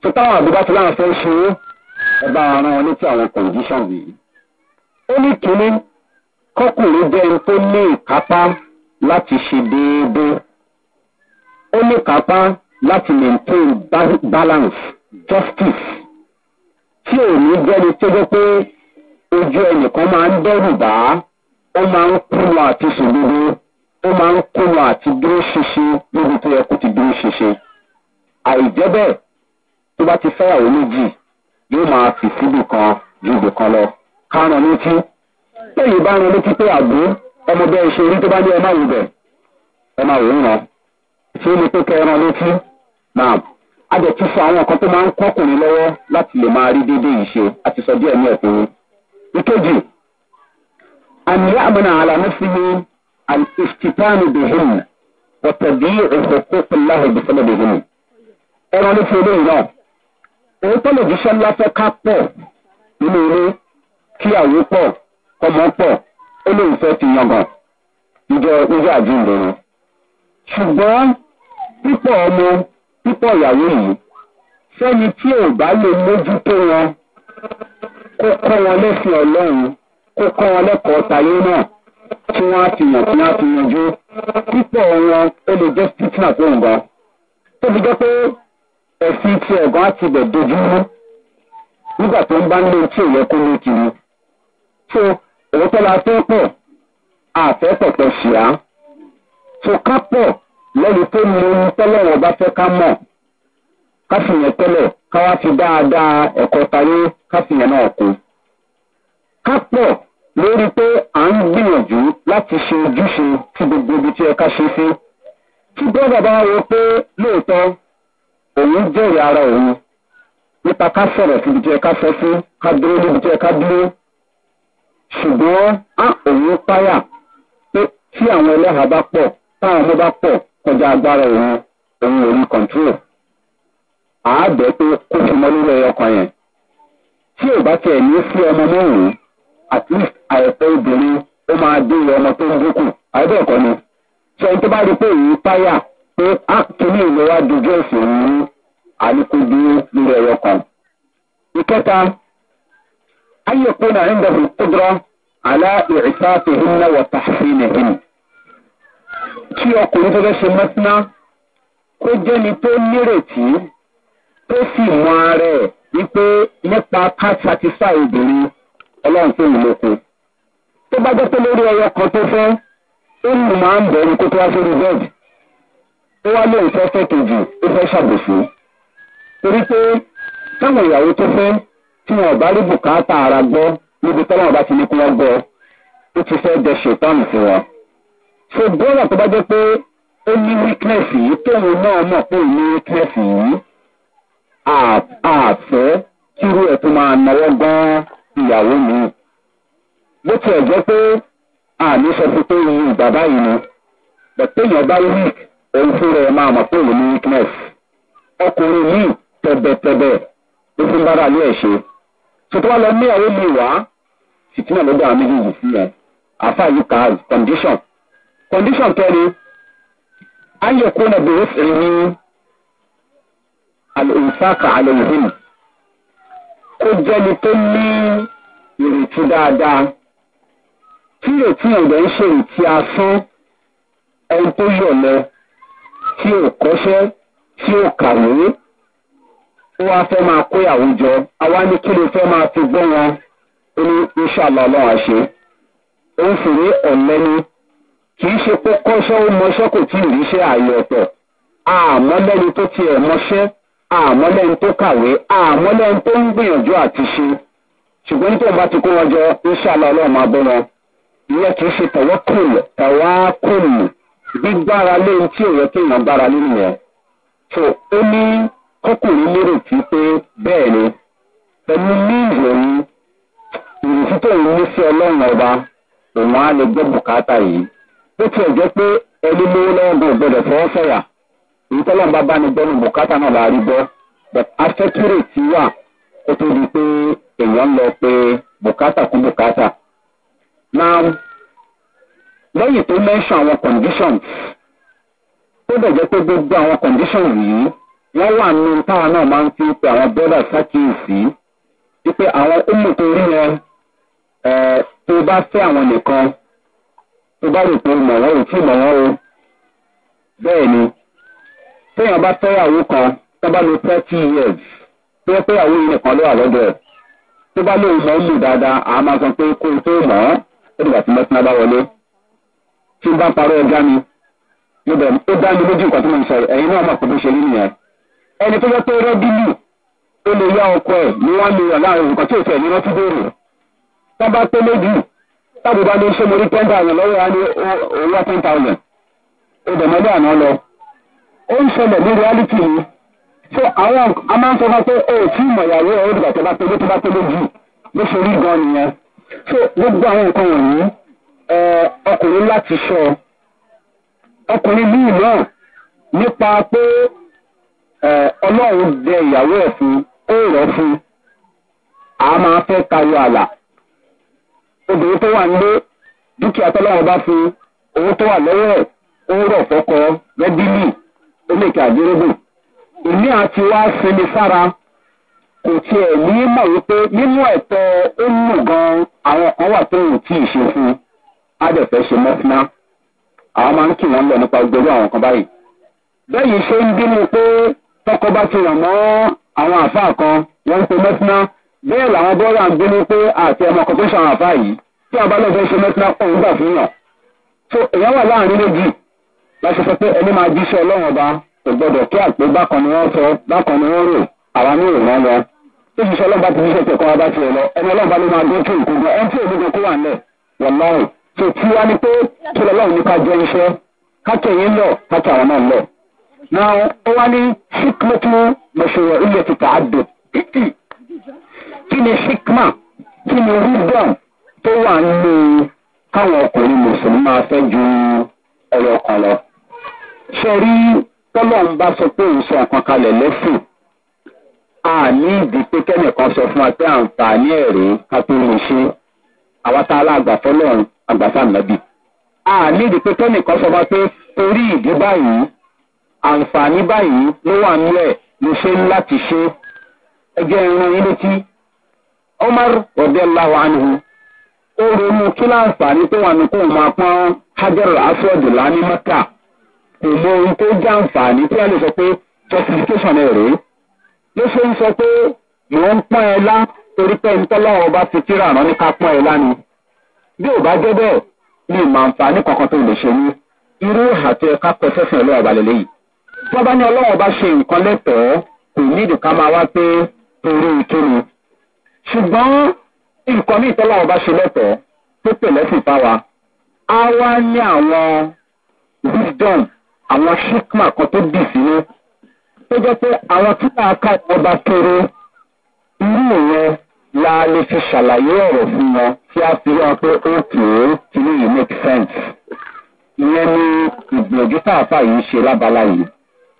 [SPEAKER 1] tó táwọn àgbẹ̀ bá ti láwọn fẹ́ ṣe é ẹ bá ara wọn létí àwọn condition yìí. ó ní kínní kọkùnrin jẹ́ ẹni tó ní ìkápá láti ṣe déédéé. ó ní ìkápá láti maintain balance justice tí ò ní jẹ́ni tó jẹ́ pé ojú ẹnìkan máa ń dẹ́rù bá ó máa ń kúnnà àti sòdodo ó máa ń kúnnà àti dúró ṣinṣin níbi tó yẹ kó ti dúró ṣinṣin àìjẹ́ bẹ́ẹ̀ tó bá ti fẹ́yàwó méjì yóò máa fi síbì kan ju ibì kan lọ kárán létí lẹ́yìn bá rán létí pé àgbo ọmọ bẹ́ẹ̀ ṣe rí tó bá ní ẹ má wù bẹ̀ ẹ má wù ú ràn ṣé ni pé kẹ́ ẹ rán létí náà a jẹ tún fún àwọn kan tó máa ń kọkùnrin lọ́wọ́ láti lè máa rí déédéé yìí ṣe àti sọ díẹ̀ ní ẹ̀kúnrin. ìkejì àmì àmàna àlàmú sí ni al-iftitanu bihin wa tabi'i huquq allah bi sababihin. ẹ rán náà òun tó lè jíṣẹ́ ńlá fẹ́ ká pọ̀ nínú ilé kí àwọn pọ̀ kọmọ pọ̀ ó lè fẹ́ ti yangàn ìjọ ìjọ àjíǹde ni. ṣùgbọ́n pípọ̀ ọmọ pípọ̀ ìyàwó yìí sẹ́ni tí ò bá lè mójútó wọn kó kọ́ wọn lẹ́sìn ọlọ́run kó kọ́ wọn lẹ́kọ̀ọ́ tayé náà tí wọ́n á ti yàn tí wọ́n á ti yanjú pípọ̀ wọn ó lè jẹ́ fitna tó ń bọ̀. tó jẹ́ pé ẹ̀sìn tí ẹ̀gán á ti bẹ̀ dojú mú nígbà tó ń bá ní ohun tí ò yẹ kó ní kiri. tó òun tó la fẹ́ pọ̀ àfẹ́ pẹ̀pẹ̀ ṣì á. tó ká pọ̀ lẹ́nu tó ní ohun tọ́lọ́wọ́ bá fẹ́ ká mọ̀ ká fi yẹn tẹ́lẹ̀ ká wá fi dáadáa ẹ̀kọ́ tayé ká fi yẹn náà kú. ká pọ̀ lórí pé à ń gbìyànjú láti ṣe ojúṣe tí gbogbo ibi tí ẹ ká ṣe sí. tí bọ́dà bá wọ pé lóòótọ́ òun jẹ́rìí ara òun nípa ká sọ̀rọ̀ síbi tí ẹ ká sọ sí ká dúró níbi tí ẹ ká dúró ṣùgbọ́n á òun páyà pé tí àwọn ẹlẹ́ha bá pọ̀ táwọn ọmọ bá pọ̀ kọjá agbára òun òun ò ní kọ̀ǹtúrò àádọ́ pé kó fi mọ lórí ẹyọkan yẹn tí ò bá tiẹ̀ ní sí ọmọ márùn-ún at least àìpẹ́ obìnrin ó máa dé ọmọ tó ń dínkù àìbẹ́ẹ̀kọ́ ni ṣẹ́yìn tó bá rí pé òun páyà pé á ah, kíní ìlera dojú ẹ̀sìn ní àlékòdé lórí ẹ̀rọ kan. ìkẹta ayẹ̀kọ́ náà ń dẹ̀kun kúdúrọ̀ àlá ìrìsá tòun náà wọ̀ tàṣí nìyẹn. kí ọkùnrin tó fẹ́ ṣe mọ́tíná kó jẹ́ni tó nírètí tó sì mọ ara ẹ̀ wípé nípa ká satisfy obìnrin ọlọ́run tó wù lóko. tó bá jẹ́ pé lórí ẹyọ kan tó fẹ́ ó mú máa ń bẹ̀rù kó tó wá sórí bẹ́ẹ̀dì ó wá lóun fẹ́ fẹ́ kejì ó fẹ́ ṣàgbèsè torí pé táwọn ìyàwó tó fẹ́ tí wọn bá rí bùkátà ara gbọ́ níbi tọ́lá ọba ti ní kí wọ́n gbọ́ ó ti fẹ́ jẹ ṣètọ́nù sí wọn. so bọ́lá tó bá jẹ́ pé ó ní weakness yìí tóun náà mọ̀ pé ó ní weakness yìí àfẹ́ kírú ẹ̀ tó máa náwó gan ìyàwó mi. bó tiẹ̀ jẹ́ pé àmì sọ fún pé ìyìn bàbá yìí ni bẹ̀tẹ̀yìn ọba weak òun fúnra ẹ̀ máa mọ̀ pé òun ní weakness ọkùnrin míì tẹ̀bẹ̀tẹ̀bẹ̀ ló fi ń bára ilé ẹ̀ ṣe tuntun wa lọ ní ẹ̀rọ mi wá fìtínà ló dá méjèèjì sí yẹn àfa yìí kà á condition condition kẹrin ayẹ̀kú náà bèrè sí ní àlùfáàkà àlùfíìn kó jẹ́ni tó ní ìrètí dáadáa tí ìrètí ìrẹ̀ ń ṣe ìrètí asán ẹni tó yọ̀ lọ. tí ò kọ́ṣẹ́ tí ò kàwé ó wá fẹ́ máa kó ìyàwó jọ àwa ní kí ló fẹ́ máa fi gbọ́ wọn ó ní inṣàlá ọlọ́run ní ọ̀lẹ́ni kì í ṣe pé kọ́ṣẹ́ ó mọṣẹ́ kò tí ì ríṣẹ́ ààyè ọ̀tọ̀ àmọ́ tó tiẹ̀ mọṣẹ́ àmọ́ tó kàwé àmọ́ tó ń gbìyànjú àti ṣe ṣùgbọ́n nítorí ti wọn jọ máa bọ́ wọn ìyẹn kì ṣe gbígbára lé ohun tí òun kéèyàn gbára lé nìyẹn tó ó ní kọkùnrin pé bẹ́ẹ̀ ni pẹ̀lú míìlì òun ìrètí tó ń ọba òun á lè gbọ́ bùkátà yìí bó tiẹ̀ jẹ́ pé ẹni lówó lọ́wọ́ gan gbọ́dọ̀ fọwọ́ sọ̀yà èyí tọ́lọ́ bá bá ní gbọ́nu bùkátà náà la rí gbọ́ wà kó tó di pé èèyàn lọ pé bùkátà kún bùkátà. lẹ́yìn tó mẹ́ṣọ̀ àwọn conditions tó dẹ̀ pé gbogbo àwọn conditions yìí wọ́n wà nínú táwọn náà máa ń fi pe àwọn brother ṣàkíyèsí wípé àwọn ọmọ tó rí wọn tó bá fẹ́ àwọn nìkan tó bá rò pé mọ̀ wọ́n ò tí mọ̀ wọ́n o bẹ́ẹ̀ ni téèyàn bá fẹ́yàwó kan tó bá years tó yẹ péyàwó yìí nìkan ló wà lọ́dọ̀ ẹ̀ tó bá lóun mọ̀ ń lù dáadáa àá máa sọ pé kó o tí n bá parọ́ ẹja mi ó dá mi lójú nǹkan tí mo ń sọ ẹ̀yin náà mọ̀ ẹni tó pé ó lè yá ọkọ ẹ̀ ní wọ́n lè yàn láàrin nǹkan tí ò ní rántí tá bá pé méjì bá ní ṣé mo rí lọ ó ń ṣẹlẹ̀ ní reality a máa ń sọ fún pé o ò tí ì mọ̀ ìyàwó ó dìgbà ọkùnrin láti sọ ọkùnrin míì náà nípa pé ọlọ́run dẹ ìyàwó ẹ̀ fún ó rọ̀ fún a máa fẹ́ tayọ àlà obìnrin tó wà nílé dúkìá tọ́lọ́run bá fún owó tó wà lọ́wọ́ ẹ̀ ó rọ̀ fọ́kọ lẹ́bílì ó àdérógùn àti wá sinmi sára kò tiẹ̀ ní mọ̀ wípé nínú ẹ̀tọ́ ó gan àwọn kan wà tó á dẹ̀ fẹ́ ṣe mọ́tíná àwọn máa ń kì wọ́n lọ nípa gbogbo àwọn kan báyìí. bẹ́ẹ̀ ṣe ń bínú pé tọkọ bá ti ràn mọ́ àwọn àfáà kan wọ́n ń pe mọ́tíná bẹ́ẹ̀ làwọn bọ́ọ̀rọ̀ à ń bínú pé àti ọmọ kan tó ṣe àwọn àfáà yìí tí a bá lọ fẹ́ ṣe mọ́tíná pọ̀ ń gbà fún yàn. so èèyàn wà láàrin méjì láti sọ pé ẹni máa jíṣẹ́ ọlọ́run ọba kò gbọdọ̀ kí àpé bákan ni wọ́n sọ bákan ni wọ́n rò àwa ní ìrònú wọn tíṣiṣẹ́ ọlọ́ba ti ṣiṣẹ́ tẹ̀kọ́ abá tiẹ̀ lọ ẹni ọlọ́ba ló máa gbé kí nǹkan gan ẹni tí èmi gan kó wà ń lẹ̀ wọ́n láwùn tí wá ní pé kí lọ́lọ́run nípa jẹ́ iṣẹ́ kákẹ́yìn lọ kákẹ́ àwọn náà lọ. náà ó wá ní ṣíkmẹ́tì mọ̀ṣẹ̀rọ̀ ilẹ̀ títà àdó. kí ni kí ni tó wà nínú káwọn ọkùnrin mùsùlùmí máa fẹ́ ju ọ̀rọ̀ kan lọ. rí bá sọ pé òun sọ kalẹ̀ àní pé kẹ́nìkan sọ fún wa pé àǹfààní ẹ̀rí ká àwa tá a lá àgbàfọ́ náà àgbàfọ́ ànábì. a nídìí pé kẹ́nìkan sọ ma pé torí ìdí báyìí àǹfààní báyìí ló wà nílẹ̀ ló ṣe ń láti ṣe ẹgbẹ́ ẹran yín létí. omar rọ̀dẹ́láhu anihu ó ronú kí láǹfààní tó wà ní kó máa pọ́n hajar aswad lání mẹ́ta kò mọ ohun tó jẹ́ àǹfààní tí wọ́n lè sọ pé justification ẹ̀ rèé ló ṣe ń sọ pé mò ń pọ́n ẹ lá torí pé ntọ́lọ́wọ́ bá fi tíra rán ní kápọ́n ẹ̀ lánìí. bí ò bá jẹ́ bẹ́ẹ̀ ni màǹfààní kankan tó lè ṣe ní irú àti ẹ̀ka pẹ̀fẹ́fẹ́ ọlọ́wọ́ balẹ̀ léyìí. tí wọ́n bá ní ọlọ́wọ́ bá ṣe nǹkan lẹ́tọ̀ọ́ kò ní ìdí ká máa wá pé torí ìkíni. ṣùgbọ́n nǹkan ní ìtọ́lọ́wọ́ bá ṣe lẹ́tọ̀ọ́ tó pèlẹ́ sì fá wa. a wá ní àwọn wisdom àwọn shikma kan tó bì sínú tó jẹ́ pé àwọn tí máa ká ọba kéré irú ìyẹn la lè fi ṣàlàyé ọ̀rọ̀ fún wọn tí a fi wọn pé ó kèé kíní yìí make sense. ìyẹn ni ìgbìyànjú tààfà yìí ṣe lábala yìí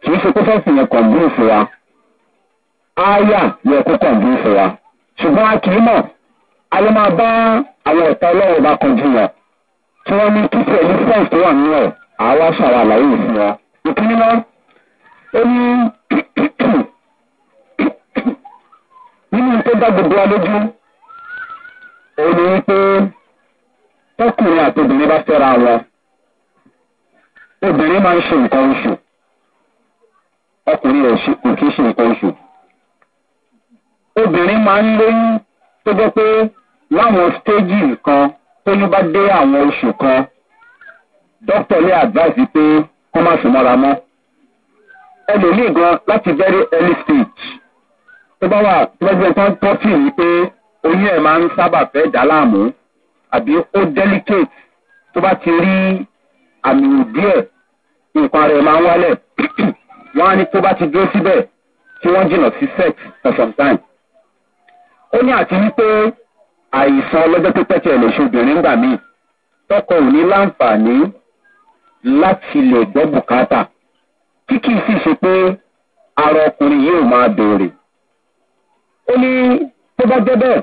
[SPEAKER 1] kì í ṣe pé fẹ́ǹsì yẹn kàn bú ìfẹ́ wa ááyà yẹ kó kàn bú ìfẹ́ wa ṣùgbọ́n a kì í mọ̀ a lè máa bá àwọn ọ̀tá ọlọ́wọ́ bá kanjú wọn tí wọ́n ní kí pẹ̀lú fẹ́ǹsì tó wà nínú ẹ̀ àwa ṣàwàlàyé ìfún wọn. ìkíni náà ó ní nínú tó dá gbogbo alójú òun ni wípé tọkùnrin àti obìnrin bá fẹ́ra wọn obìnrin máa ń ṣe nǹkan oṣù ọkùnrin rẹ̀ kò kí ń ṣe nǹkan oṣù obìnrin máa ń lóyún tó jẹ́ pé láwọn stéèjì kan tóyún bá dé àwọn oṣù kan dókítà lè advise pé kó má sùn mọ́ra mọ́ ẹlòmíì gan láti very early stage tó bá wà tó bá jẹ́ tán tó sì rí pé oyún ẹ̀ máa ń sábà fẹ́ dá láàmú àbí ó delicate tó bá ti rí àmì díẹ̀ nǹkan rẹ̀ máa ń wálẹ̀ wọ́n á ní tó bá ti dúró síbẹ̀ tí wọ́n jìnnà sí sex for some time. ó ní àti wípé àìsàn ọlọ́jọ́ pípẹ́ tí lè ṣe obìnrin gbà míì tọkọ ò ní láǹfààní láti lè gbọ́ bùkátà tí kìí sì ṣe pé ara ọkùnrin yìí ò máa béèrè ó ní tó bá jẹ́ bẹ́ẹ̀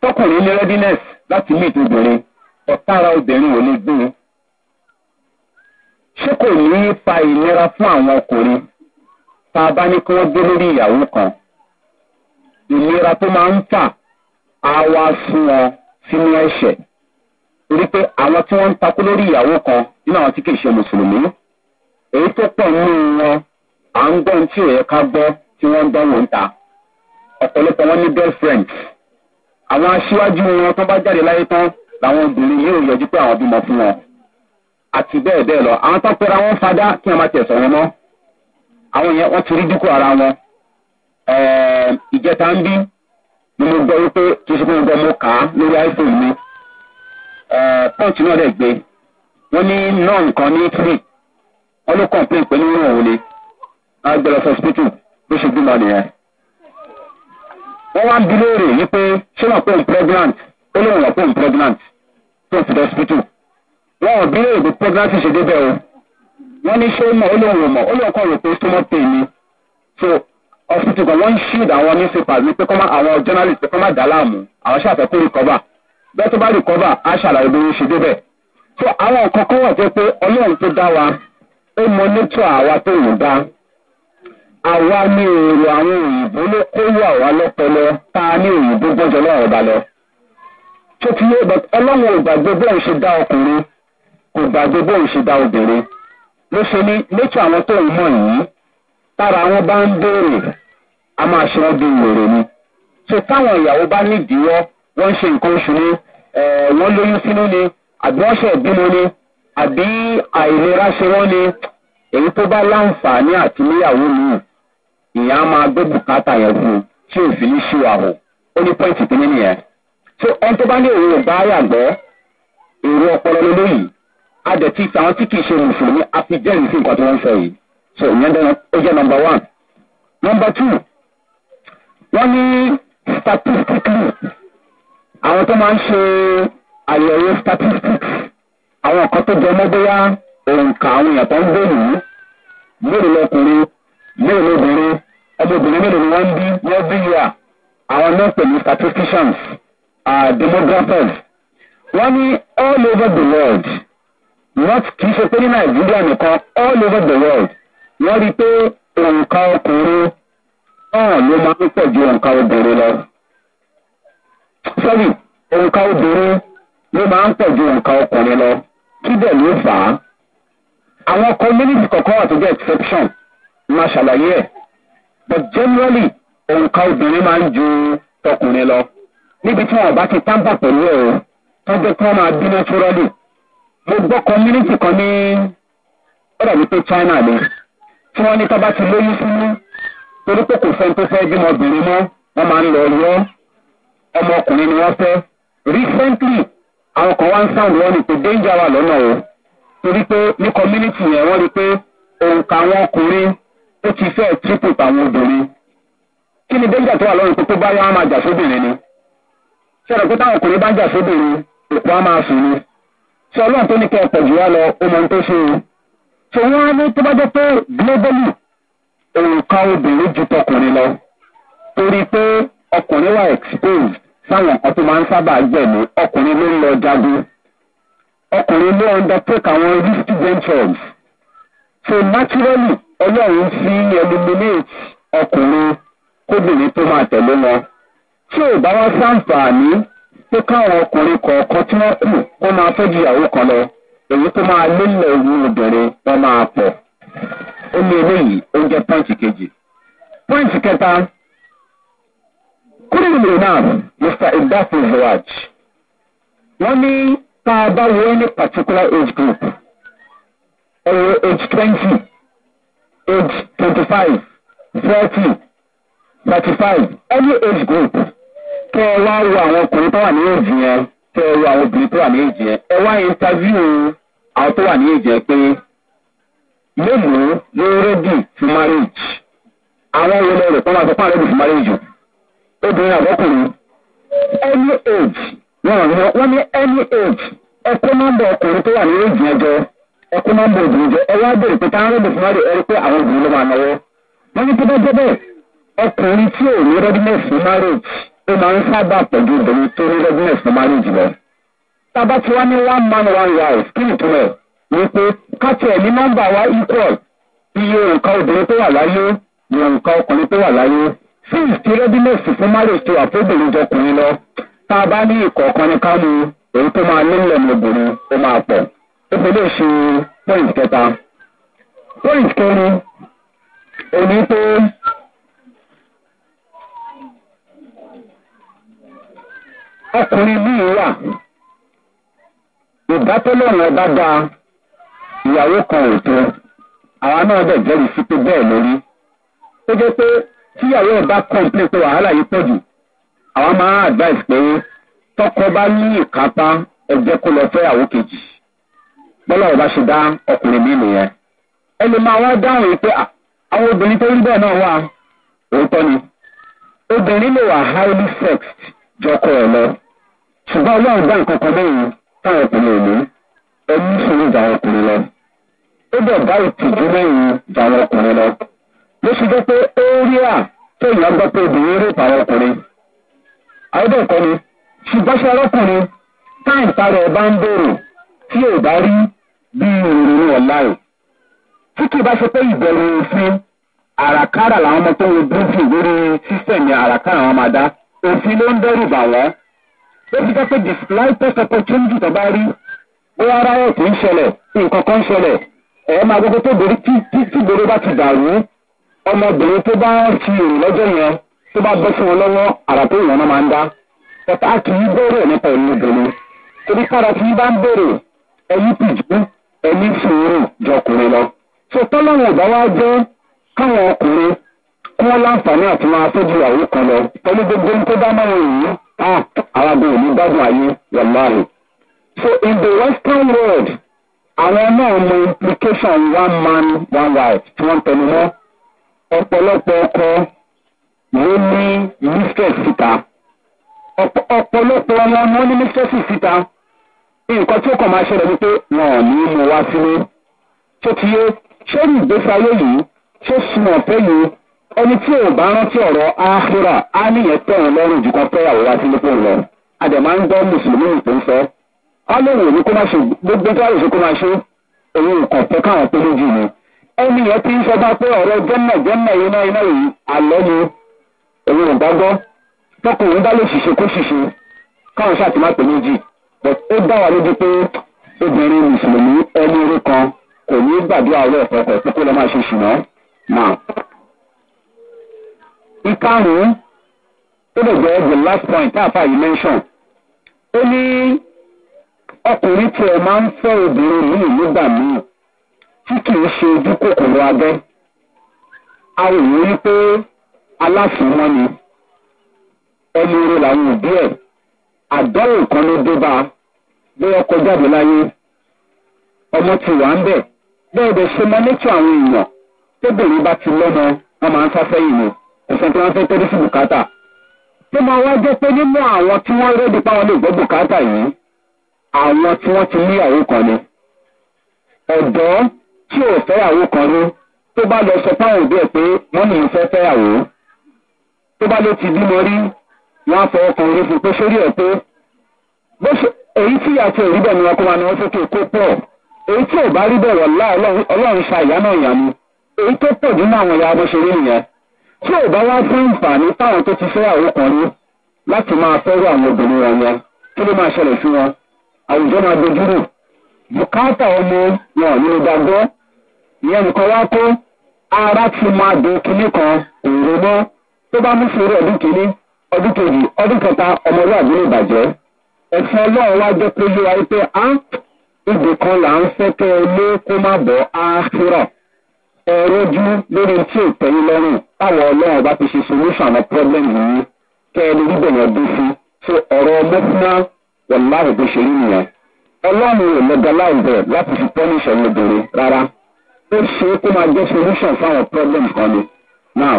[SPEAKER 1] tọkùnrin ní readiness láti meet obìnrin ọ̀tára obìnrin ò lè gbìn ín e. ṣé kò ní í fa ìnira fún àwọn ọkùnrin tá a wọ́n gbé lórí ìyàwó kan ìnira tó máa ń fà á wá fún wọn sínú ẹ̀ṣẹ̀ torí pé àwọn tí wọ́n ń takú kan nínú àwọn tí kì í ṣe mùsùlùmí èyí tó pọ̀ nínú wọn à ń gbọ́n tí ò yẹ ká gbọ́ tí ọ̀pọ̀lọpọ̀ wọn ní girlfriend àwọn aṣíwájú wọn tó bá jáde láyé tán làwọn obìnrin yóò yọjú pé àwọn bímọ fún wọn àti bẹ́ẹ̀ bẹ́ẹ̀ lọ àwọn tó pera wọn fadá kí wọn má tẹ̀ sọ̀rọ̀ mọ́ àwọn yẹn wọ́n ti rí dínkù ara wọn ìjẹta ń bí ni mo gbọ́ wípé kí n ṣe pé mo gbọ́ mo kà á lórí iphone mi pọ́ǹtì náà dẹ̀ gbé wọ́n ní náà nǹkan ní three wọ́n ló kọ̀ǹpé pé nínú òun ni agbẹ̀rẹ̀ fọ́sibítù ló ṣe bímọ nìyẹn wọ́n wá ń bi léèrè wípé ṣé wọ́n pè ń pregnant ó lóun wọ́n pè ń pregnant tó fi hospital wọ́n ò bí léèrè pé pregnancy ṣe débẹ̀ o wọ́n ní ṣé mọ̀ ó lóun ò mọ̀ ó lóun kàn rò pé stomach pain ni so hospital kan wọ́n ń shield àwọn newspapers wípé kọ́ máa àwọn journalist kọ́ máa dà láàmú àwọn ṣàfẹ́ kó recover bẹ́ẹ̀ tó bá recover á ṣàlàyé bí wọ́n ṣe débẹ̀ so àwọn nǹkan kan wà jẹ́ pé ọlọ́run tó dá wa ó mọ nature àwa tó wù dá àwa ní èrò àwọn òyìnbó ló kó wà wá lọ́pọlọ tá a ní òyìnbó gbọ́jọ lọ́rọ̀ balẹ̀. tó ti yé ọlọ́run ò gbàgbé bóun ṣe dá ọkùnrin kò gbàgbé bóun ṣe dá obìnrin ló ṣe ní létí àwọn tó ń mọ̀ yìí tára wọn bá ń béèrè a máa ṣe wọn bí wèrè ni. tó táwọn ìyàwó bá nídìíwọ́ wọ́n ń ṣe nǹkan oṣù ni eh, wọ́n lóyún sínú ni àbí wọ́n ṣe ìbímọ ni àbí àìlera ṣe wọ́n ni èyí tó bá láǹfààní àti níyàwó mìíràn ìyẹn á máa gbé bùkátà yẹn fún un tí ò fi ní ṣe àwò ó ní pọ́ìntì kìíní nìyẹn. so ẹni tó bá ní èrò bá yàgbọ́ èrò ọpọlọ ló lóyìí a dẹ̀ ti tàwọn tí kìí ṣe mùsùlùmí a fi jẹ́rìí sí nǹkan tí wọ́n ń sọ yìí so ìyẹn dáná ó jẹ́ nọmba one. nọmba two wọ́n ní statistically àwọn tó máa ń ṣe àyẹ̀wò statistics àwọn nǹkan tó jẹ mọ́ bóyá òǹkà àwọn èèyàn tó ń gbé yìí mélòó lọkùnrin mélòó lóbìnrin ọmọbìnrin mélòó ni wọ́n ń bí wọ́n bí yà àwọn náà pè ní statisticians uh, demographers wọ́n ní all over the world Not kì í ṣe pé ní nàìjíríà nìkan all over the world wọ́n rí i pé òǹkà ọkùnrin náà ló máa ń pọ̀ ju òǹkà obìnrin lọ. sọ́rí òǹkà obìnrin ló máa ń pọ̀ ju òǹkà ọkùnrin lọ kí dẹ̀ ló fà á. àwọn community kọ̀ọ̀kan wà exception máa ṣàlàyé ẹ̀ but generally òǹkà obìnrin máa ń ju tọkùnrin lọ níbi tí wọn bá ti tábà pẹ̀lú ẹ̀ o tọ́jú kí wọ́n máa bí naturally mo gbọ́ community kan ní ó dàbí pé china ni tí wọ́n ní tábà ti lóyún sínú torí pé kò fẹ́ni tó fẹ́ bímọ obìnrin mọ́ wọ́n máa ń lọ yọ ọmọkùnrin ni wọ́n fẹ́ recently àwọn kan wá ń sound wọn ni pé danger wà lọ́nà o torí pé ní community yẹn wọ́n rí pé òǹkà àwọn ọkùnrin ó ti fẹ́ tírípù tàwọn obìnrin kí ni dẹ́gbà tó wà lọ́rùn pípé báyọ̀ á máa jà sóbìnrin ni sọ̀rọ̀ pé táwọn ọkùnrin bá ń jà sóbìnrin òpó á máa sùn ni sọ ọlọ́run tó ní kẹ́ ẹ pẹ̀jù wá lọ ó mọ ohun tó ṣe o tó wọ́n á ní tó bá jẹ́ pé globally òǹkà obìnrin ju tọkùnrin lọ torí pé ọkùnrin wà exposed sáwọn nǹkan tó máa ń sábà gbẹ̀mí ọkùnrin ló ń lọ jagun ọkùnrin ló undertake àwọn risky ventures so naturally ọlọ́run fi eliminate ọkùnrin kóbìnrin tó máa tẹ̀lé wọn. tí ò bá wá sáǹfààní pé káwọn ọkùnrin kọ̀ọ̀kan tí wọ́n kù máa tọ́jú ìyàwó kan lọ èyí tó máa lélẹ̀ obìnrin máa pọ̀. ó ní eléyìí ó jẹ́ mr wọ́n ní tá a particular age group ẹ̀rọ age twenty. age twenty five thirty thirty five any age group kẹ ẹ wá wo àwọn ọkùnrin tó wà ní èjì yẹn kẹ ẹ wo àwọn obìnrin tó wà ní èjì yẹn ẹ wá interview àwọn tó wà ní èjì yẹn pé mélòó ló rẹ́dì fún marriage àwọn wo lọ rẹ̀ kọ́ máa sọ fún àrẹ́dì fún marriage obìnrin àbọ́kùnrin any age wọ́n ní any age ẹ kó nọ́mbà ọkùnrin tó wà ní èjì yẹn jọ. Ọkụ máa ń bọ̀ òbí jẹ ẹ wá bèrè pé táwọn ọdún fúnra rẹ ẹ rí pé wọn tí ò ní readiness fún marriage ó máa ń sábà pẹ̀lú obìnrin tó ní readiness marriage ní one man one wife kí ní wa equal iye nǹkan obìnrin tó wà láyé nǹkan ọkùnrin tó wà láyé since ti fún marriage ti wà jọkùnrin lọ tá bá ní ìkọ̀ọ̀kan ní èyí ìpínlẹ̀ ṣe point kẹta point kẹrin òní pé ọkùnrin bíi wà ìbátọ́lọ́run ọba dá ìyàwó kan ò tó àwa náà bẹ̀ jẹ́rìí sí pé bẹ́ẹ̀ lórí ó jẹ́ pé tíyàwó ẹ̀ bá complain pé wàhálà yìí pọ̀ jù àwa máa advice pé tọkọ bá ní ìkápá ẹ̀jẹ̀ kó lọ fẹ́ àwọ̀ kejì. bọ́lá ọba ṣe dá ọkùnrin mi nìyẹn ẹni máa wá dáhùn yìí pé àwọn obìnrin tó rí náà wà òótọ́ ni obìnrin lè wà highly sexed jọkọ ẹ̀ lọ ṣùgbọ́n ọlọ́run nǹkan kan lẹ́yìn táwọn ọkùnrin ò lọ ó bẹ̀ ìtìjú lẹ́yìn lọ ló ṣe jẹ́ pé à tó ìyá gbọ́ pé obìnrin ọkùnrin ṣùgbọ́n ṣe bí ìrìn ní ọ̀la ẹ̀. tí kì í bá ṣe pé ìbẹ̀rù òfin àràkárà làwọn ọmọ tó ń bíjì lórí sísẹ̀mì àràkárà wọn máa dá òfin ló ń dẹ́rù bà wọ́n. ó ti jẹ́ pé the slightest opportunity tó bá rí ó ara ẹ̀ tó ń ṣẹlẹ̀ nǹkan kan ń ṣẹlẹ̀ ẹ̀ máa gbogbo tó borí tí borí bá ti dàrú ọmọbìnrin tó bá ti èrò lọ́jọ́ yẹn tó bá bọ́ fún wọn lọ́wọ́ àrà tó ìwọ̀n náà máa ń dá ẹ̀ta kì bẹ̀rẹ̀ nípa ìlú obìnrin torí kára tí bá ń bẹ̀rẹ̀ ẹ̀yí pìjú ẹni sùúrù jọkùnrin lọ. so tọ́lọ́run ọ̀bá wa jẹ́ káwọn ọkùnrin kí wọ́n láǹfààní àti máa fẹ́ ìyàwó kan lọ pẹ̀lú gbogbo ohun tó bá máa wọ̀ yìí à alábẹ́ òní gbádùn ayé wàláhì. so in the western world àwọn náà mọ implication one man one wife tí wọ́n tẹnu mọ́ ọ̀pọ̀lọpọ̀ ọkọ ló ní mistress síta ọ̀pọ̀lọpọ̀ wọn ni wọ́n ní mistress síta nǹkan tí ó kàn máa ṣẹlẹ̀ ni pé wọn ò ní mú wá sílé tó ti yé ṣé ìgbésí ayé yìí ṣé sunà ọ̀fẹ́ yìí ẹni tí ò bá rántí ọ̀rọ̀ áhírà á níyẹn tẹ̀wọ̀n lọ́rùn jù kan fẹ́yàwó wá sílé fún un lọ àdèmá ń gbọ́ mùsùlùmí ìpè ń sọ á lè wò ní kó má ṣe gbogbo tó àlùfẹ́ kó má ṣe èyí nǹkan fẹ́ káwọn pé méjì ni ẹni yẹn ti ń sọ bá pé ọ̀rọ̀ jẹ́nà jẹ́nà iná iná yìí àlọ́ ni èyí ò gbàgbọ́ tọkùnrin bá lè ṣiṣẹ́ kó ṣiṣẹ́ káwọn ṣàtìmá pè méjì but ó dá wa lójú pé obìnrin mùsùlùmí ẹni orí kan kò ní gbàdúrà rẹ̀ pẹ̀pẹ̀ pé kó lọ máa ṣe ṣùnà náà. ìkarùn-ún tó lè jẹ́ the last point tá a fà yìí mention ó ní ọkùnrin tí ẹ máa ń fẹ́ obìnrin míì nígbà míì tí kì í ṣe ojú kòkòrò abẹ́ àwọn èèyàn rí pé aláfòmọ́ ni ẹni orí làwọn òbí ẹ̀ àdánwò kan ló dé bá a bóyá ọkọ̀ jáde láyé ọmọ ti wà ń bẹ̀ bẹ́ẹ̀ bẹ́ẹ̀ ṣe mọ nítorí àwọn èèyàn tóbìnrin bá ti lọ́mọ wọn máa ń sáfẹ́ yìí ni ẹ̀sán tí wọ́n fẹ́ tẹ́lẹ̀ sí bùkátà tó máa wá jẹ́ pé nínú àwọn tí wọ́n rédí pa wọn lè gbọ́ bùkátà yìí àwọn tí wọ́n ti níyàwó kan ni ọ̀dọ́ tí ò fẹ́yàwó kan ni tó bá lọ sọ fáwọn òbí ẹ̀ pé wọ́n ní ìfẹ́ fẹ́yàwó tó bá ló ti bímọ rí wọ́n á fọwọ́ kan orí fún pé sórí ẹ̀ pé èyí tí yàtọ̀ èyí bẹ̀ ni wọn kó wa ni wọ́n sókè kó pọ̀ èyí tí ò bá rí bẹ̀ wọ̀ láà ọlọ́run ṣa ìyá náà yàn ni èyí tó pọ̀ nínú àwọn ìyá tí ò bá wá fún táwọn tó ti fẹ́ kan rí láti máa fẹ́rù àwọn obìnrin wọn yẹn kí ló máa ṣẹlẹ̀ sí wọn àwùjọ máa dojú rù bùkátà ara ti máa dùn kan mọ́ tó ẹ̀sìn ọlọ́run wá jẹ́ pé yíwa wípé á ibì kan là ń fẹ́ kẹ́ ẹ lé kó má bọ̀ á fúrọ̀ ẹ rójú lórí tí ò tẹ̀yìn lọ́rùn táwọn ọlọ́run bá ti ṣe solution àwọn problem yìí kẹ́ ẹ lè rí bẹ̀yẹn dé sí so ọ̀rọ̀ mọ́tínà wọ̀ láì bó ṣe rí nìyẹn ọlọ́run ò lọ́gà láì bẹ̀ láti fi pọ́nìṣọ̀ lóbìnrin rárá ó ṣe kó máa jẹ́ solution fáwọn problem kan ni now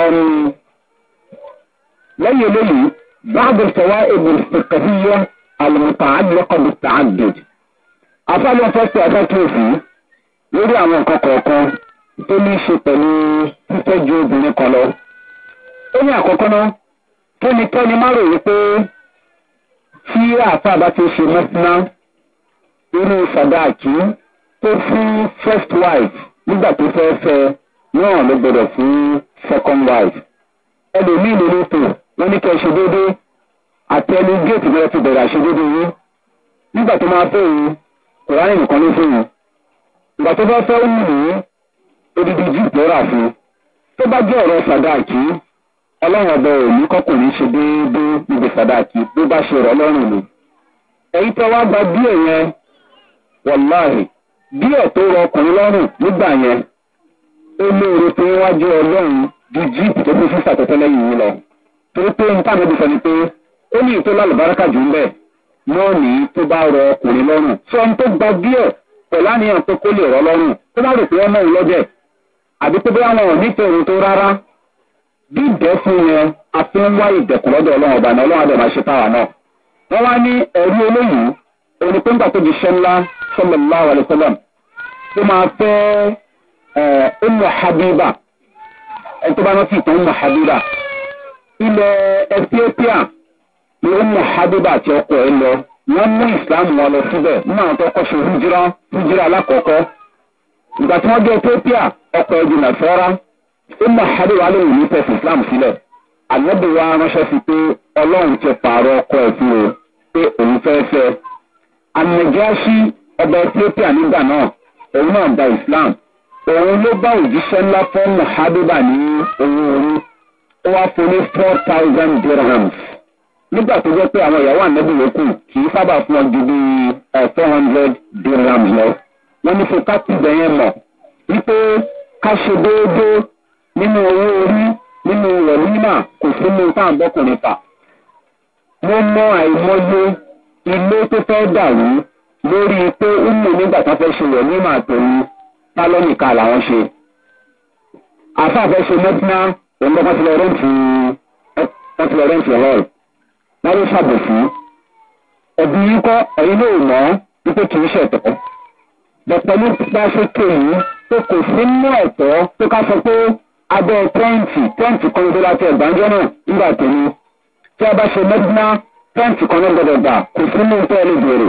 [SPEAKER 1] um, lẹ́yìn eléyìí. بعض الفوائد الفقهية المتعلقة بالتعدد أفعل فاست أفاكر فيه lórí àwọn nǹkan kọ̀ọ̀kan tó ní í ṣe pẹ̀lú fífẹ́ ju obìnrin kan lọ. ó ní àkọ́kọ́ náà kẹ́nikẹ́ni má rò wípé tí àáfàá bá ti ṣe mẹ́tíná irú sàdáàkì tó fún first wife nígbà tó fẹ́ fẹ́ náà ló gbọdọ̀ fún second wife. ẹlòmíì ló ló tò wọ́n ní kẹ́ ẹ ṣe déédéé àtẹnu géètì rẹ ti bẹ̀rẹ̀ àṣedéédéé yín nígbà tó máa fẹ́ yín kòránì nìkan ló fún ìgbà tó bá fẹ́ wù yín odidi jíìpù rà fún tó bá jẹ́ ọ̀rọ̀ sàdáàkì ọlọ́run òní ṣe déédéé níbi sàdáàkì bá rọ̀ èyí tó gba díẹ̀ yẹn díẹ̀ tó rọ torí pé nípa àbẹ̀bí sọ ni pé ó ní ìtò lálùbáríkà jù ń bẹ̀ náà ní tó bá rọ ọkùnrin lọ́rùn sọ ohun tó gba díẹ̀ pẹ̀lú àníyàn pé kó lè rọ lọ́rùn tó bá rò pé ọmọ òun lọ́jẹ̀ àbí pé bóyá wọn ò nífẹ̀ẹ́ òun tó rárá dídẹ́ fún yẹn a fi ń wá ìdẹ̀kùn lọ́dọ̀ ọlọ́run ọba náà ọlọ́run àdàmà ṣe táwa náà wọ́n wá ní ẹ̀rí olóyìn òní pé ń mọ̀ habiba ẹ̀ tó bá rántí ìtàn ń mọ̀ habiba ilẹ̀ ethiopia ni ó mú habiba àti ọkọ ẹ lọ wọn mú islam wọn lọ síbẹ̀ nínú àwọn tọkọ ṣe hújírá hújírá alákọ̀ọ́kọ́ ìgbà tí wọ́n dé ethiopia ọkọ ẹ jìnnà sọ́ra ó mú habiba lóyún ní tẹ̀sí islam sílẹ̀ ànábì wa ránṣẹ́ sí pé ọlọ́run ti pààrọ̀ ọkọ ẹ̀ fún o pé òun fẹ́ fẹ́ ànàjáṣí ọba ethiopia nígbà náà òun náà gba islam òun ló bá òjíṣẹ́ ńlá fún muhabiba ní owó orí ó wá fún four thousand dirhams nígbà tó jẹ́ pé àwọn ìyàwó ànábì yòókù kì í sábà fún ọ ju bíi four hundred dirhams lọ wọ́n ní fún kápìbẹ̀ yẹn mọ̀ wípé ká ṣe déédéé nínú owó orí nínú mímà kò sí sínú táàbọ̀kùnrin ta mo mọ àìmọye ilé tó fẹ́ dàrú lórí pé umu nígbà tó fẹ́ ṣe tó àtòun pálọ́nìkà làwọn ṣe àfàfẹ́ ṣe mẹ́tínà. wọn bá ti lọ rẹ́ǹtì wọn ti lọ rẹ́ǹtì ọlọ́run wọn ló ṣàbò fún ẹbí yín kọ́ ẹ̀yin náà mọ̀ wípé kì í ṣẹ̀tọ́ dọ̀pọ̀lú bá ṣe kéwì pé kò sí nínú ẹ̀tọ́ pé ká sọ pé abẹ́ tẹ́ǹtì tẹ́ǹtì kan ló láti ẹ̀gbájọ́ náà nígbà tẹ̀lé tí a bá ṣe mẹ́gbọ́n tẹ́ǹtì kan náà gbọ́dọ̀ gbà kò sí nínú tẹ́ ẹni bèrè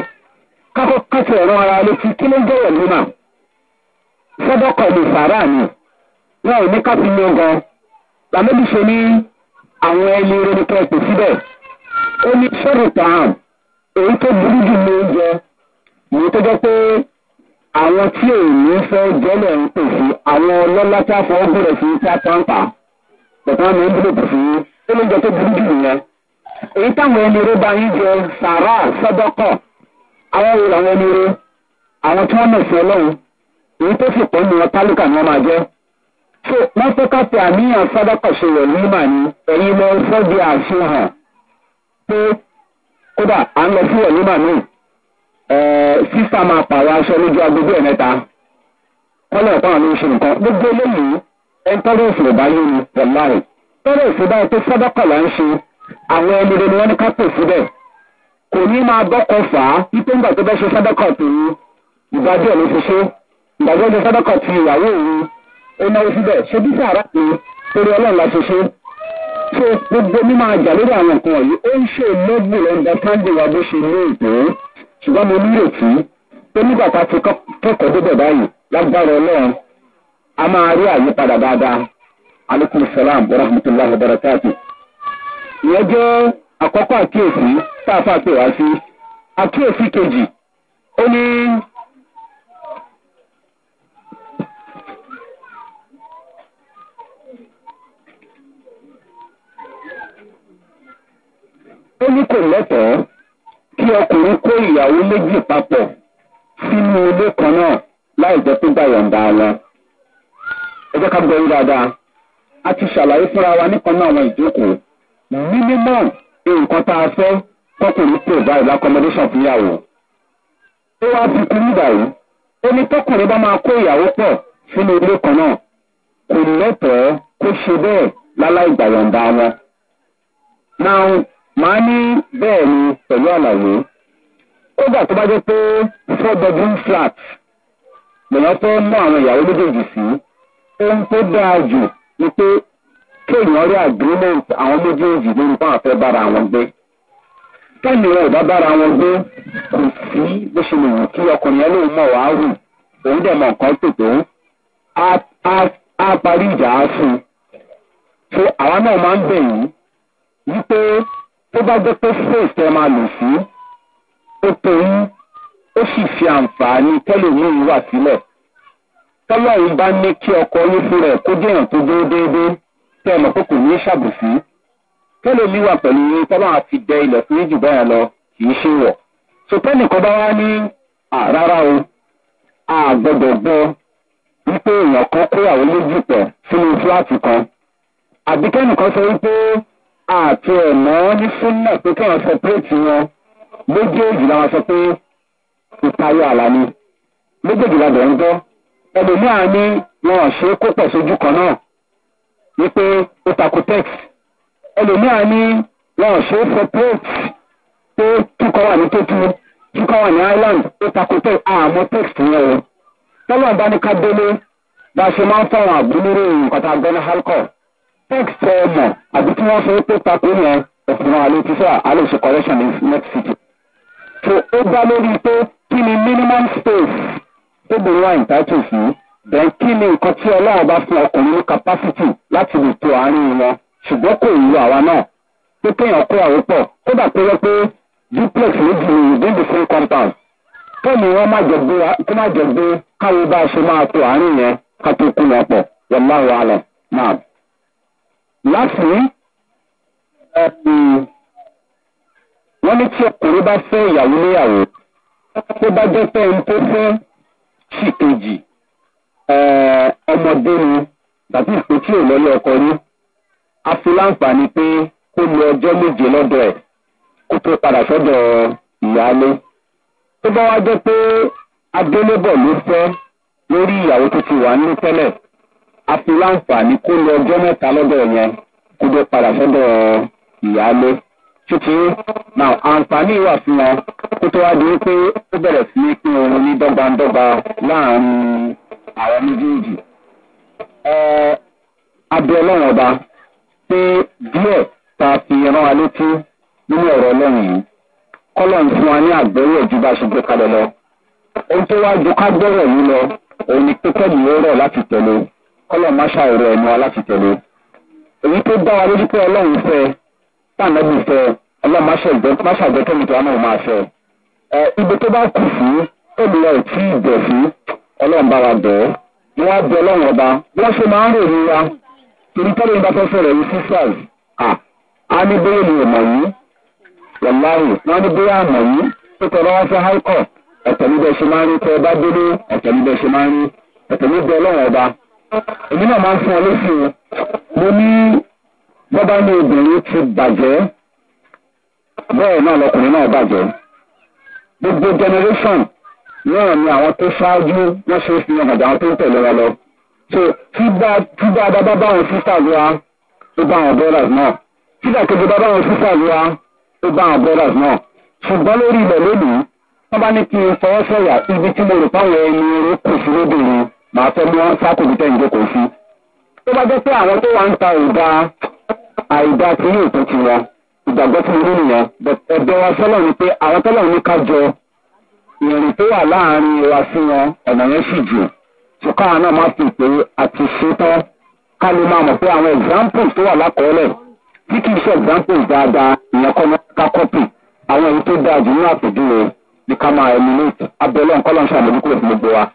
[SPEAKER 1] kákọ́ kẹ́tì ẹ̀rọ ara létí kí ló ń jẹ́wọ̀ lónà fọ́dọ̀kọ̀ lè sàárà ni wọn ò ní ká fi làmẹ́bí ṣe ní àwọn ẹni ronúkọ ẹ̀pẹ̀ síbẹ̀ ó ní sọ́rọ̀ tàn èyí tó burú jù ní oúnjẹ èyí tó jẹ́ pé àwọn tí èmi fẹ́ jẹ́lẹ̀ pè sí àwọn ọlọ́lá tí a fọwọ́ bẹ̀rẹ̀ sí tí a tán pa ń sí ó tó èyí táwọn ẹni bá jẹ sàrà sọ́dọ́kọ̀ àwọn ẹni àwọn tí so wọ́n fẹ́ ká pe àníyàn sádàkàṣe rẹ̀ ní lọ sọ́ọ̀dì àfihàn pé kódà à ń lọ sí ẹ̀yìn mà ní sísá máa pààrọ̀ aṣọ lójú agogo ẹ̀mẹ́ta wọ́n lọ́ọ̀ pààrọ̀ oṣù nǹkan gbogbo eléyìí báyìí ń ṣe àwọn ni kò ní fà á ńgbà tó ṣe ó náwó síbẹ̀ ṣe bí sàrà ni torí ọlọ́run la ṣe ṣe so gbogbo mímọ àjà lórí àwọn nǹkan wọ̀nyí ó ń ṣe lóògùn lọ́dọ̀ táǹdì wa bó ṣe ní ìpè ṣùgbọ́n mo nírètí pé nígbà tá a ti kẹ́kọ̀ọ́ débẹ̀ báyìí lágbára ọlọ́run a máa rí àyípadà dáadáa aleykum salaam wa rahmatulahi wa barakatu. ìyẹn jẹ́ àkọ́kọ́ àkíyèsí tá a fà pé wá sí àkíyèsí kejì ó ní. ó ní kò lẹ́tọ̀ọ́ kí ọkùnrin kó ìyàwó méjì papọ̀ sínú ilé kan náà láì jẹ́ pé gbà yọ̀ǹda wọn. ẹ jẹ́ a ti ṣàlàyé fúnra wa nípa náà àwọn ìjókòó minimum nǹkan tá a fẹ́ tọkùnrin provide accommodation fún ìyàwó. ó wá fi kú nígbà yìí ó ní tọkùnrin bá máa kó ìyàwó pọ̀ sínú ilé kan náà màá ní bẹ́ẹ̀ ni pẹ̀lú àlàyé kódà tó bá jẹ́ pé four bedroom flat lèèyàn tó mú àwọn ìyàwó méjèèjì sí ohun tó dáa jù ni pé kéèyàn rí agreement àwọn méjèèjì lórí báwọn fẹ́ bára wọn gbé kẹ́ni wọn ò bá bára wọn gbé kò sí bó ṣe lè wù kí ọkùnrin yẹn lòun mọ̀ wá rù òun dẹ̀ mọ̀ nǹkan tètè á parí ìjà á fún un so àwa náà máa ń bẹ̀ yín wípé tó bá jẹ́ pé faith ẹ máa lò sí ó torí ó sì fi àǹfààní tẹ́lẹ̀mí wà sílẹ̀ tọ́lọ́run bá ní kí ọkọ yín fún rẹ̀ kó jẹ́ èèyàn tó dúró déédéé tẹ́ ẹ mọ̀ pé kò ní ṣàbùsí tẹ́lẹ̀mí wà pẹ̀lú yín tọ́lọ́ àti dẹ ilẹ̀ fún yín jù báyà lọ kì í ṣe wọ̀ so tẹ́nìkan bá wá ní àrárá o àgbọ̀dọ̀ gbọ́ wípé èèyàn kan kó àwọn méjì pẹ̀ sínú fúláàtì kan àbíkẹ́nìkan sọ wípé. àti ẹ̀mọ́ ní súnà pé kí wọ́n sọ wọn méjèèjì làwọn sọ pé ìtayọ àlá ni méjèèjì la ń gbọ́ ẹlòmíràn ní wọn ò ṣe kó pọ̀ sójú kan náà wípé ó takò text ẹlòmíràn ní wọn ò ṣe é separate pé kíkọ́ wà ní tótú wà ní island ó takò text àmọ́ text bá text tẹ ẹ mọ̀ àbí tí wọ́n sọ pé tako yẹn òfin àlè ti sọ àlè ṣe correction in next city. so ó dá lórí pé kí ni minimum space tó bẹ̀rẹ̀ wá ìtàtù sí then kí ni nǹkan tí ọlọ́run bá fún ọkùnrin ní capacity láti lè to àárín wọn ṣùgbọ́n kò wú àwa náà pé kéèyàn kó àwọn pọ̀ kódà pé wọ́n pé duplex méjì within the same compound kẹ́ni wọ́n má jẹ gbé kó má jẹ gbé káwọn bá a ṣe máa to àárín yẹn ká tó kú lọ́pọ̀ wọ́n máa wà lọ náà. lásìí wọ́n ní tí ọkùnrin bá fẹ́ ìyàwó níyàwó tó bá jẹ́ pé ohun tó fẹ́ sì kejì ọmọdé ni tàbí ìpè tí ò lọ́lé ọkọ ní afiláǹfààní pé kó lu ọjọ́ méje lọ́dọ̀ ẹ̀ kó tó padà sọ́dọ̀ ìyáálé tó bá wá jẹ́ pé adélébọ̀ ló fẹ́ lórí ìyàwó tó ti wà ní tẹ́lẹ̀. apò láǹfààní kó lọ ọjọ́ mẹ́ta lọ́dọ̀ yẹn kó dé padà sọ́dọ̀ ìyáálé tuntun náà àǹfààní wà fún wọn kó tó wá di wípé ó bẹ̀rẹ̀ sí ní pín oorun ní dọ́gbandọ́gba láàrin àwọn méjèèjì. abẹ ọlọ́run ọba pé díẹ̀ ta fi ran wa létí nínú ọ̀rọ̀ ọlọ́run yìí kọ́lọ̀ ń fún wa ní àgbẹ̀wò ju bá ṣe gbé kalẹ̀ lọ. ohun tó wá ju ká gbọ́rọ̀ yìí lọ òun ni pé kẹ́mi ó rọ̀ láti tẹ̀lé kọ́lọ̀ má ṣàìrọ̀ ẹ̀mí wa láti tẹ̀lé èyí tó dá wa lójú pé ọlọ́run fẹ́ tànàbì fẹ́ ọlọ́run má ṣàgbẹ́ tó nìkan náà máa fẹ́ ẹ ibi tó bá kù fún olùwà ò tí ì bẹ̀ fún ọlọ́run bá wa bẹ̀ ẹ́ ni wọ́n á bẹ ọlọ́run ọba wọ́n ṣe máa ń rò nira torí tọ́lẹ̀ nípa fẹ́ fẹ́rẹ̀ yìí sisters a ní bóyá ni ìmọ̀ yìí wọ̀láhùn wọ́n ní bóyá àmọ̀ yìí tó tọrọ wọn fẹ́ high court ẹ̀tẹ̀ níbẹ̀ ṣe máa ń rí tẹ́ ẹ bá délé ẹ̀tẹ̀ níbẹ̀ ṣe máa ń rí ẹ̀tẹ̀ níbẹ̀ ọlọ́run ọba èmi náà máa ń fún ọ lóṣù mo ní bọ́bá ní obìnrin ti bàjẹ́ bẹ́ẹ̀ náà lọkùnrin náà bàjẹ́ gbogbo generation náà ni àwọn tó ṣáájú wọ́n ṣe fi hàn àjà àwọn tó ń tẹ̀lé wọn lọ so tí dáadáa bá báwọn sisters wa ó bá àwọn brothers náà tí dàkejì bá báwọn sisters wa ó bá àwọn brothers náà ṣùgbọ́n lórí ilẹ̀ lónìí wọ́n bá ní kí n fọwọ́ sọ̀yà ibi tí mo rò páwọn ẹni orí kù sí lóbìnrin màá fẹ́ mú wọn sákòbí tẹ́ ìjókòó sí. tó bá jẹ́ pé àwọn tó wà ń ta ìdá àìdá tí yóò tó ti wọn ìgbàgbọ́ fún mi nìyẹn ẹ̀bẹ̀ wa sọ́lọ̀ ni pé àwọn tọ́lọ̀ ní ká jọ ìrìn tó wà láàrin wa sí wọn ọ̀nà yẹn sì jù ṣùkọ́ àwọn náà máa fi pé àti ṣetán ká lè máa mọ̀ pé àwọn examples tó wà lákọọ́lẹ̀ tí kì í ṣe examples dáadáa ìyẹn kọ́ ká kọ́pì àwọn èyí tó dáa jù ní àpèjúwe ni ká máa eminate abẹ́lẹ́ nǹkan lọ́n ṣàmójúkúrò fún gbogbo wa.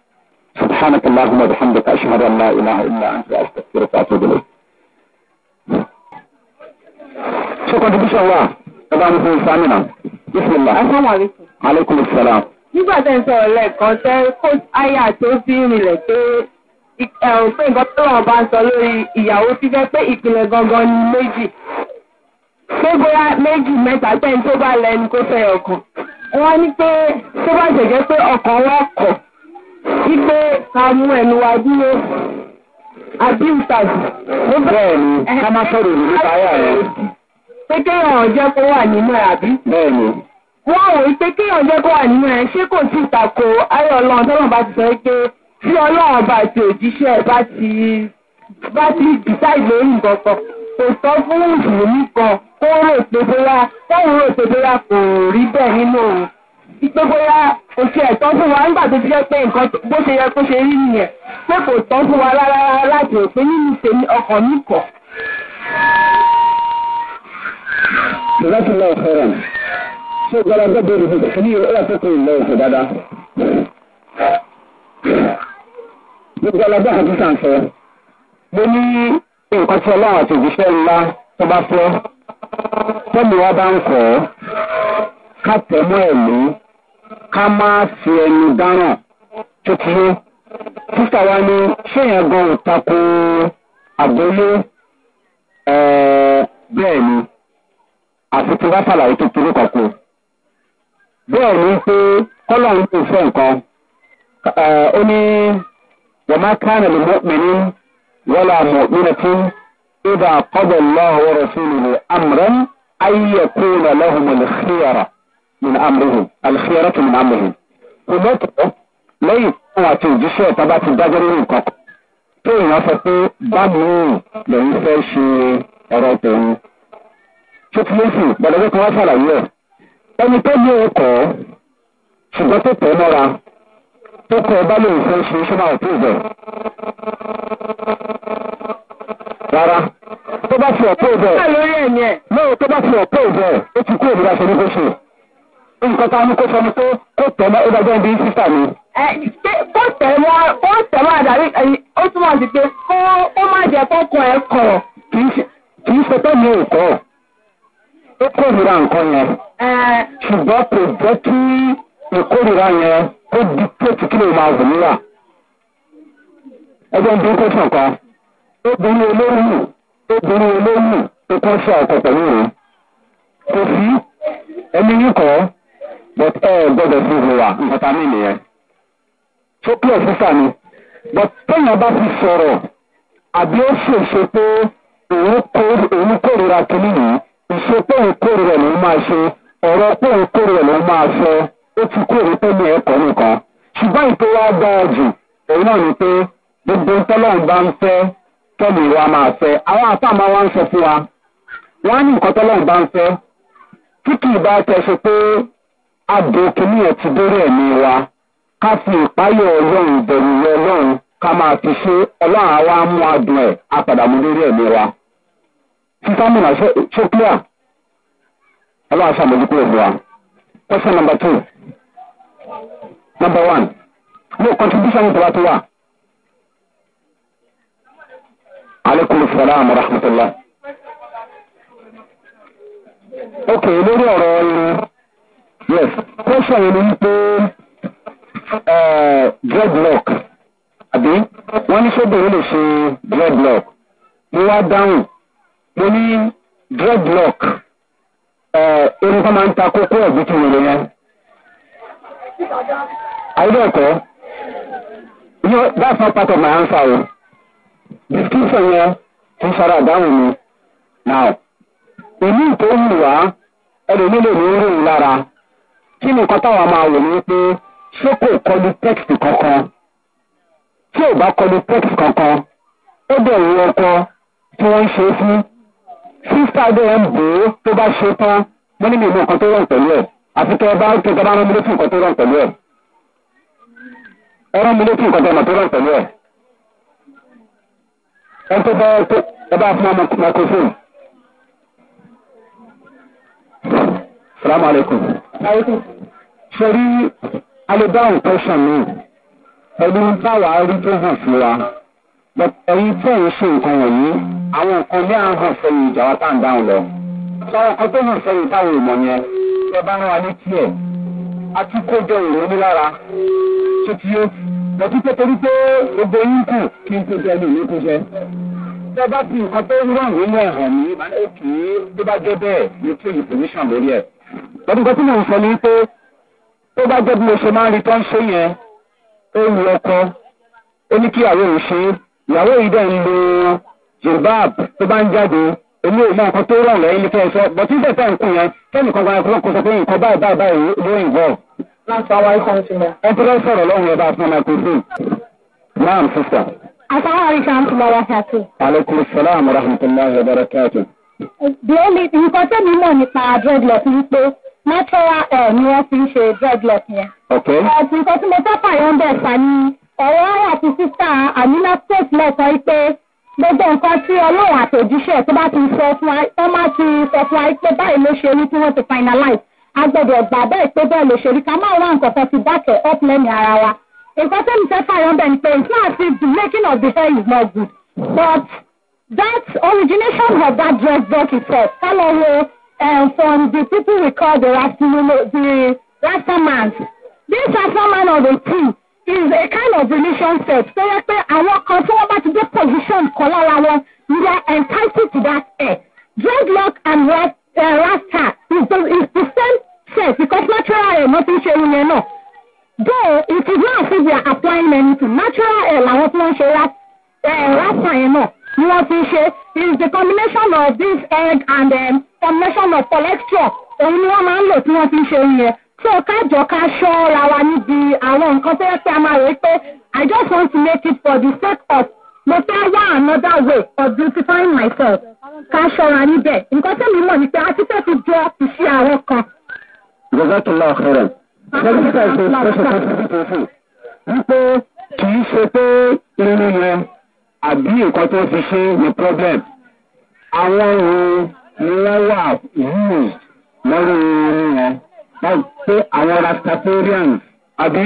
[SPEAKER 1] سبحانك اللهم وبحمدك أشهد أن لا إله إلا أنت أستغفرك وأتوب إليك شكرا إن شاء الله بسم الله السلام عليكم عليكم السلام nígbà tẹ́ ń sọ̀rọ̀ lẹ́ẹ̀kan tẹ́ kó àyà tó fi rìnlẹ̀ pé pé nǹkan tó wọ́n bá ń sọ lórí ìyàwó pé gangan ni méjì pé bóyá méjì mẹ́ta tó wípé ká mú ẹnu wa dúró àbí ìtàjù. bẹ́ẹ̀ni ká má sọ̀rọ̀ òní nípa ayé rẹ̀. pé kéèyàn jẹ́ kó wà nínú ẹ̀ àbí. bẹ́ẹ̀ni. wọ́n wò ó pé kéèyàn jẹ́ kó wà nínú ẹ̀ ṣé kò sí ìtàkò ayé ọlọ́run tọ́lọ́run bá ti sọ pé tí ọlọ́run bá ti òjíṣẹ́ bá ti bá ti dìtà ìlérí nǹkan kan kò sọ fún ìdùnnú kan kó rò pé bóyá kó rò pé bóyá kò rí bẹ́ẹ̀ nínú òun. ìpè bóyá kò ṣe ẹ̀tọ́ fún wa nígbà tó ti jẹ́ pé nǹkan bó ṣe yẹ kó ṣe rí nìyẹn pé kò tọ́ fún wa rárá láti rò pé nínú tèmi ọkàn mi kọ̀. láti lọ fẹ́ràn ṣé ìjọba ẹgbẹ́ bẹ̀rẹ̀ fún kìíní ìrọ̀lẹ́ àtẹ́kùn ìlọ òkè dáadáa. gbogbo ọlọ́gbọ́n àti sàǹfẹ́ mo ní nǹkan tí ọlọ́run àti òjíṣẹ́ ńlá tó bá fẹ́ tẹ́mi wá bá ń kọ́ ká tẹ̀ mọ́ ẹ̀ lóyún ká má fi ẹnu dáràn tuntun sísà wa ni ṣéyàn gan ò tako àbólé bẹ́ẹ̀ ni àfi tí wọ́n ṣàlàyé tó kéré kankan bẹ́ẹ̀ ni pé kọ́lọ̀ ń pè fẹ́ nǹkan ó ní wọ́n má kánà lè mọ́pẹ́ni wọ́n là mọ̀ nínú tí ìdá kọ́bẹ̀ lọ́wọ́ rẹ̀ fún mi àmọ́ ayé kúrò lọ́hùn mọ̀lẹ́kìyàrá. من amrihim alkhiyaratu من amrihim kò lọ́tọ̀ lẹ́yìn fún àti òjíṣẹ́ ọ̀tá bá ti dájọ́ nínú nǹkan kan tó ìwọ́n sọ pé bámúrùn lòun fẹ́ ṣe ọ̀rọ̀ tòun ṣókùnmẹ́sì gbọdọ̀gbẹ́ kan wá ṣàlàyé ẹ̀ ẹni tó ní òun kọ́ ṣùgbọ́n tó tẹ̀ mọ́ra tó kọ́ ọba lòun fẹ́ ṣe ṣé máa tó bẹ̀ rárá tó bá fi ọ̀pọ̀ bẹ̀ lóòótọ́ bá fi ọ̀pọ̀ bẹ̀ ó ti kú òmìnira ṣe ní kó ṣe nǹkan tá a ní kó sọ ni pé kó tẹ̀ mọ́ ẹgbẹ́ ẹgbẹ́ bíi sísà mi. ẹ ṣé kó tẹ̀ mọ́ kó tẹ̀ mọ́ àdàrí ó túmọ̀ sí pé kó ó má jẹ́ kókó ẹ̀ kọ̀. kì í ṣe pé mi ò kọ́ ó kórìíra nǹkan yẹn. ṣùgbọ́n kò jẹ́ kí ìkórìíra yẹn ó di pétù kí ló máa wù mí rà. ẹgbẹ́ bíi kó sàn kan obìnrin olóyún obìnrin olóyún tó kọ́ sí ọkọ̀ pẹ̀lú kò sí ẹni yìí kọ́ but ẹ gbọ́dọ̀ fi hùwà nǹkan tá a mí nìyẹn. tó clear sísà ni but téèyàn bá fi sọ̀rọ̀ àbí ó ṣèṣe pé òun kórira kìíní yìí ìṣe pé òun kórira lòun máa ṣe ọ̀rọ̀ pé òun kórira lòun máa sọ ó ti kórè pé ní ẹ̀kọ́ nìkan ṣùgbọ́n ìpè wa dáa jù òun náà ni pé gbogbo tọ́lọ́run bá ń fẹ́ tọ́lù wa máa fẹ́ àwọn àfàmà wa ń sọ fún wa wọ́n á ní nǹkan tọ́lọ́run bá ń fẹ́ tí kì í bá tẹ̀ ṣe pé adò kìíní yẹn ti wa ká fi ìpáyọ̀ ọlọ́run ìbẹ̀rù rẹ ọlọ́run ká máa fi ṣe ọlọ́run àwa mú adùn ẹ̀ apàdàmú lórí ẹ̀mí wa. sísámùnà ṣó clear ọlọ́run ṣàmójúkúrò fún wa. question number two number one no contribution ní tọ́lá tó wà.
[SPEAKER 2] aleykum salaam wa rahmatulah. ok lórí ọ̀rọ̀
[SPEAKER 1] irun. question yẹn ni wípé dreadlock àbí wọ́n ní sóbìnrin lè ṣe dreadlock mo wá dáhùn mo ní dreadlock irun kan máa ń ta kókó ẹ̀gbẹ́ tí wọ́n lè yẹn. àìdẹ́ẹ̀kọ́ yóò that's not part of my answer o description yẹn ti sara dáhùn mi now èmi ìtòhùn wá ẹlòmílò ní ń rìn lára kí ni nǹkan táwọn máa wò ni pé ṣé kò kọlu text kankan tí ò bá kọlu text kankan ó dẹ̀ wọ ọkọ tí wọ́n ń ṣe fún sísá dẹ̀ ń bò ó tó bá ṣe tán wọ́n ní mi mú nǹkan tó rọ̀ pẹ̀lú ẹ̀ àti kẹ́ ẹ bá kẹ́ ẹ bá rán mi létí nǹkan tó rọ̀ pẹ̀lú ẹ̀ ẹ rán mi létí nǹkan tó rọ̀ pẹ̀lú ẹ̀ ẹ tó bá ẹ bá fún ọmọ microphone. salamu alaykum. sori alibáwò tẹsán mi pẹ̀lú báwa rí tó hàn sí wa ẹ̀yin tí ẹ̀yin ṣe nǹkan wọ̀nyí àwọn nǹkan bí à ń hàn sẹ́yìn ìjà wa tá à ń dáhùn lọ. sọ nǹkan tó hàn sẹ́yìn táwọn ìmọ̀ yẹn ẹ bá rán wa ní tiẹ̀ àti kójọ ìrònú lára tó ti yé lọ́tún pé torí pé gbogbo yín kù kí n tó tẹ́lẹ̀ ní kó jẹ́. tẹ́ bá ti nǹkan tó rán ìwé náà hàn mí kì í tó bá jẹ́ bẹ́ẹ̀ ní tó yìí pòmíṣàn lórí ẹ̀ lọ́dún kan tí mò ń sọ ni pé tó bá jẹ́ bí mo ṣe máa ń rí tó ń ṣe yẹn ó ń lọ kọ́ ó ní kí ìyàwó òun ṣe ìyàwó yìí dẹ̀ ń lo zimbab tó bá ń jáde èmi ò mọ nǹkan tó rọ̀ lẹ́yìn ní kẹ́hìn sọ bọ̀tí ìfẹ́ tá nǹkan yẹn kẹ́hìn kan gbára kúrò kó sọ pé nǹkan báyìí báyìí báyìí ló ń bọ̀. ẹ tó lọ́ọ́ sọ̀rọ̀ lọ́hùn ẹ̀ bá fún ọmọ ẹ̀kọ́ Naam the only nǹkan tẹ́mi mọ̀ nípa dreadlock ni pé natural hair ni wọ́n fi ń ṣe dreadlock yẹn. ok but nǹkan tí mo fẹ́ fàyọ̀ bẹ̀ fà ni ọ̀rọ̀ àti sísá àmínà state lẹ́sọ̀ yìí pé gbogbo nǹkan tí ọlọ́run àtòjíṣẹ́ tó bá ti sọ fún wa tó má ti sọ fún wa pé báyìí ló ṣe rí tí wọ́n ti finalize a gbọ́dọ̀ gbà bẹ́ẹ̀ pé bẹ́ẹ̀ ló ṣe rí ká má wá nǹkan tó ti dákẹ́ up lẹ́nu ara wa nǹkan tẹ́mi fẹ́ fàyọ̀ bẹ̀ ni pé it's not as if the making of the hair is not good but that origination of that dress book itself follow um, uh, uh, from the people we call the Rastaman. The
[SPEAKER 2] Rastaman. This Rastaman of the tree is a kind of relation set. So yẹ pé àwọn kan tí wọ́n bá ti dé position kan lára wọn you are entitled to that hair. Dreadlock and rat, uh, rasta is the, is the same set because natural air, nothing fit ṣe irun yẹn náà. Though it is not as if we are applying anything natural hair làwọn tí wọ́n ṣe uh, rasta yẹn náà ni wọ́n ti ṣe is the combination of this egg
[SPEAKER 1] and um, formation of cholesterol òun ni wọ́n máa ń lò tí wọ́n fi ṣe yẹn so kájọ ká ṣọ́ra wa níbi àwọn nǹkan tó yẹ pé a máa rè pé i just want to make it for the sake of mo fẹ́ wá another way of beautifying myself ká ṣọ́ra níbẹ̀ nǹkan tó mi mọ̀ ni pé a ti fẹ́ fi jọ ìṣe àwọn kan. jazakallah khairan
[SPEAKER 2] jazakallah khairan
[SPEAKER 1] wípé kì í ṣe pé irun yẹn àbí nǹkan tó fi ṣe ni problem àwọn ohun ni wọ́n wà used lórí orin yẹn wọ́n pé àwọn rastafarians àbí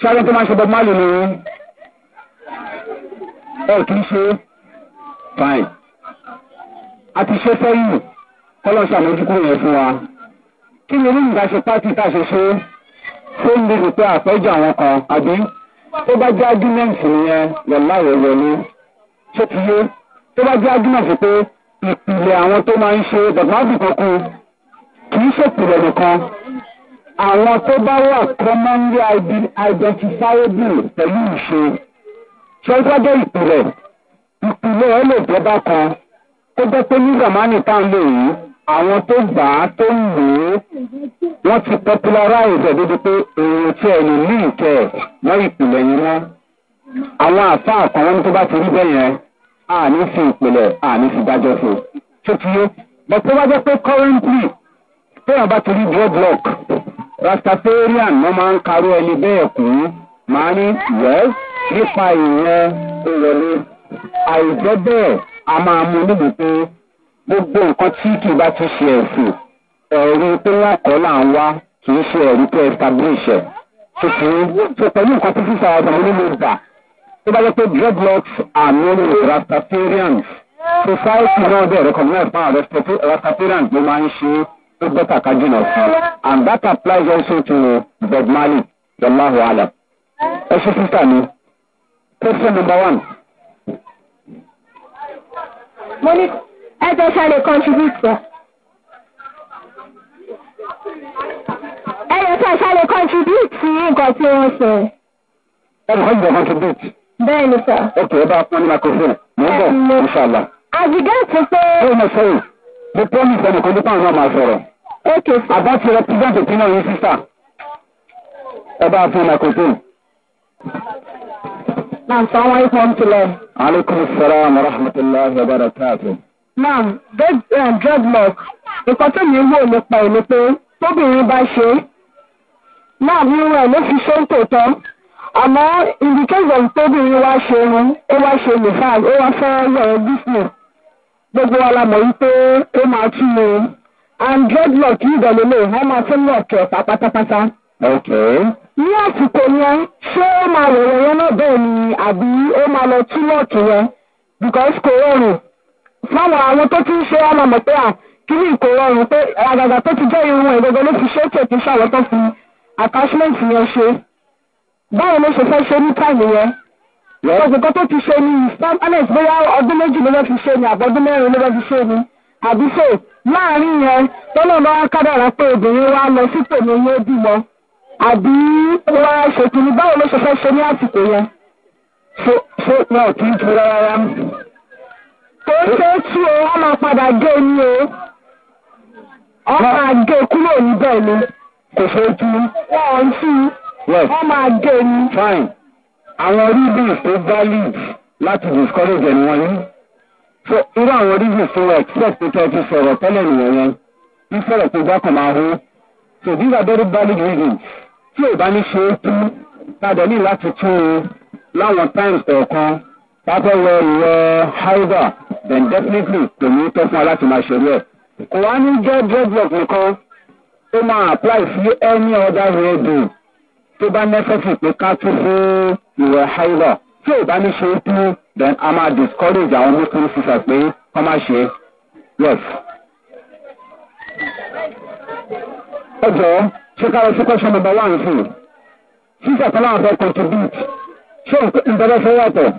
[SPEAKER 1] ṣáájú tó máa ṣe bob marley ni ẹ kì í ṣe fine àti ṣe sẹ́yìn kọ́lọ́ ṣàmójúkú yẹn fún wa kí ni onímọ̀ ìdáṣe pátì tá a ṣe ṣe fún mi rò pé àpẹ́jọ àwọn kan àbí tó bá jẹ́ ágúmẹ̀ǹtì nìyẹn lọ́la rẹ̀ wọlé ṣé ti yé tó bá jẹ́ ágúmẹ̀ǹtì pé ìpìlẹ̀ àwọn tó máa ń ṣe dọ̀gbọ́n kankan kì í ṣèpìlẹ̀ nìkan àwọn tó bá wà commonly identifiable pẹ̀lú ìṣe ṣé gbọ́dọ̀ ìpìlẹ̀ ìpìlẹ̀ ẹ lè jẹ́ bákan tó jẹ́ pé ní zamani tá à ń lò yìí àwọn tó gbà á tó ń lò ó wọ́n ti popularize ẹ̀ débi pé èrò tí ẹ̀ lè ní ìtẹ̀ wọ́n ìpìlẹ̀ yìí wọ́n. àwọn àfáà kan wọn tó bá ti rí bẹ́ẹ̀ yẹn àní fi ìpìlẹ̀ àní fi dájọ́ fún un. tuntun yìí bọ̀ tó bá jẹ́ pé currently téèyàn bá ti rí dreadlock rastafarian wọ́n máa ń karú ẹni bẹ́ẹ̀ kú màá ní well nípa ìyẹn ìrọ̀lẹ́ àìjẹ́ bẹ́ẹ̀ a máa mú níbi pé gbogbo nǹkan tí kì í bá tún ṣe ẹ̀sìn ẹ̀rí pé wọ́n kọ́ là wá kì í ṣe ẹ̀rí pé establish ẹ̀ tuntun tó pẹ̀lú nǹkan tí sísá ọ̀sán nínú ìgbà tó bá yẹ pé dreadlocks are known as rastafarians society náà dẹ̀ recognize fún àwọn rastafarians ló máa ń ṣe tó bẹ́tà ká jìnnà sí and that applies also to bob marley yallahu alam ẹ ṣe sísá ni question number one. Monique ẹ jẹ́ ṣe lè contribute sọ.
[SPEAKER 2] ẹ lè fẹ́ contribute sí nǹkan tí wọ́n sọ. ẹ lè fẹ́ ṣe lè contribute. bẹ́ẹ̀ ni sọ.
[SPEAKER 1] ok ẹ bá pọn ní microphone mo ń bọ̀ inshàlá. àdìgẹ́tì pé. ẹ mo sọ̀rọ̀ mo promise ẹnìkan nípa àwọn ọmọ àsọ̀rọ̀. ok sọ. àbá ti represent opinion yìí sísà. ẹ bá pọn microphone. to salaam alaikum. Alaikum salaam wa rahmatullahi wa barakatuh. Ma'am, dreadlock, eh, nǹkan tó mi wò nípa ẹ̀ ni pé tóbìnrin bá ṣe é, ma'am irun ẹ̀ ló fi ṣe ń tòótọ́. Àmọ́ indication tóbìnrin wá ṣe irun, ó wá ṣe nìfàn, ó wá fẹ́ yọ̀rọ̀ business. Gbogbo wa la mọ̀ wípé ó máa tú mi. And dreadlock yìí dẹ̀lé lè, wọ́n máa tún lọ̀ kẹ̀ pátápátá. Okay. Ní àsìkò yẹn, ṣé ó máa wẹ̀rẹ̀ yẹn náà bẹ́ẹ̀ ni àbí ó máa lọ tú yẹn? Because kò rọrùn. fáwọn àwọn tó ti ń ṣe ọlọmọ pé à kíní kò rọrùn pé àgàgà tó ti jẹ́ irun ẹ̀gọ́gọ́ ló fi ṣe é ṣàwọn tó fi attachment yẹn ṣe báwo ló ṣe fẹ́ ṣe ní táìmù yẹn ti ṣe ni bóyá ni àbọ̀dún mẹ́rin ló fi ṣe ni láàrin yẹn lọ sí tòun àbí á báwo ló ṣe fẹ́ ṣe ní àsìkò yẹn ṣé kò ṣe é tí o wọ́n máa padà gé ni o wọ́n máa gé kúrò níbẹ̀ ni kò ṣe tú wọ́n tú wọ́n máa gé ni. fine àwọn reasons tó valid láti discourage ẹni wọn ní so irú àwọn reasons tó wà except pé tẹ́tí sọ̀rọ̀ tẹ́lẹ̀ nìyẹn yẹn ń sọ̀rọ̀ pé gbàkan máa hó so these are very valid reasons tí ò bá ní ṣe é tú padà ní láti tún un láwọn times kọ̀ọ̀kan bá fẹ́ wọ ìwọ haiva then definitely kò ní tọ́ fún wa láti máa ṣerú ẹ̀. kò wá ní jẹ́ dreadlock nìkan ó máa apply sí any other hairdo tó bá necessary pé ká tún fún ìwẹ̀ haida tí ò bá ní ṣe é tún then a máa discourage àwọn muslim sisters pé kọ́ má ṣe yes. ẹ jọ̀ọ́ ṣé ká lọ sí question number one fún un sísè kan láwọn fẹ́ contribute ṣé nǹkan bẹ́ẹ̀ fẹ́ yàtọ̀.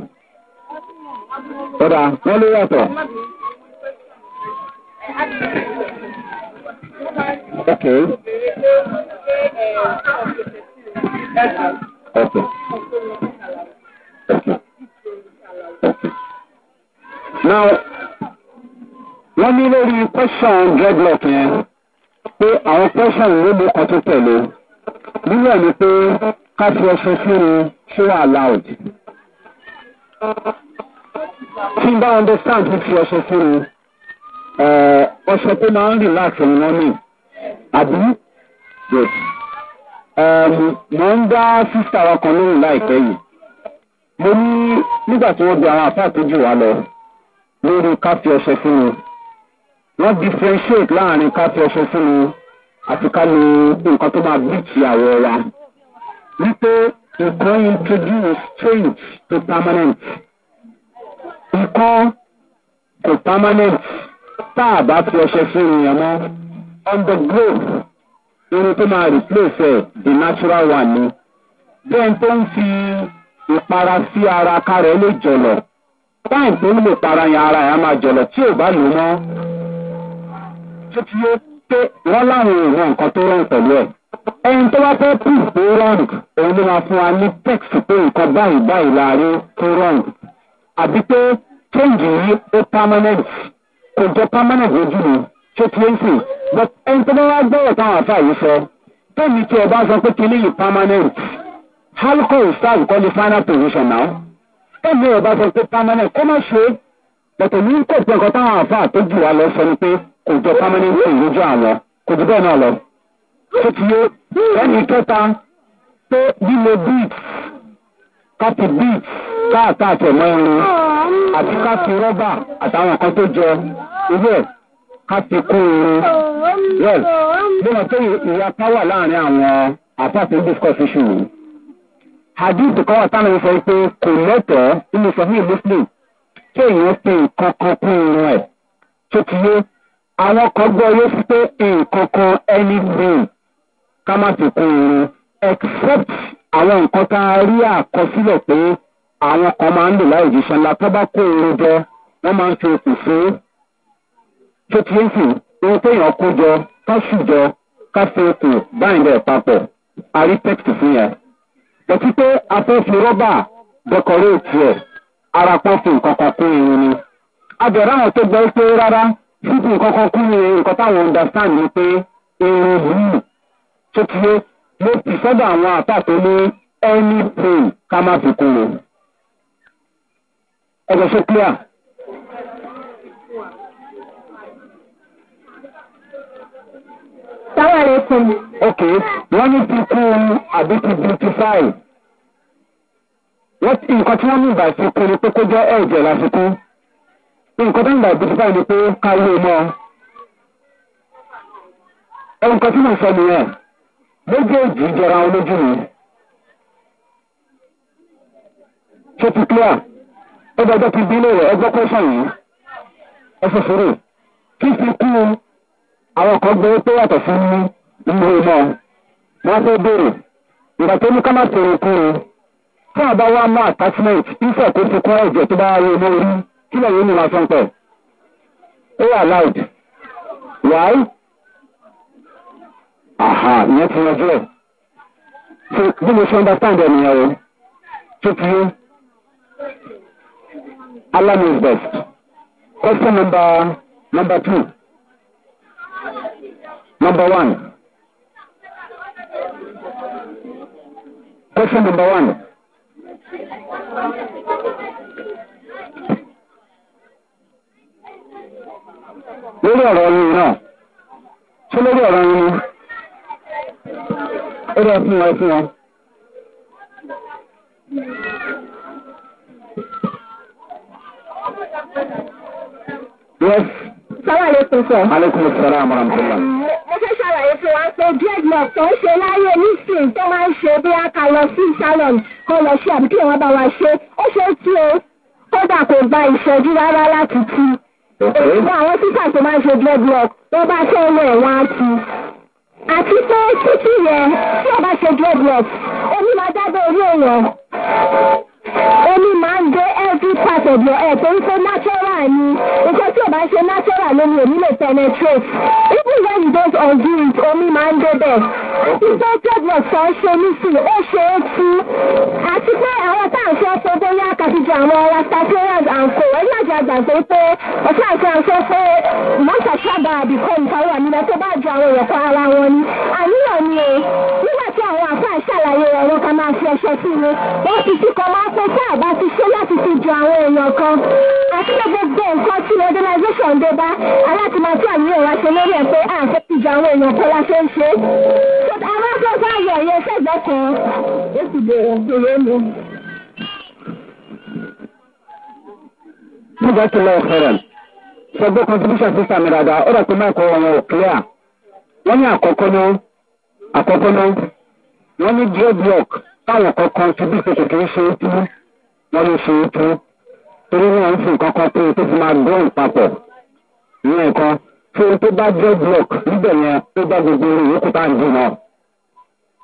[SPEAKER 2] Ọ̀dà wọ́n ló yàtọ̀. Ok. Ok. Now,
[SPEAKER 1] wọ́n ní lórí question dreadlock yẹn pé àwọn question ló mú kan tó tẹ̀lé. Nínú ẹ̀ ni pé ká fi ọṣẹ sínú ṣé wà loud tí n bá understand fi ọṣẹ fún mi ọṣẹ tó máa ń rìn láti ìran àbí good mo ń dá sísá wa lóhùn láìpẹ́ yìí mo ní nígbà tí wọ́n bi àwọn àpá àtọ́jú wa lọ lórí ká fi ọṣẹ fún mi wọ́n differentiate láàrin ká fi ọṣẹ fún mi àti ká lo nǹkan tó máa bíìtì àwọ̀ wa wípé nǹkan introduce change to permanent ikọ́ kò permanent tá a bá fi ọṣẹ fún ìyẹn mọ́ under growth irun tó máa replace ẹ̀ the natural one ni bẹ́ẹ̀ tó ń fi ìpara sí ara kárẹ̀ lè jọ̀lọ̀ táìm tó ń lò para yẹn ara yẹn á máa jọ̀lọ̀ tí ò bá lò mọ́ tó ti yé pé wọ́n láwọn ìran nǹkan tó rọrùn pẹ̀lú ẹ̀ ẹni tó bá fẹ́ proof tó rọrùn òun ló máa fún wa ní text pé nǹkan báyìí báyìí láàárín tó rọrùn àbí pé change yìí ó permanent kò jẹ́ permanent lójú mi ṣé ti ń sìn but ẹni tó bá wá gbọ́rọ̀ táwọn àfa yìí sọ tẹ́mi tí ẹ bá sọ pé kí níyì permanent halco staff kọ́ ni final position náà tẹ́mi ẹ bá sọ pé permanent kó má ṣe bẹ̀tẹ̀ ní kò pé nǹkan táwọn àfa tó jù wá lọ sọ ni pé kò jẹ́ permanent thing lójú àwọn kò jù bẹ́ẹ̀ náà lọ ṣé ti ẹni kẹta pé bí mo beat ká beat káàtà àtẹ̀mọ́ irun àti ká fi rọ́bà àtàwọn nǹkan tó jọ irú ẹ̀ ká fi kún irun
[SPEAKER 2] well bí wọ́n pé
[SPEAKER 1] ìyapa wà láàrin àwọn àpapọ̀ discuss issue yìí hadith kan wà táwọn sọ pé kò lẹ́tọ̀ọ́ nínú sọ́fún muslim tí èèyàn pe nǹkan kan kún irun ẹ̀ tó ti yé àwọn kan gbọ́ yóò fi pé nǹkan kan ẹni gbìn ká má fi kún irun except àwọn nǹkan tá rí àkọsílẹ̀ pé. àwọn kan máa ń lò láì jíṣẹ́ ńlá tó bá kó irun jọ wọ́n máa ń fi okùn fún jọ jọ ká fi okùn báyìí lẹ̀ papọ̀ fún yẹn. bẹ̀tí pé a fẹ́ fi rọ́bà dẹkọréètì ẹ̀ ara pọ́n fi nǹkan kan kún irun ni. abẹ̀rẹ̀ àwọn tó gbọ́ pé rárá fífi nǹkan kan kún nǹkan táwọn ni pé irun ọ̀sọ̀ sọ clear. Sáwọn ẹ̀rọ kò mú. Ok, wọ́n ní ti kú àbí ti beautify. Nǹkan tí wọ́n ní ìgbà ti kú ni pé kó jẹ́ ẹ̀jẹ̀ lásìkò. Nǹkan tó ń gbà beautify ni pé ká wé e mọ́. Nǹkan tí mo sọ nìyẹn, méjèèjì jọra olójú mi. Ṣé ti clear? ẹgbẹ́jọ́ ti bí léèrè ẹgbẹ́ pẹ́sàn yìí ẹsẹ̀ sórí kí fi kú àwọn kan gbé tó yàtọ̀ fún ilé náà wọ́n fẹ́ béèrè ìgbà tó ní ká má tèrè kú o tí a bá wá mú attachment ìfẹ́ kó fi kún ẹ̀jẹ̀ tó bá rí inú orí kí lẹ́yìn ní wọn sọ́ńpẹ̀ ó wà loud wáyé àhà ìyẹn ti yanjú ẹ̀ so bí mo ṣe understand ẹ̀ nìyẹn o tó ti yé. Allah knows best. Question number number two. Number one. Question number one.
[SPEAKER 2] Lórí ọ̀rọ̀ yìí náà, ṣé lórí ọ̀rọ̀ yìí ni? Ó rẹ̀ fún wọn
[SPEAKER 1] fún wọn. aleykum salaam wa rahmatulah. mo fẹ́ ṣàlàyé fún wa pé dreadlock tó ń ṣe láyé nísìnyí tó máa ń ṣe bí a kà lọ sí salon kó lọ ṣe àbí kí wọ́n bá wa ṣe ó ṣe é tí o kódà kò gba ìṣẹ́jú rárá láti tú. èyí àwọn títà tó máa ń ṣe dreadlock tó bá ṣe ń wọ ẹ̀wọ̀n á tu. àti pé títí yẹn tí o
[SPEAKER 2] bá ṣe dreadlock omi máa dábẹ́ orí èèyàn omi máa ń dé every part of your head torí pé natural náà ni nǹkan tí ò bá ṣe natural ló èmi lè penetrate even when you don't undo it omi máa ń débẹ̀ infected blood kan ṣe nísìnyí ó ṣe é tú àti pé àwọn tá à ń fẹ́ pé bóyá kàtijọ́ àwọn rastafarians and co ẹ̀yìn àjọ àgbàgbé pé ọ̀sán àti àṣẹ pé mọ́tà sábà àbíkọ́ nǹkan wà tó bá ju àwọn èèyàn ara wọn ni àníyàn ni o àwọn àfáà ṣàlàyé ọ̀rọ̀ kan máa fi ẹ̀ṣẹ̀ sí mi wọ́n ti ti kọ́ máa pẹ́ tá àbá ti ṣe láti fi ju àwọn èèyàn kan àtúntò gbogbo nǹkan tí organisation dé bá aláti máa tún àníyàn wa ṣe lórí ẹ̀ pé à ń fẹ́ ìjà àwọn èèyàn kan la ṣe ń ṣe. àwọn akọ́kọ́ ayọ̀ yẹn ṣẹ̀gbẹ́
[SPEAKER 1] kan ó sì bèrè ìṣòro mi. nígbà tí lọ fẹ́rẹ̀ sọgbẹ́ contribution sí sàmì dada ó rà pé máa kọ́ wọn ò clear wọ́n ní àkọ́kọ́ ní àkọ́kọ́ ní wọ́n ní dreadlock táwọn kan contribute kékeré ṣe é tú wọ́n ló ṣe é tú torí wọn ń fi nǹkan kan pé tó fi máa gbọ́n papọ̀ ní ẹ̀kan fún tó bá jẹ́ block níbẹ̀ yẹn tó bá gbogbo ìyókù tá à ń dì náà.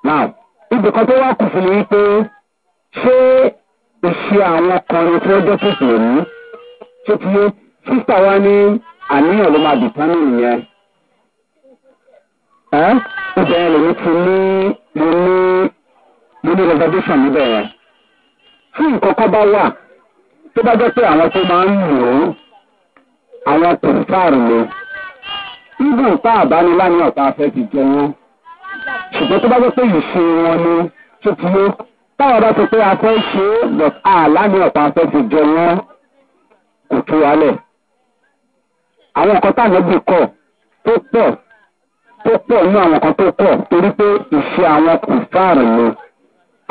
[SPEAKER 1] now ibì kan tó wá kù fún mi pé ṣé ìṣe àwọn ọkùnrin tí wọ́n jẹ́ pèsè ní ṣé ti yé sísà wa ní àníyàn ló máa dìtánì nìyẹn. ibẹ̀ yẹn lèmi ti ní mo ní mo ní reservation níbẹ̀ yẹn. fún nǹkan bá wà tó bá jẹ́ pé àwọn tó máa ń lò ó àwọn kòfáàrù lò ibùn tá àbánilání ọ̀tá afẹ́ ti jẹ wọn ṣùgbọ́n tó bá jẹ́ pé ìṣe wọn ni tó ti lé táwọn bá ti pé afẹ́ ṣe é but àlání ọ̀tá afẹ́ ti jẹ wọn kò tú wálẹ̀ àwọn nǹkan tá ànágbè kọ̀ tó pọ̀ tó pọ̀ ní àwọn nǹkan tó pọ̀ torí pé ìṣe àwọn kòfáàrù lò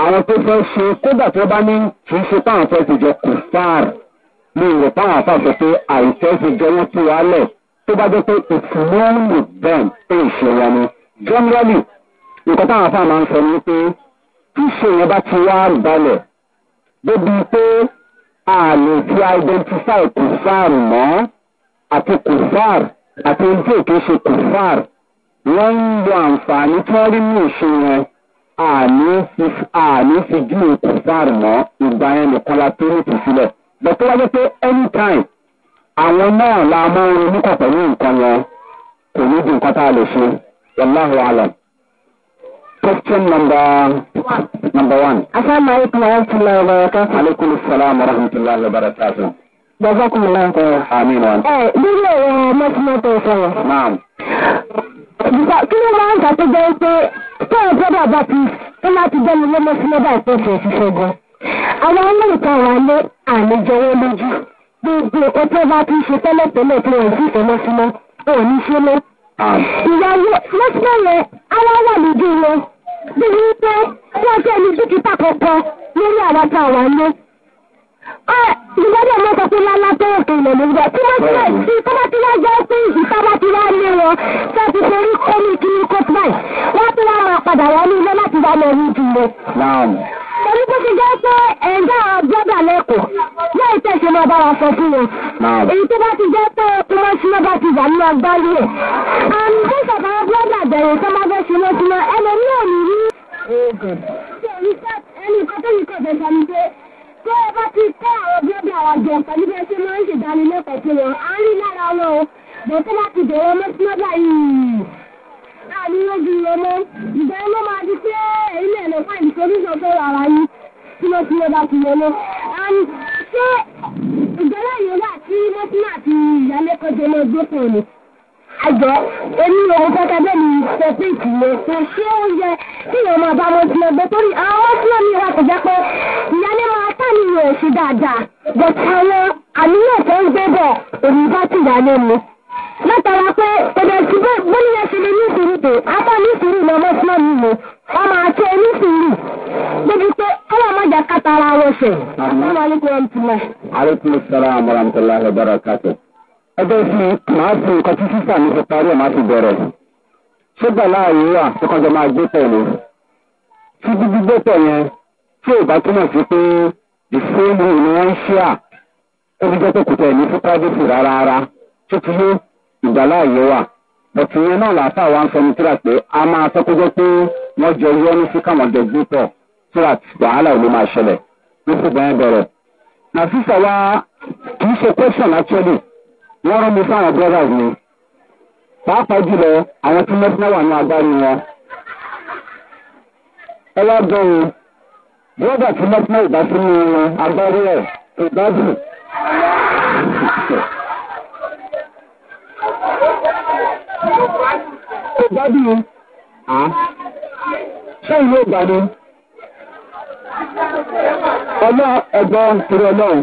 [SPEAKER 1] àwọn tó fẹ́ ṣe kódà tó bá ní kì í ṣe páwọn fẹ́ ti jọ kò fáàr ní ìwò páwọn afá sọ pé àìfẹ́ ti jọ wọ́n tú wálẹ̀ tó bá jẹ́ pé ìfúnmọ́ọ̀nù bẹ́ẹ̀ pé ìṣe wọn ni. generally nǹkan táwọn afá máa ń sọ ni pé tíṣe yẹn bá ti wá balẹ̀ débi pé àmì ti identify kò fáàr mọ́ àti kò fáàr àti ojú èké ṣe kò fáàr wọ́n ń lo àǹfààní tí wọ́n rí ní ìṣe yẹn àní fi jíì kùfàr mọ́ ìgbà yẹn nìkan la tó ní tìsílẹ̀ bẹ̀tẹ́ wájú pé anytime àwọn náà la máa ń ronú pọ̀ pẹ̀lú nǹkan yẹn kò ní di nǹkan tá a lè ṣe wàláhù alam. question number number one. asalaamualeykum wa rahmatulahi wa barakatu. aleykum salaam wa rahmatulahi wa barakatu. jazakumullahu khairan. amiin wa. ẹ bí yóò wọ mọ́tò mọ́tò sọ̀rọ̀. naam ìgbà kí ló máa ń gbà tó jẹ́ pé tóun gbọ́dọ̀ bá ti tó máa ti dẹ́nu lọ́mọ sí lọ́ba ìpẹ́fẹ́ ṣiṣẹ́ gan. àwọn amẹ́ríkà wà ní àlejòwọ́ lójú gbogbo nǹkan tó bá ti ṣe tẹ́lẹ̀tẹ́lẹ̀ tó wọ̀ sí ìfẹ́mọ́símọ́ wọn ò
[SPEAKER 2] ní ṣe mọ́. ìyá lọ́sọ̀ yẹn ara wà lójú wọn bí wípé wọ́n tẹ́lẹ̀ dókítà kọ̀ọ̀kan lórí àwọn tá a wà ní ìgbọ́dọ̀ mọ́ sọ pé lálá tó òkè ilẹ̀ ló gbọ́ tí wọ́n ti wá sí tó bá ti wá jẹ́ pé ìta bá ti wá lé wọn tó ti forí kó ní kíní kó tó báyìí wọ́n ti wá máa padà wọ́n ní ilé láti wá lọ rí ìdílé. Torí bó ti jẹ́ pé ẹ̀dá bọ́dà lẹ́kọ̀ọ́ yóò tẹ̀sí lọ bá wa sọ fún wọn. Èyí tó bá ti jẹ́ pé wọ́n sí lọ́ba ti wà nínú agbárí ẹ̀. Àmì tó sọ̀tà bọ́dà bẹ̀rẹ̀ tó máa fẹ́ sí lọ́sí náà ẹlòmíràn ní rí. Ẹnì kan tó yí kọ̀ tó o bá ti kọ́ àwọn bírọ́dà wa jọ pẹ̀lú bí ẹ ṣe máa ń ṣèdánilẹ́kọ̀ọ́ fún wọn a rí lára wọn o bó tó bá ti dèrò ọmọ sí mọ́bà yìí láàbí lójú ọmọ ìgbà ọmọ máa di pé èyí lè lè fún ìfòmíṣàn tó rárá yìí tí mo ti lè bá ti wọlé ṣé ìgbẹ́lẹ̀ yóò wà tí mọ́tínà àti ìyálẹ́kọ̀ọ́ jẹ́ mọ́ gbé ni àjọ èmi ò mú kẹkẹ bẹ́ẹ̀ ni sẹ́pẹ̀tì lè sọ ṣé ó yẹ kí èèyàn máa bá wọn tilẹ̀ gbé torí àwọn mọ́sílẹ̀ mi kò jẹ́ pé ìyáálé máa tàníyàn ò sí dáadáa but àníyàn tó ń gbé bọ̀ èmi bá ti wà lẹ́nu. látara pé èdè tí bóníyàn ṣe lè ní ìsìnkú tó apá ní ìsìnkú ni ọmọ fúnà mi wọn máa tó ní ìsìnkú débi pé ọwọ́ ọmọdé kátà ara wọn
[SPEAKER 1] ṣe. àwọn àlékún ọ̀rọ̀ ẹgbẹ́ fi màá fi nǹkan tí sísà mi fi parí ẹ̀ máa fi bẹ̀rẹ̀ ṣé gbàlá àyè wà tó kọjá máa gbé pẹ̀lú tí gbígbí gbé pẹ̀ yẹn tí ò bá túmọ̀ sí pé ìfóònù ni wọ́n ń ṣíà ó fi jẹ́ pé kò tẹ̀ ní fún pírẹ́sìtì rárá rárá tó ti lé ìgbàlá àyè wà bọ̀tù yẹn náà làáfà wa ń sọ ní tíra pé a máa sọ pé jẹ́ pé wọ́n jọ yọ́nú sí káwọn jọ gbé pọ̀ tíra wàhálà ló máa ṣẹlẹ̀ ló sì bẹ̀rẹ̀ bẹ̀rẹ̀ nà sísà wa kì í ṣe question actually wọ́n rán mi fáwọn brothers mi pàápàá jùlọ àwọn tí mẹ́tí náà wà ní agbárí wọn. ẹ wá gbọ́n bọ́dà tí mẹ́tí náà ìdá sínú wọn agbárí ẹ̀ kò gbádùn. kò gbádùn
[SPEAKER 2] ṣé ìlú ìgbàdùn ọlọ́ ẹ̀gbọ́n kiri ọlọ́run.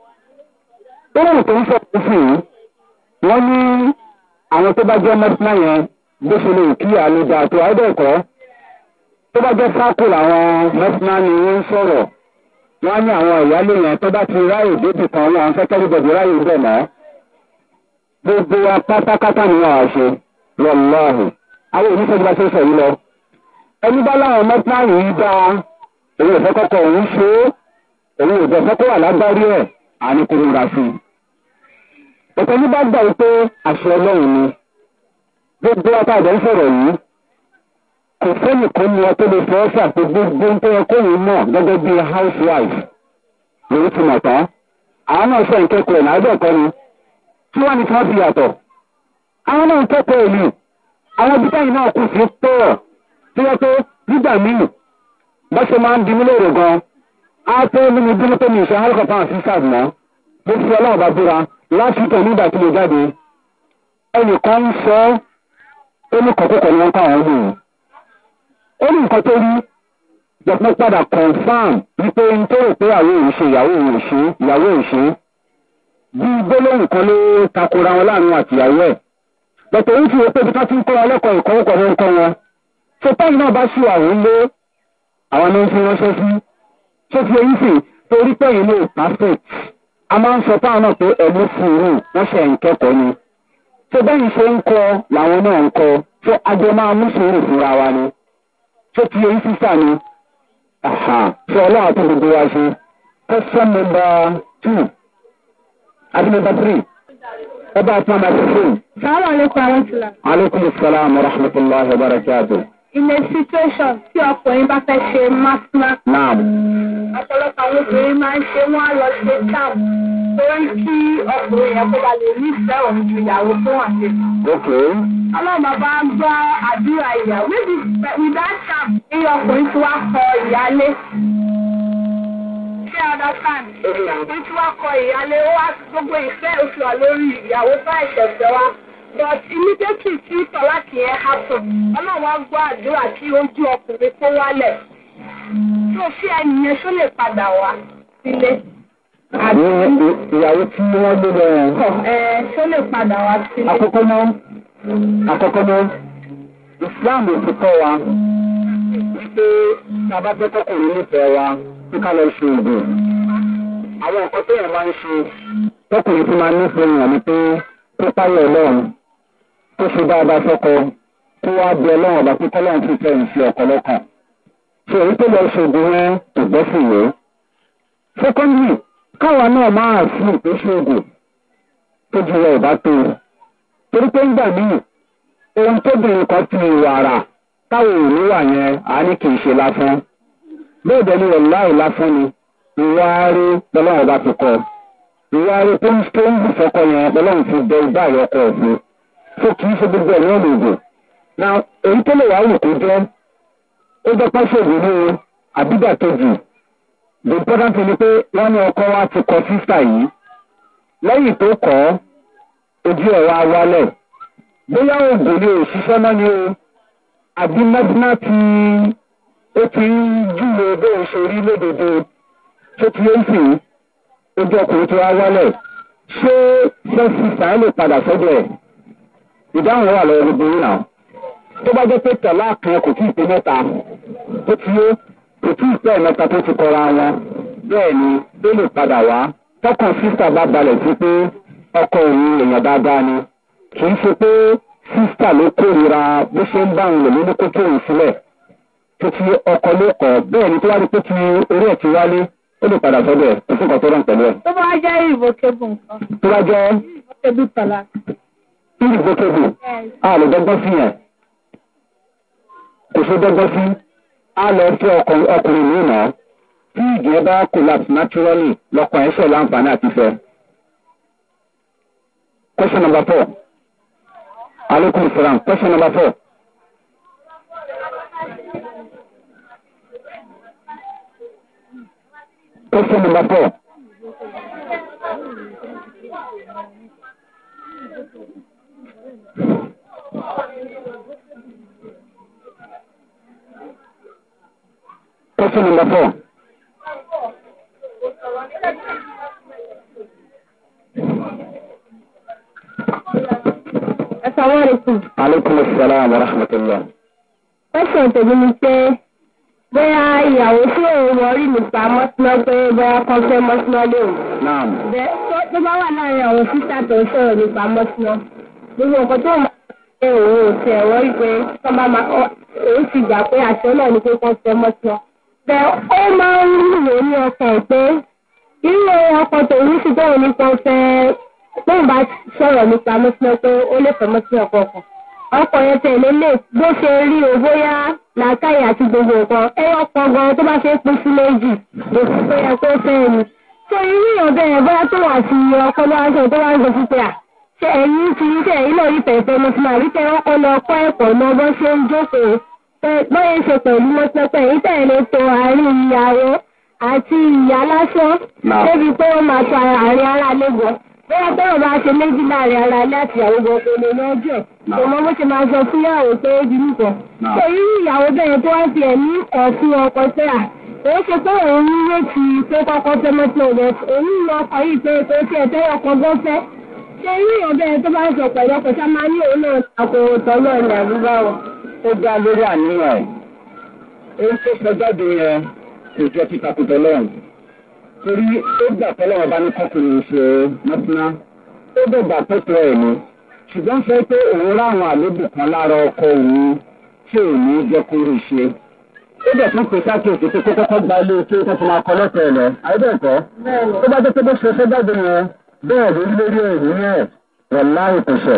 [SPEAKER 1] tóun tó ń sọ̀rọ̀ fún yìí wọ́n ní àwọn tó bá jẹ́ mọ́tínà yẹn bó ṣe lè kí àlejò àti àìdẹ́kọ́ tó bá jẹ́ sáàkù làwọn ni ń ní àwọn kan wọn àwọn sẹ́kẹ́rì bọ̀dì ráyè gbogbo wa pátákátá ni wọn à ṣe lọ́láhùn àwọn oníṣẹ́ ìjọba ṣe lọ ẹni bá láwọn yìí òun ò òun ṣe òun ò àní kò múra sí i. ọ̀pọ̀ ní bá gbà wípé àṣẹ ọlọ́run ni gbogbo ọba àjọ ń sọ̀rọ̀ yìí kò sẹ́nì kan ní ọ tó lè fọ́ ṣàpè gbogbo ń tẹ́yẹ kóyún mọ̀ gẹ́gẹ́ bí housewife lórí ti mọ̀ tán àwọn náà sọ ìkẹ́kọ̀ọ́ ẹ̀ lábẹ́ ẹ̀kọ́ ni tí wọ́n ní tí wọ́n fi yàtọ̀ àwọn náà ń kẹ́kọ̀ọ́ ìlú àwọn ibi táyì náà kù sí pọ̀ tí wọ́n pé nígbà míì bọ́sẹ̀ máa ń di mílẹ̀ gan-an á tó nínú dúró tó mi ìṣe alcohol and sisters mọ́ mo fi ọlọ́run bá búra láti tẹ̀ nígbà tí mo jáde ẹnìkan ń sọ ó ní kọ̀kọ́kọ̀ ni wọ́n káwọn ń lòun ó ní nǹkan tó rí jọ̀pọ̀ padà confam wípé n tó rò pé ìyàwó òun ṣe ìyàwó òun ṣe ìyàwó òun ṣe bí gbólóhùn kan ló takora wọn láàrin àtìyàwó ẹ̀ bẹ̀tẹ̀ ń fi wo pé bí ká ti ń kọ́ wọn lẹ́kọ̀ọ́ ìkọ́wọ́kọ̀ wọn kọ́ wọn tó táyì náà bá ṣì wà òun lé àwọn ló ń fi ránṣẹ́ sí tó fi èyí sì torí pé ìlú perfect a máa ń sọ táwọn náà pé ẹ̀mí fúru wọ́n ṣe ń kẹ́kọ̀ọ́ ni tó bẹ́yìn ṣe ń kọ làwọn náà ń kọ tó ajọ máa mú sùúrù fúnra wa ni tó fi èyí sísà ni tó ọlọ́run àti gbogbo wa ṣe question number two àti number three ẹ bá a fún ọmọ ẹsẹ fún mi. sàlámù alaykum wa alaykum salaam wa rahmatulahi wa barakatuh.
[SPEAKER 2] In a situation tí ọkùnrin bá fẹ́ ṣe masnak. ọ̀pọ̀lọpọ̀ àwọn obìnrin
[SPEAKER 1] máa ń ṣe wọ́n á lọ ṣe tam torí kí ọkùnrin yẹn kó ba lè nífẹ̀ẹ́ òun ju ìyàwó tó wà ní. ọlọ́run bàbá ń gbọ́ àdúrà ìyá wíbi ìdá tam ní ọkùnrin tí wàá kọ ìyálé. ṣé understand? ọkùnrin tí wàá kọ ìyálé ó wá gbogbo ìfẹ́ òṣùwà lórí ìyàwó fáìsẹ̀ fẹ́ wá but immediately tí tọ́láàkì yẹn happen ọ̀nà wa gbọ́ àdúrà tí ojú ọkùnrin kó wálẹ̀
[SPEAKER 2] tó fi ẹ̀yìn yẹn ṣó lè padà wá sílé.
[SPEAKER 1] ìyàwó tí wọ́n gbé lọ rẹ̀.
[SPEAKER 2] ẹ ṣó lè padà wá sílé. àkọ́kọ́
[SPEAKER 1] náà àkọ́kọ́ náà islam ti kọ́ wa wípé bàbá jẹ́ kọ́kùnrin nífẹ̀ẹ́ wa kí ká lọ ṣe ògùn àwọn nǹkan tó yẹn máa ń ṣe tọkùnrin tó máa ń nífẹ̀ẹ́ yẹn ni pé kó páyọ̀ ọlọ́run kó ṣe dáadáa sọ́kọ kó wá bí ọlọ́run ọba pé kọ́lọ́run fi fẹ́ràn sí ọ̀pọ̀lọpọ̀ ṣe èyí tó lọ ṣoògùn wọn kò gbọ́ sí ìwé. secondly káwa náà máa fún ìpín ṣoògùn tó ju wọn tó torí pé ńgbà míì ohun tó bìnrin kan ti wàrà táwọn ò ní wà yẹn á kì í ṣe lásán bẹ́ẹ̀ dẹ́ni wọ̀ láì lásán ni ìwà rí lọ́lọ́run ọba ti kọ ìwà rí tó ń tó ń bù sọ́kọ yẹn lọ́lọ́run ti bẹ ìgbà yọkọ̀ òfin so kì í ṣe gbogbo ẹ̀ náà lòògùn na èyí tó lè wá wò kó jẹ́ ó jẹ́ pẹ́ṣẹ̀lú ní àbídàkejì the important thing ni pé wọ́n ní ọkọ wa ti kọ sísà yìí lẹ́yìn tó kọ́ ojú ẹ̀ wá wálẹ̀ bóyá oògùn ni òṣìṣẹ́ náà ni o àbí mẹ́tínà ti ó ti ń júwe bóun ṣe rí lódodo tó ti ń sìn ojú ọkùnrin tó wá wálẹ̀ ṣé sẹ́ńsì sàn lè padà sọ́dọ̀ ẹ̀ ìdáhùn wà lọ́wọ́ gbogbo yìí náà tó bá jẹ́ pé tẹ̀lá kan kò tí ì pé mẹ́ta tó ti yé kò tí ì pé mẹ́ta tó ti kọra wọn bẹ́ẹ̀ ni ó lè padà wá tọkàn sísà bá balẹ̀ sí pé ọkọ òun èèyàn dáadáa ni kì í ṣe pé sísà ló kórira bó ṣe ń bá òun lòmí ní kókó òun sílẹ̀ tó ti ọkọ ló bẹ́ẹ̀ ni tó wá ní pé ti orí ẹ̀ ti wálé ó lè padà sọ́dọ̀ ẹ̀ kò sí pẹ̀lú ẹ̀. tó bá jẹ́ ìvókébù nǹkan. tó bá jẹ́ ìvókébù tàlá irrevocable a lè dọ́gbọ́n sí yẹn kò ṣe dọ́gbọ́n sí a lọ sí ọkùnrin mi nà tí ìgbẹ́ bá collapse naturally lọ́kọ̀ ẹ̀ ṣẹ̀ láǹfààní àti fẹ́. question number four alekun salam question number four. Question number four. Question number four. Asalaamualeykum. Aleykum salaam wa rahmatulah. Question tèmi ni pé bóyá ìyàwó tí òun wọrí nípa mọ́sánná pé bóyá kan fẹ́ mọ́sánná lóhùn. Naam. Bẹ́ẹ̀ tó bá wà láàrin àwọn sísá tó ń sọ̀rọ̀ nípa mọ́sánná. Gbogbo nǹkan tó máa ń ṣe òun ò tẹ̀ wọ́n rí pé òun ti gbà pé àṣẹ náà ni pé kan fẹ́ mọ́sánná. ó máa ń rò ní ọkàn pé irú ọkọ tòun ti bẹ́ẹ̀ nípa fẹ́ tóun bá sọ̀rọ̀ nípa mọ́tíná pé ó lè ọkọ ọkọ yẹn tẹ̀lé lè bó ṣe rí o bóyá làákàyè àti gbogbo nǹkan ẹyọ kan gan tó bá fẹ́ pín sí méjì èsì tó yẹ kó fẹ́ ni. tó irú ọkọ tó wà ń à ti rí tẹ̀ náà ọkọ
[SPEAKER 2] lọ kọ́ ẹ̀kọ́ ṣe ń bọ́yẹ̀ ṣe pẹ̀lú mọ́tẹ́pẹ́ èyí tẹ̀ lè àárín ìyàwó àti ìyá lásán débi pé wọ́n máa to àárín ara lẹ́gbọ̀ọ́ bóyá bá ṣe méjì láàrin ara lè lọ́jọ́ bó ṣe máa sọ fún pé ó ìyàwó bẹ́ẹ̀ tó wá fi ẹ̀mí fún ṣe pé òun ń retí pé kọ́kọ́ fẹ́ mọ́tò rẹ̀
[SPEAKER 1] òun ó dá lórí àníyàn ẹ̀ ohun tó sọ jáde yẹn kò jọ ti takùtọ̀ lọ́rùn torí ó gbà tọ́lọ́wọ́ bá ní kọ́kùnrin ṣe mọ́tíná ó dọ̀gbà pẹ́tọ́ ẹ̀ ni ṣùgbọ́n fẹ́ pé òun ráwọn àlébù kan lára ọkọ òun tí ò ní jẹ́ kó rí ṣe ó dẹ̀ tún pè sákèsì pé kó kọ́kọ́ gba ilé tí ó tún máa kọ́ lọ́tọ̀ọ̀ lọ àyẹ́bẹ̀ẹ̀kọ́ tó bá jẹ́ pé bó ṣe fẹ́ jáde yẹn bẹ́ẹ̀ lórí lórí ẹ̀rí ẹ̀ rẹ̀ láì pèsè.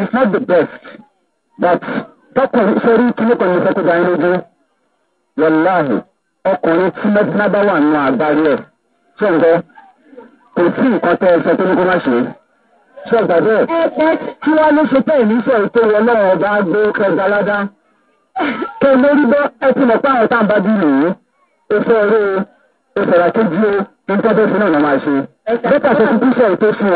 [SPEAKER 1] It's not the best, but tọkùnrin sórí kílókùnrin fẹ́ tó dáa lójú. Wàláhì ọkùnrin tí Mẹ́tínà bá wà nù àgbáyé ẹ̀ ṣé ń gbọ́? Kò sí nǹkan tẹ́ ẹ sọ tó ní kó má ṣe é. Ṣé ọ̀gá bẹ́ẹ̀? Ẹ̀pẹ́ kí wọ́n ló ṣe pé ìlú sọ̀rọ̀ tó wọ náà ọba gbé kẹgbẹ́ aládá. Tó lórí bọ́ ẹ ti mọ̀ pé àwọn tá à ń bá bí nìyí. Ó fẹ́ eré o, ó fẹ̀rẹ̀ kéjì o, ní tọ́jú fún náà máa ṣe. Bẹ́tà tó ti kú sọ̀rọ̀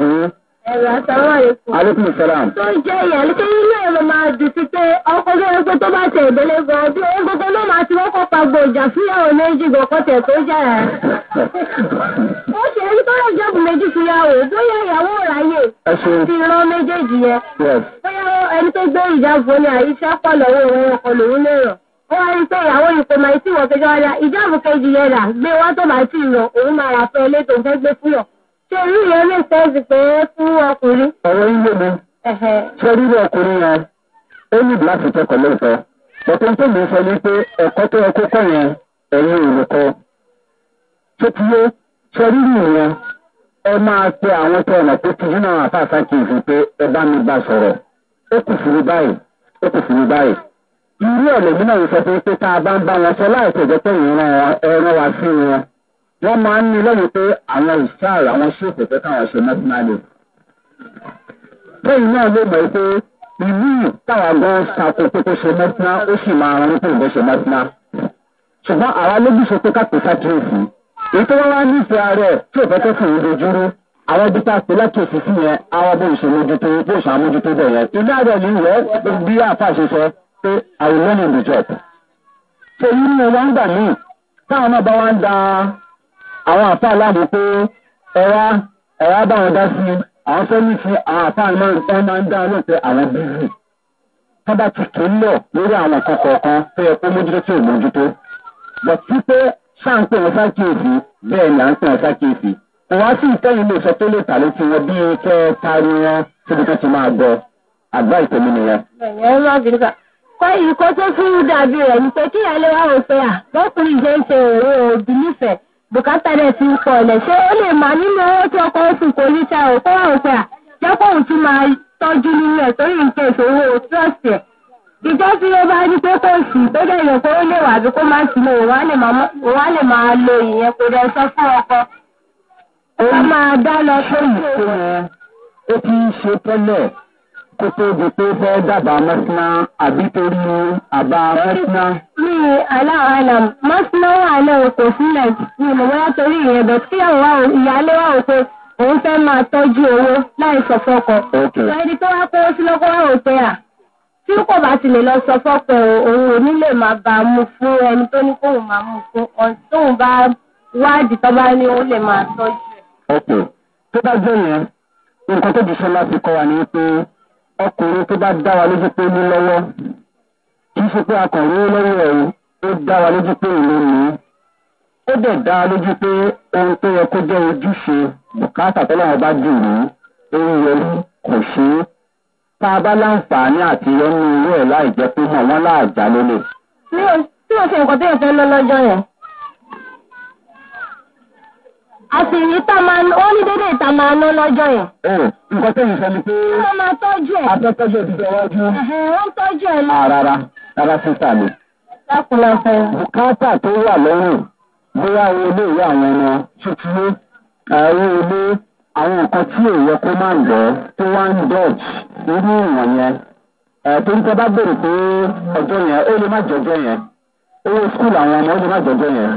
[SPEAKER 1] ọ̀ ẹ̀rọ àtàwárẹ̀kùn. aleykum salaam. tó jẹ́ ìyá ní ilé náà ma máa dùn sí pé ọkọ̀ tó tó bá tẹ̀ ìdílé gan bí ó máa ti wọ́pọ̀ pa gbòòjà fúyàwó méjì gan kọ́tẹ̀ tó jà ẹ̀. ó ṣe èyí tó lè jọ́bù méjì fúyàwó bóyá ìyàwó ráyè ti rán méjèèjì
[SPEAKER 2] yẹn. bóyá ẹni tó gbé ìjábọ̀ ni àyíṣẹ́ pọ̀ lọ́wọ́ òun ọkọ̀ lòún lè rọ̀ ó
[SPEAKER 1] wá rí pé tí wọ́n ìjáàbù kejì yẹn tó máa tì ṣé ríro ẹlẹ́sàájú pé ẹ fún ọkùnrin. ọ̀rọ̀ yín lé mi ṣé ríro ọkùnrin yẹn ó ní láti kẹ́kọ̀ọ́ lóòótọ́ bọ̀tẹ́ tó mi sọ ni pé ẹ̀kọ́ tó yẹ kó kọ́ yẹn ẹ̀yin olùkọ́ tó ti yé ṣé ríro yẹn ẹ máa pe àwọn tó ọ̀nà tó ti yín náà àfáàfá kì í fi pé ẹ bá mi bá sọ̀rọ̀ ó kù fún mi báyìí ó kù fún mi báyìí irú ọ̀lẹ́mí náà sọ pé tá a bá ń bá wọn sọ láìpẹ́ ìjọ pé ẹran wa sí wọn wọ́n máa ń ní lẹ́yìn pé àwọn ìsáàrà àwọn ṣèkò fẹ́ káwọn ṣe mẹ́tínálì. lẹ́yìn náà ló mọ̀ pé ìlú táwọn gan ṣàkó pé kó ṣe mẹ́tíná ó sì máa rán pé ìbọn ṣe mẹ́tíná. ṣùgbọ́n àwa lójú ṣe pé káàpì sátírèsì èyí tó wọ́n wá nífẹ̀ẹ́ ààrẹ tí ò fẹ́ tó fún ìrìn ojúrú àwọn ibi tá a pè lákèsí sí yẹn àwọn bó ṣe mójútó bó ṣe àmójútó bẹ̀ yẹn. ilé ààrẹ yìí rẹ̀ bí àáfà ṣe sọ pé i will learn in the job. ṣé irú wọn gbà míì táwọn náà bá wá ń da àwọn àtà aláàbò pé ẹ̀rá ẹ̀rá bá wọn dá sí àwọn sẹ́yìn fún àwọn àtà wọn máa ń dá lóòpẹ́ àwọn bíbí tábà tuntun ń lọ lórí àwọn nǹkan kọ̀ọ̀kan tó yẹ kó mójútó tí ò mójútó bọ̀ tí pé sáǹpẹ̀ wọn sákìyèsí bẹ́ẹ̀ ni à ń pẹ̀ wọn sákìyèsí kò wá sí ìtẹ́yìn lè sọ tó lè tà létí wọn bí kẹ́ tari wọn síbi tó ti máa gbọ àgbá ìtẹ̀mí nìyẹn. ẹ̀yẹ́ ń lọ bìrìkà kọ́ ìkọ́ tó fún dàbí rẹ̀ ni pé kíyàn lè wá òfin à lọ́kùnrin jẹ́ ń ṣe òwe òbí nífẹ̀ẹ́ bùkátà rẹ̀ ti ń pọ̀ lẹ̀ ṣé ó lè máa nínú owó tí ọkọ̀ oṣù kò ní ta ò kọ́ òpè à jẹ́pọ̀ òun tún máa tọ́jú nínú ẹ̀ torí nǹkan ìṣòwò trust ẹ̀ ìjọ tí ó bá rí pé kò sí tó dẹ̀ yẹ kó ó lè wà bí kó má sí lò lè máa lo ìyẹn kò dẹ̀ sọ fún ọkọ ó máa dá lọ sóyún ó ti ṣe tẹ́lẹ̀. kó tó pé fẹ́ dábàá mọ́sánná àbí torí àbá mọ́sánná. mi aláwọ̀ mọ́sánná wà kò torí ìyẹn bẹ̀ kí ìyáálé wà òun fẹ́ máa tọ́jú owó láì sọ fọ́kọ. ẹni lọ sọ fọ́kọ òun ò ní lè máa a mú fún ẹni tó ní kóun máa fún ọ̀n bá tó bá ní òun lè máa tọ́jú ọ̀pọ̀ tó bá jẹ́ yẹn ọkùnrin tó bá dá wa lójú pé ní lọ́wọ́ kì í ṣe pé akọ̀wé lọ́wọ́ ẹ̀ ó dá wa lójú pé ìlú ni ó dẹ̀ dá wa lójú pé ohun tó yẹ kó jẹ́ ojúṣe bùkátà tó láwọn bá jù rí ohun yẹn kò ṣe é tá a bá láǹfààní àti yọnu irú ẹ̀ láì jẹ́ pé mọ̀ wọ́n láàjà lólè. mi ò tí mo ṣe nǹkan tó yẹ fẹ́ lọ lọ́jọ́ yẹn
[SPEAKER 2] àti èyí tá a máa ó ní dédé ìta
[SPEAKER 1] máa ná lọ́jọ́ yẹn. nǹkan tẹ̀yìn sọ ni pé. wọ́n máa tọ́jú ẹ̀. atọ́tọ́jú ẹ̀ ti fẹ́ wájú. wọ́n tọ́jú ẹ̀ lọ. Ah, rárá rárá sísà mi. lákùnláfẹ́. bùkátà tó wà lọ́rùn bóyá owó ilé ìwé àwọn ọmọ tuntun ẹ̀rọ ilé àwọn nǹkan tí èèyàn kó máa ń lọ tó wá ń dọ̀jì irú ìwọ̀n yẹn torí tẹ bá béèrè pé ọjọ́ yẹn ó lè má jọjọ́ yẹn owó skul àwọn ọmọ ó lè má jọjọ́ yẹn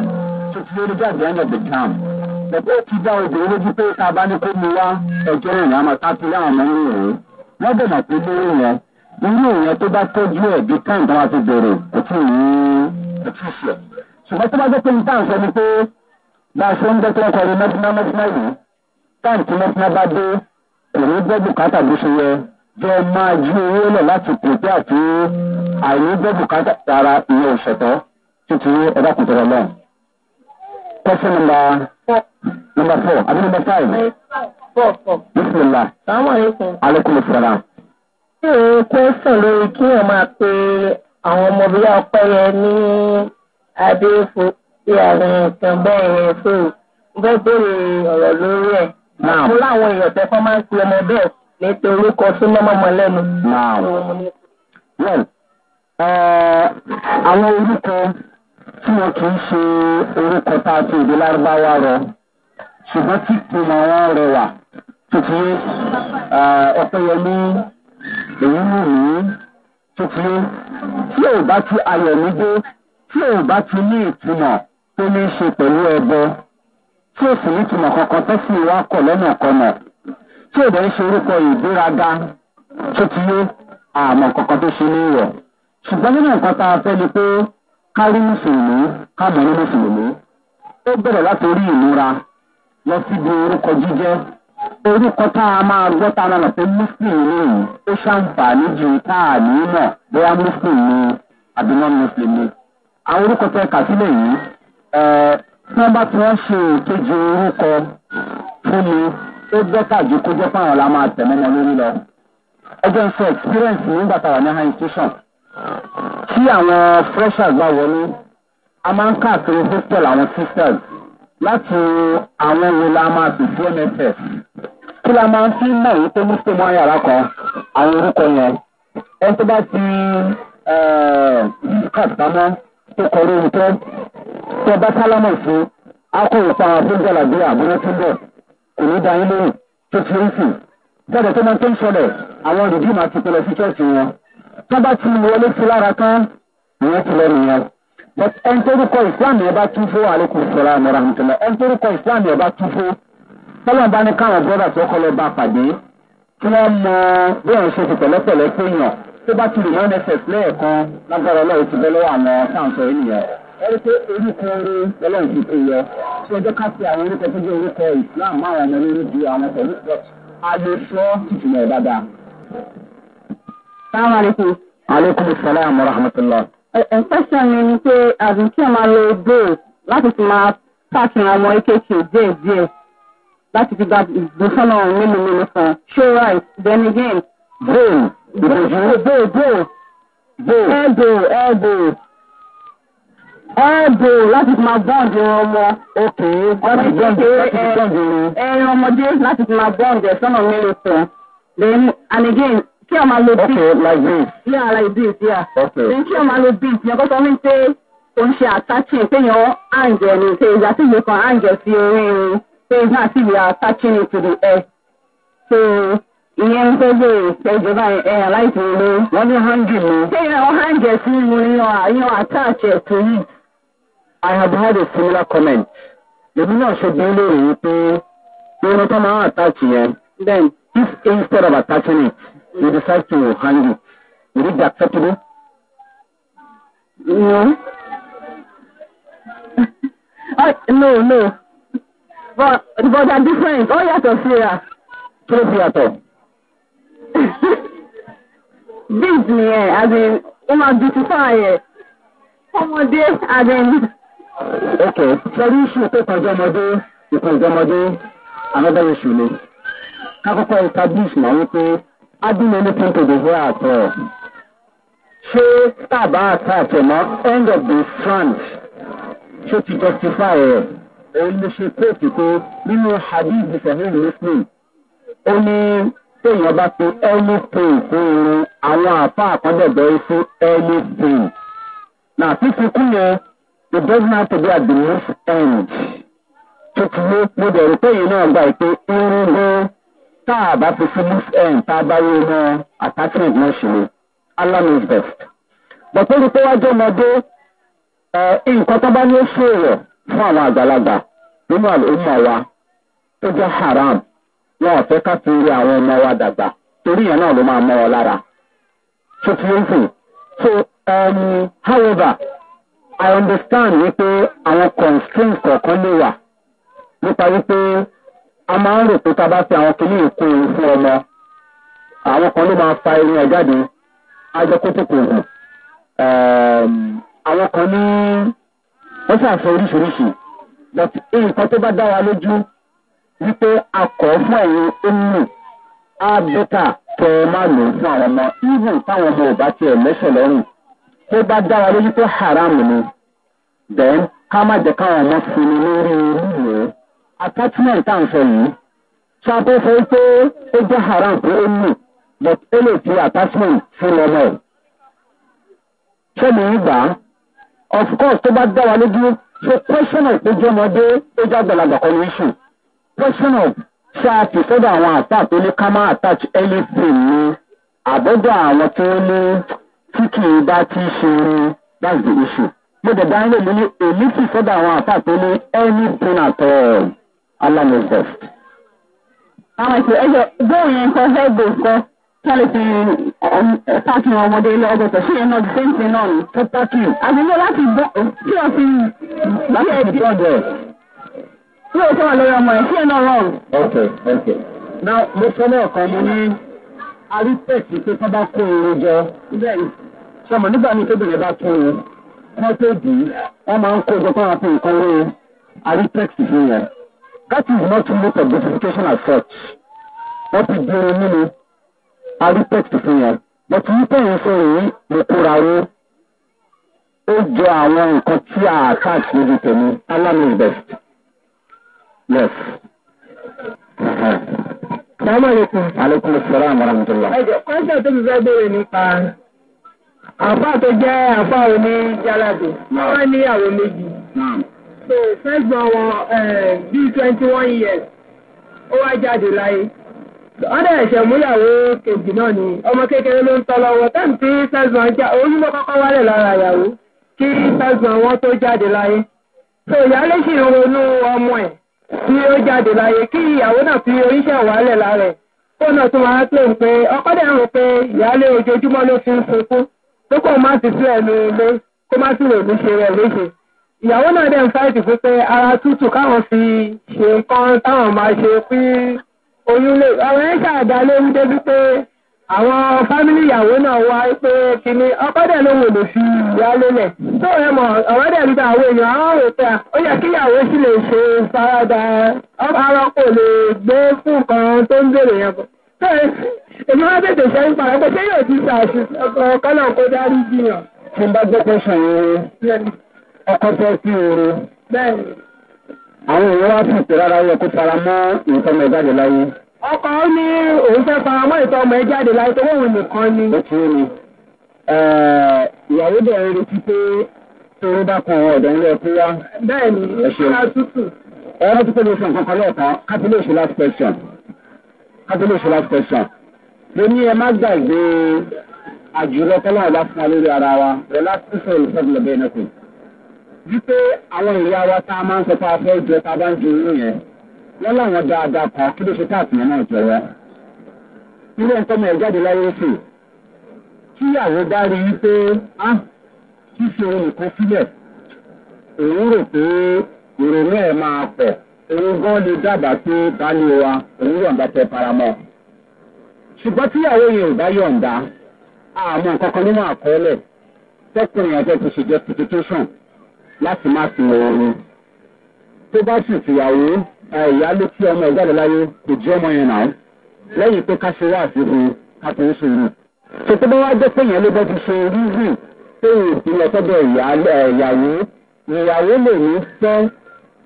[SPEAKER 1] tuntun lórí jáde end of the term bẹ̀bẹ̀ ó ti dá obìnrin lójú pé tá a bá ní kó mu wá ẹjọ́ ìrìn àmọ́ a ti rí àwọn ọmọ ìrìn òun wọ́n bẹ̀rẹ̀ pé lórí yẹn irú ìyẹn tó bá tọ́jú ẹ̀ bí káyìn tó bá ti bẹ̀rẹ̀ kò tí ì kò tí ì fẹ̀. ṣùgbọ́n tó bá jẹ́ pé n táà ń sọ ni pé bá a ṣe ń dẹ́kun ọkọ̀ rẹ̀ mẹ́tìmá mẹ́tìmá yìí táà tí mẹ́tìmá bá dé kò ní gbọ́ bùkátà bó ṣe yẹ jọ máa jí owó lẹ̀ láti pèpè àti àìní gbọ́ bùkátà rárá ìyẹn òṣètọ́ títí ẹ̀dá kùtọ̀rọ̀ lọ́wọ́. question number Number four, àbí number five. Four four. Bísímìlá. Sàmú àlékún. Àlékún ìsàlá. Ṣé o kwẹ́sàn lórí kí wọ́n máa pe àwọn ọmọ bíi ọpẹ́ yẹn ní Adéfo sí àwọn nǹkan bẹ́ẹ̀ yẹn tó bẹ́ẹ̀ béèrè ọ̀rọ̀ lórí ẹ̀. Fún láwọn èèyàn tẹ́ fọ́n máa ń pe ọmọ bẹ́ẹ̀ nítorí orúkọ súnmọ́ mọ́mọ́ lẹ́nu. Well, eh, àwọn orúkọ tí wọn kì í ṣe orúkọ tá a ti ìdí lárúbáwá rọ ṣùgbọ́n tí kùmọ̀ wọn rẹwà tuntun ọ̀pẹ̀yẹmí èyí mú mi tuntun tí ò bá ti ayọ̀mí dé tí ò bá ti ní ìtumọ̀ tó ní í ṣe pẹ̀lú ẹbọ tí ò sì ní ìtumọ̀ kankan tó sì wá kọ̀ lọ́nà kọ̀nà tí ò bá ń ṣe orúkọ ìgbéraga tuntun àmọ̀ kankan tó ṣe ní ìwọ̀ ṣùgbọ́n nínú nǹkan tá a fẹ́ ni pé kárí mùsùlùmí ká mọ̀ ní mùsùlùmí ó bẹ̀rẹ̀ láti orí ìmúra lọ síbi orúkọ jíjẹ́ orúkọ tá a máa gbọ́ tá a máa pé muslim ní ó ṣàǹfààní ju tá a ní mọ̀ bóyá muslim ni àbí non muslim ni. àwọn orúkọ tẹ kà sílẹ̀ yìí tí wọ́n bá ti wọ́n ṣe ìkejì orúkọ fún mi ó bẹ́tà ju kó jẹ́ fáwọn la máa tẹ̀lé wọn lórí lọ. ẹjọ́ ń sọ experience nígbà tá a wà ní high institution tí àwọn freshers bá wọlé a máa ń káàkiri hostel àwọn sisters láti àwọn wo la máa bì fún nfs kí la máa fi mọ̀ yìí pé muslim wáyà alákan àwọn orúkọ yẹn ẹni tó bá ti kàtàmọ́ tó kọ orí ìtọ́ tó bá sálámọ̀ fún akọ̀wòpá fúnjàlàgbé àbúrò tó ń bọ̀ kò ní da yín lóhùn tó fi ń sìn jáde tó máa tó ń sọlẹ̀ àwọn rìdíìmù àti ìpínlẹ̀ sí chọ́ọ̀sì wọn tó bá ti wọlé sí lára tán ìyẹn ti lọ nìyẹn but ẹn tó rúkọ islam yẹn bá tún fún alekun sọlá nira ntọ́lá ẹn tó rúkọ islam yẹn bá tún fún tọ́lá bá ní káwọn brọ́dà tó kọ́ lọ bá pàdé kí wọ́n mọ bí wọ́n ṣe fi pẹ̀lẹ́pẹ̀lẹ́ pé yàn tó bá ti rìn nss lẹ́ẹ̀kan lágbára ọlọ́run ti bẹ́ lọ́wọ́ àwọn sáǹsọ̀ ènìyàn ẹni pé orúkọ orí lọ́lọ́run ti pè yọ tí ọjọ́ ká àwọn orúkọ tó jẹ́ orúkọ islam máa wọn lórí ju àwọn pẹ̀lú ayé sọ tìtìmọ̀ ẹ̀ dáadáa. sáwọn alekun alekun salaam rahmatulah ẹ̀ǹfẹ̀sẹ̀ mi ni pé àdùn kí ẹ máa lo goal láti fi máa pààkì àwọn akk díẹ̀ díẹ̀ láti fi gba ìgbésọ́nà mélòó mélòó kan show right then again. goal goal goal goal goal elbow elbow elbow láti fi máa bọ́ǹd irun ọmọ. ok láti bọ́ǹd láti fi bọ́ǹd irun. ẹyin ọmọdé láti fi máa bọ́ǹd ẹ̀ sọ́nà mélòó kan then and again kí a máa lo beat. okay like this. yeah like this yeah. okay then kí a máa lo beat yẹn kó sọ mí pé kò ń ṣe attaching téèyàn àǹjẹ̀ ni pé ìgbà tí ìwé kan àǹjẹ̀ sí orí irun pé ìgbà tí ìwé attaching it to the air. so ìyẹn ń tó bèrè pẹ̀jọ báyìí ẹ̀ aláìsí ilé. wọ́n ní hangi ni. téèyàn ó hangi sí mu yan attach ẹ̀ tó yìí. i have had a similar comment. lèmi náà ṣe bí lóore yìí pé irun tó máa ń attach yẹn. then if instead of attaching it you decide to hang it. Would it be acceptable? No. I, ah, no, no. But but they're different. Oh yes, of fear. Kí ló fi yàtọ̀? Beat nìyẹn, as in, ó máa beautify ẹ̀. Eh. Ọmọdé, as in. Ok, sẹ́rí iṣu tó kọjá ọmọdé, ìkọjá ọmọdé, another issue ni. Ká kọ́kọ́ establish náà wípé adding anything to the hair at all. ṣé tàbá àtàtẹ̀ mọ́ end of the strand ṣó ti justify ẹ̀ òun ló ṣe kóòtù pé nínú hadith sahih muslim ó ní téèyàn bá pe early pain fún irun àwọn àpá àkọ́dẹ̀gbẹ́ fún early pain. Nà fífi kún yẹn the government to be at the most end. Tuntun ló mo dẹ̀rù pé yìí náà gbà pé irun gan-an. tá a bá fi end tá a bá attachment náà ṣe allah knows best. nǹkan tó bá ní fún àwọn wa tó haram wọn ò fẹ́ ká rí àwọn ọmọ wa dàgbà torí yẹn náà ló so so um, however i understand wípé àwọn constraints kọ̀ọ̀kan lè wà nípa wípé. a máa ń rò pé tá a bá fi àwọn kìíní ìkún irun fún ọmọ kan ló máa fa irun ẹ̀ jáde á àwọn kan ní oríṣiríṣi but nǹkan tó bá dá wa lójú wípé a kọ̀ fún ẹ̀yin omi á bẹ́tà kẹ́ ẹ má lò ó fún àwọn ọmọ even táwọn ọmọ ò bá haram ni then ká má káwọn ọmọ lórí attachment tá à ń sọ yìí tí a fẹ́ fẹ́ pé ó jẹ́ haram fún ó but ó lè fi attachment fún lọ́mọ ẹ̀. sẹ́mi ń of course tó bá dá wa lójú ṣe question of ojú ọmọdé ó jẹ́ àgbàlagbà kan ní ṣù question of ṣé a ti sọ́dọ̀ àwọn àtà tó ní ká má attach anything ni àbọ̀dọ̀ àwọn tó ní tí kì í bá ti ṣe ni that's the issue. mo dẹ̀ dá ń lè mú ní èmi sì sọ́dọ̀ àwọn àtà tó ní anything at all allah knows best. àwọn ìṣe ẹjọ góò yẹn kọ fẹ góò kọ kẹlẹ fi ọmọdé ilé ọgbẹ tó ṣe yẹn náà same thing náà ni. tó pààkì. àbílẹ̀ láti bọ́ kí o fi. láti fi tọ́jú ẹ̀. kí o sọ̀rọ̀ lórí ọmọ ẹ̀ ṣé náà rọrùn. ok ok. now mo sọ náà kan mo ní arítẹ̀sì pé kọ́ bá kó irun jọ. bẹ́ẹ̀ni. sọmọ nígbà mi tóbi rẹ bá tó irun kọ́ tó dì í wọ́n máa ń kó jọ that is not look at justification as such wọ́n ti di orin nínú aritex fún yẹn but wípé yẹn fún yìí mo kóra ró ó jọ àwọn nǹkan tí a attach lójú tèmi alam best yes. Salaamaleykum. Aleykum salaam wa rahmatulah. Ẹ jẹ́ kọ́ńtà tó fi fẹ́ bèrè nípa àfa tó jẹ́ àfa òní jálàbì. Wọ́n ní àwọn méjì. so first born wọn eh, bíi twenty one years ó wá jáde láyé ọdẹ ẹ̀ṣẹ̀ múyàwó kejì náà ni ọmọ kékeré ló ń tọ́ lọ́wọ́ tẹ́ǹ first já oyún ló kọ́kọ́ wálẹ̀ lára ìyàwó kí first born wọn tó jáde láyé so ìyáálé sì ń ronú ọmọ ẹ̀ tí ó jáde láyé kí ìyàwó náà fi oríṣẹ́ wàálẹ̀ lára ẹ̀ kó náà tún máa pé ọkọ pé ìyáálé ìyàwó náà dẹ̀ ń fáìtì fún pé ara tútù káwọn fi ṣe nǹkan táwọn máa ṣe pé oyún lè ọ̀rọ̀ ẹ̀ ṣàdá léwu débi pé àwọn fámìlì ìyàwó náà wá pé kínní ọkọ dẹ̀ ló wò lè fi ìyá lélẹ̀ tó ẹ mọ̀ ọ̀rọ̀ dẹ̀ nígbà àwọn èèyàn àwọn rò pé ó yẹ kí ìyàwó sì lè farada ara kò lè gbé fún nǹkan tó ń yẹn èmi wá tètè ṣe ń ṣé yóò ti ṣàṣìṣe náà ọkọ fẹ́ sí oru. bẹ́ẹ̀ni. àwọn èèyàn wá fún ìṣẹ́ rárá yẹ kó fara mọ́ nǹkan ẹ̀ jáde láyé. ọkọ ó ní òun fẹ́ fara mọ́ ìtọ́ ẹ̀ jáde láyé tó wọ́n nìkan ni. ó ti ní ìyàwó bẹ̀rẹ̀ retí pé torí bá kan àwọn ọ̀dọ́ ilé ẹkú wá. bẹ́ẹ̀ni ìṣúra tútù. ẹ rántí pé mo sọ nǹkan kan lọ́ọ̀kan kápẹ́lẹ́ ìṣúra question kápẹ́lẹ́ ìṣúra question. mo ní ẹ má gbàgbé àjùlọ tọ́lá ọ̀dá lórí ara wa rẹ̀ láti sọ̀rọ̀ ìfẹ́ wípé àwọn ìyá wa tá a máa ń sọ pé a fẹ́ jẹ tá a bá ń jẹ irú yẹn wọ́n láwọn dáadáa kan kí ló ṣe káàkiri náà jẹ wọ́n. irú nǹkan mọ̀ jáde láyé sí kíyàwó bá rí i pé á ṣíṣe ohun nǹkan sílẹ̀ òun rò pé ìrònú ẹ̀ máa pọ̀ òun gan lè dábàá pé baálé wa òun yọ̀ǹda tẹ paramọ́. ṣùgbọ́n tíyàwó yẹn ò bá yọ̀ǹda àmọ́ nǹkan kan nínú àkọọ́lẹ̀ tọkùnrin àjọ tó ṣe jẹ́ tuntun sàn láti má fi oorun tó bá sì fìyàwó ìyá ló kí ọmọ ìjáde láyé kò jẹ́ ọmọ yẹn náà lẹ́yìn pé ká ṣe wá àfihàn ká fi ń ṣe irú. tètè bá wá jẹ́ pé èèyàn ló bá ti ṣe rírì pé ìpínlẹ̀ tọ́jọ́ ìyàwó ìyàwó lè ní fẹ́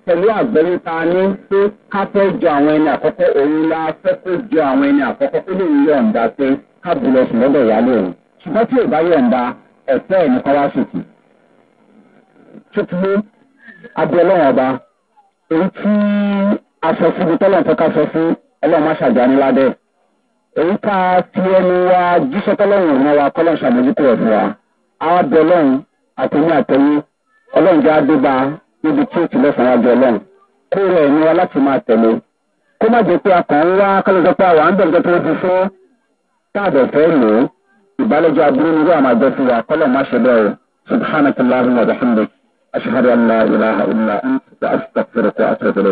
[SPEAKER 1] pẹ̀lú àgbẹ̀rẹ̀ ta ní pé ká fẹ́ jọ àwọn ẹni àkọ́kọ́ òun la fẹ́ kó jọ àwọn ẹni àkọ́kọ́ kó lè rí ọ̀ǹda pé ká bù lọ sùn lọ́dọ̀ ìyá lóòrùn ṣùgbọ́n tí ò bá yọ̀ǹda ẹ̀tọ́ ẹ̀ ní kọ́ wá tuntun abiola ọba èyí tí aṣọ síbi tọ́lọ̀ fẹ́ ká sọ fún ọlọ́run má ládẹ́ èyí ká fi ẹnu wa jíṣẹ́ tọ́lọ́run ọ̀run wa kọ́lọ́ ṣàmójútó fún wa àwọn àtẹ̀yìn àtẹ̀yìn ọlọ́run jẹ́ àdébà níbi tí ó lọ́sàn-án abiola kó rẹ̀ ní wa láti máa tẹ̀lé kó má jẹ́ pé akàn ń wá kọ́lọ́jọ́ pé àwọn wa أشهد أن لا إله إلا أنت وأستغفرك وأتوب إليك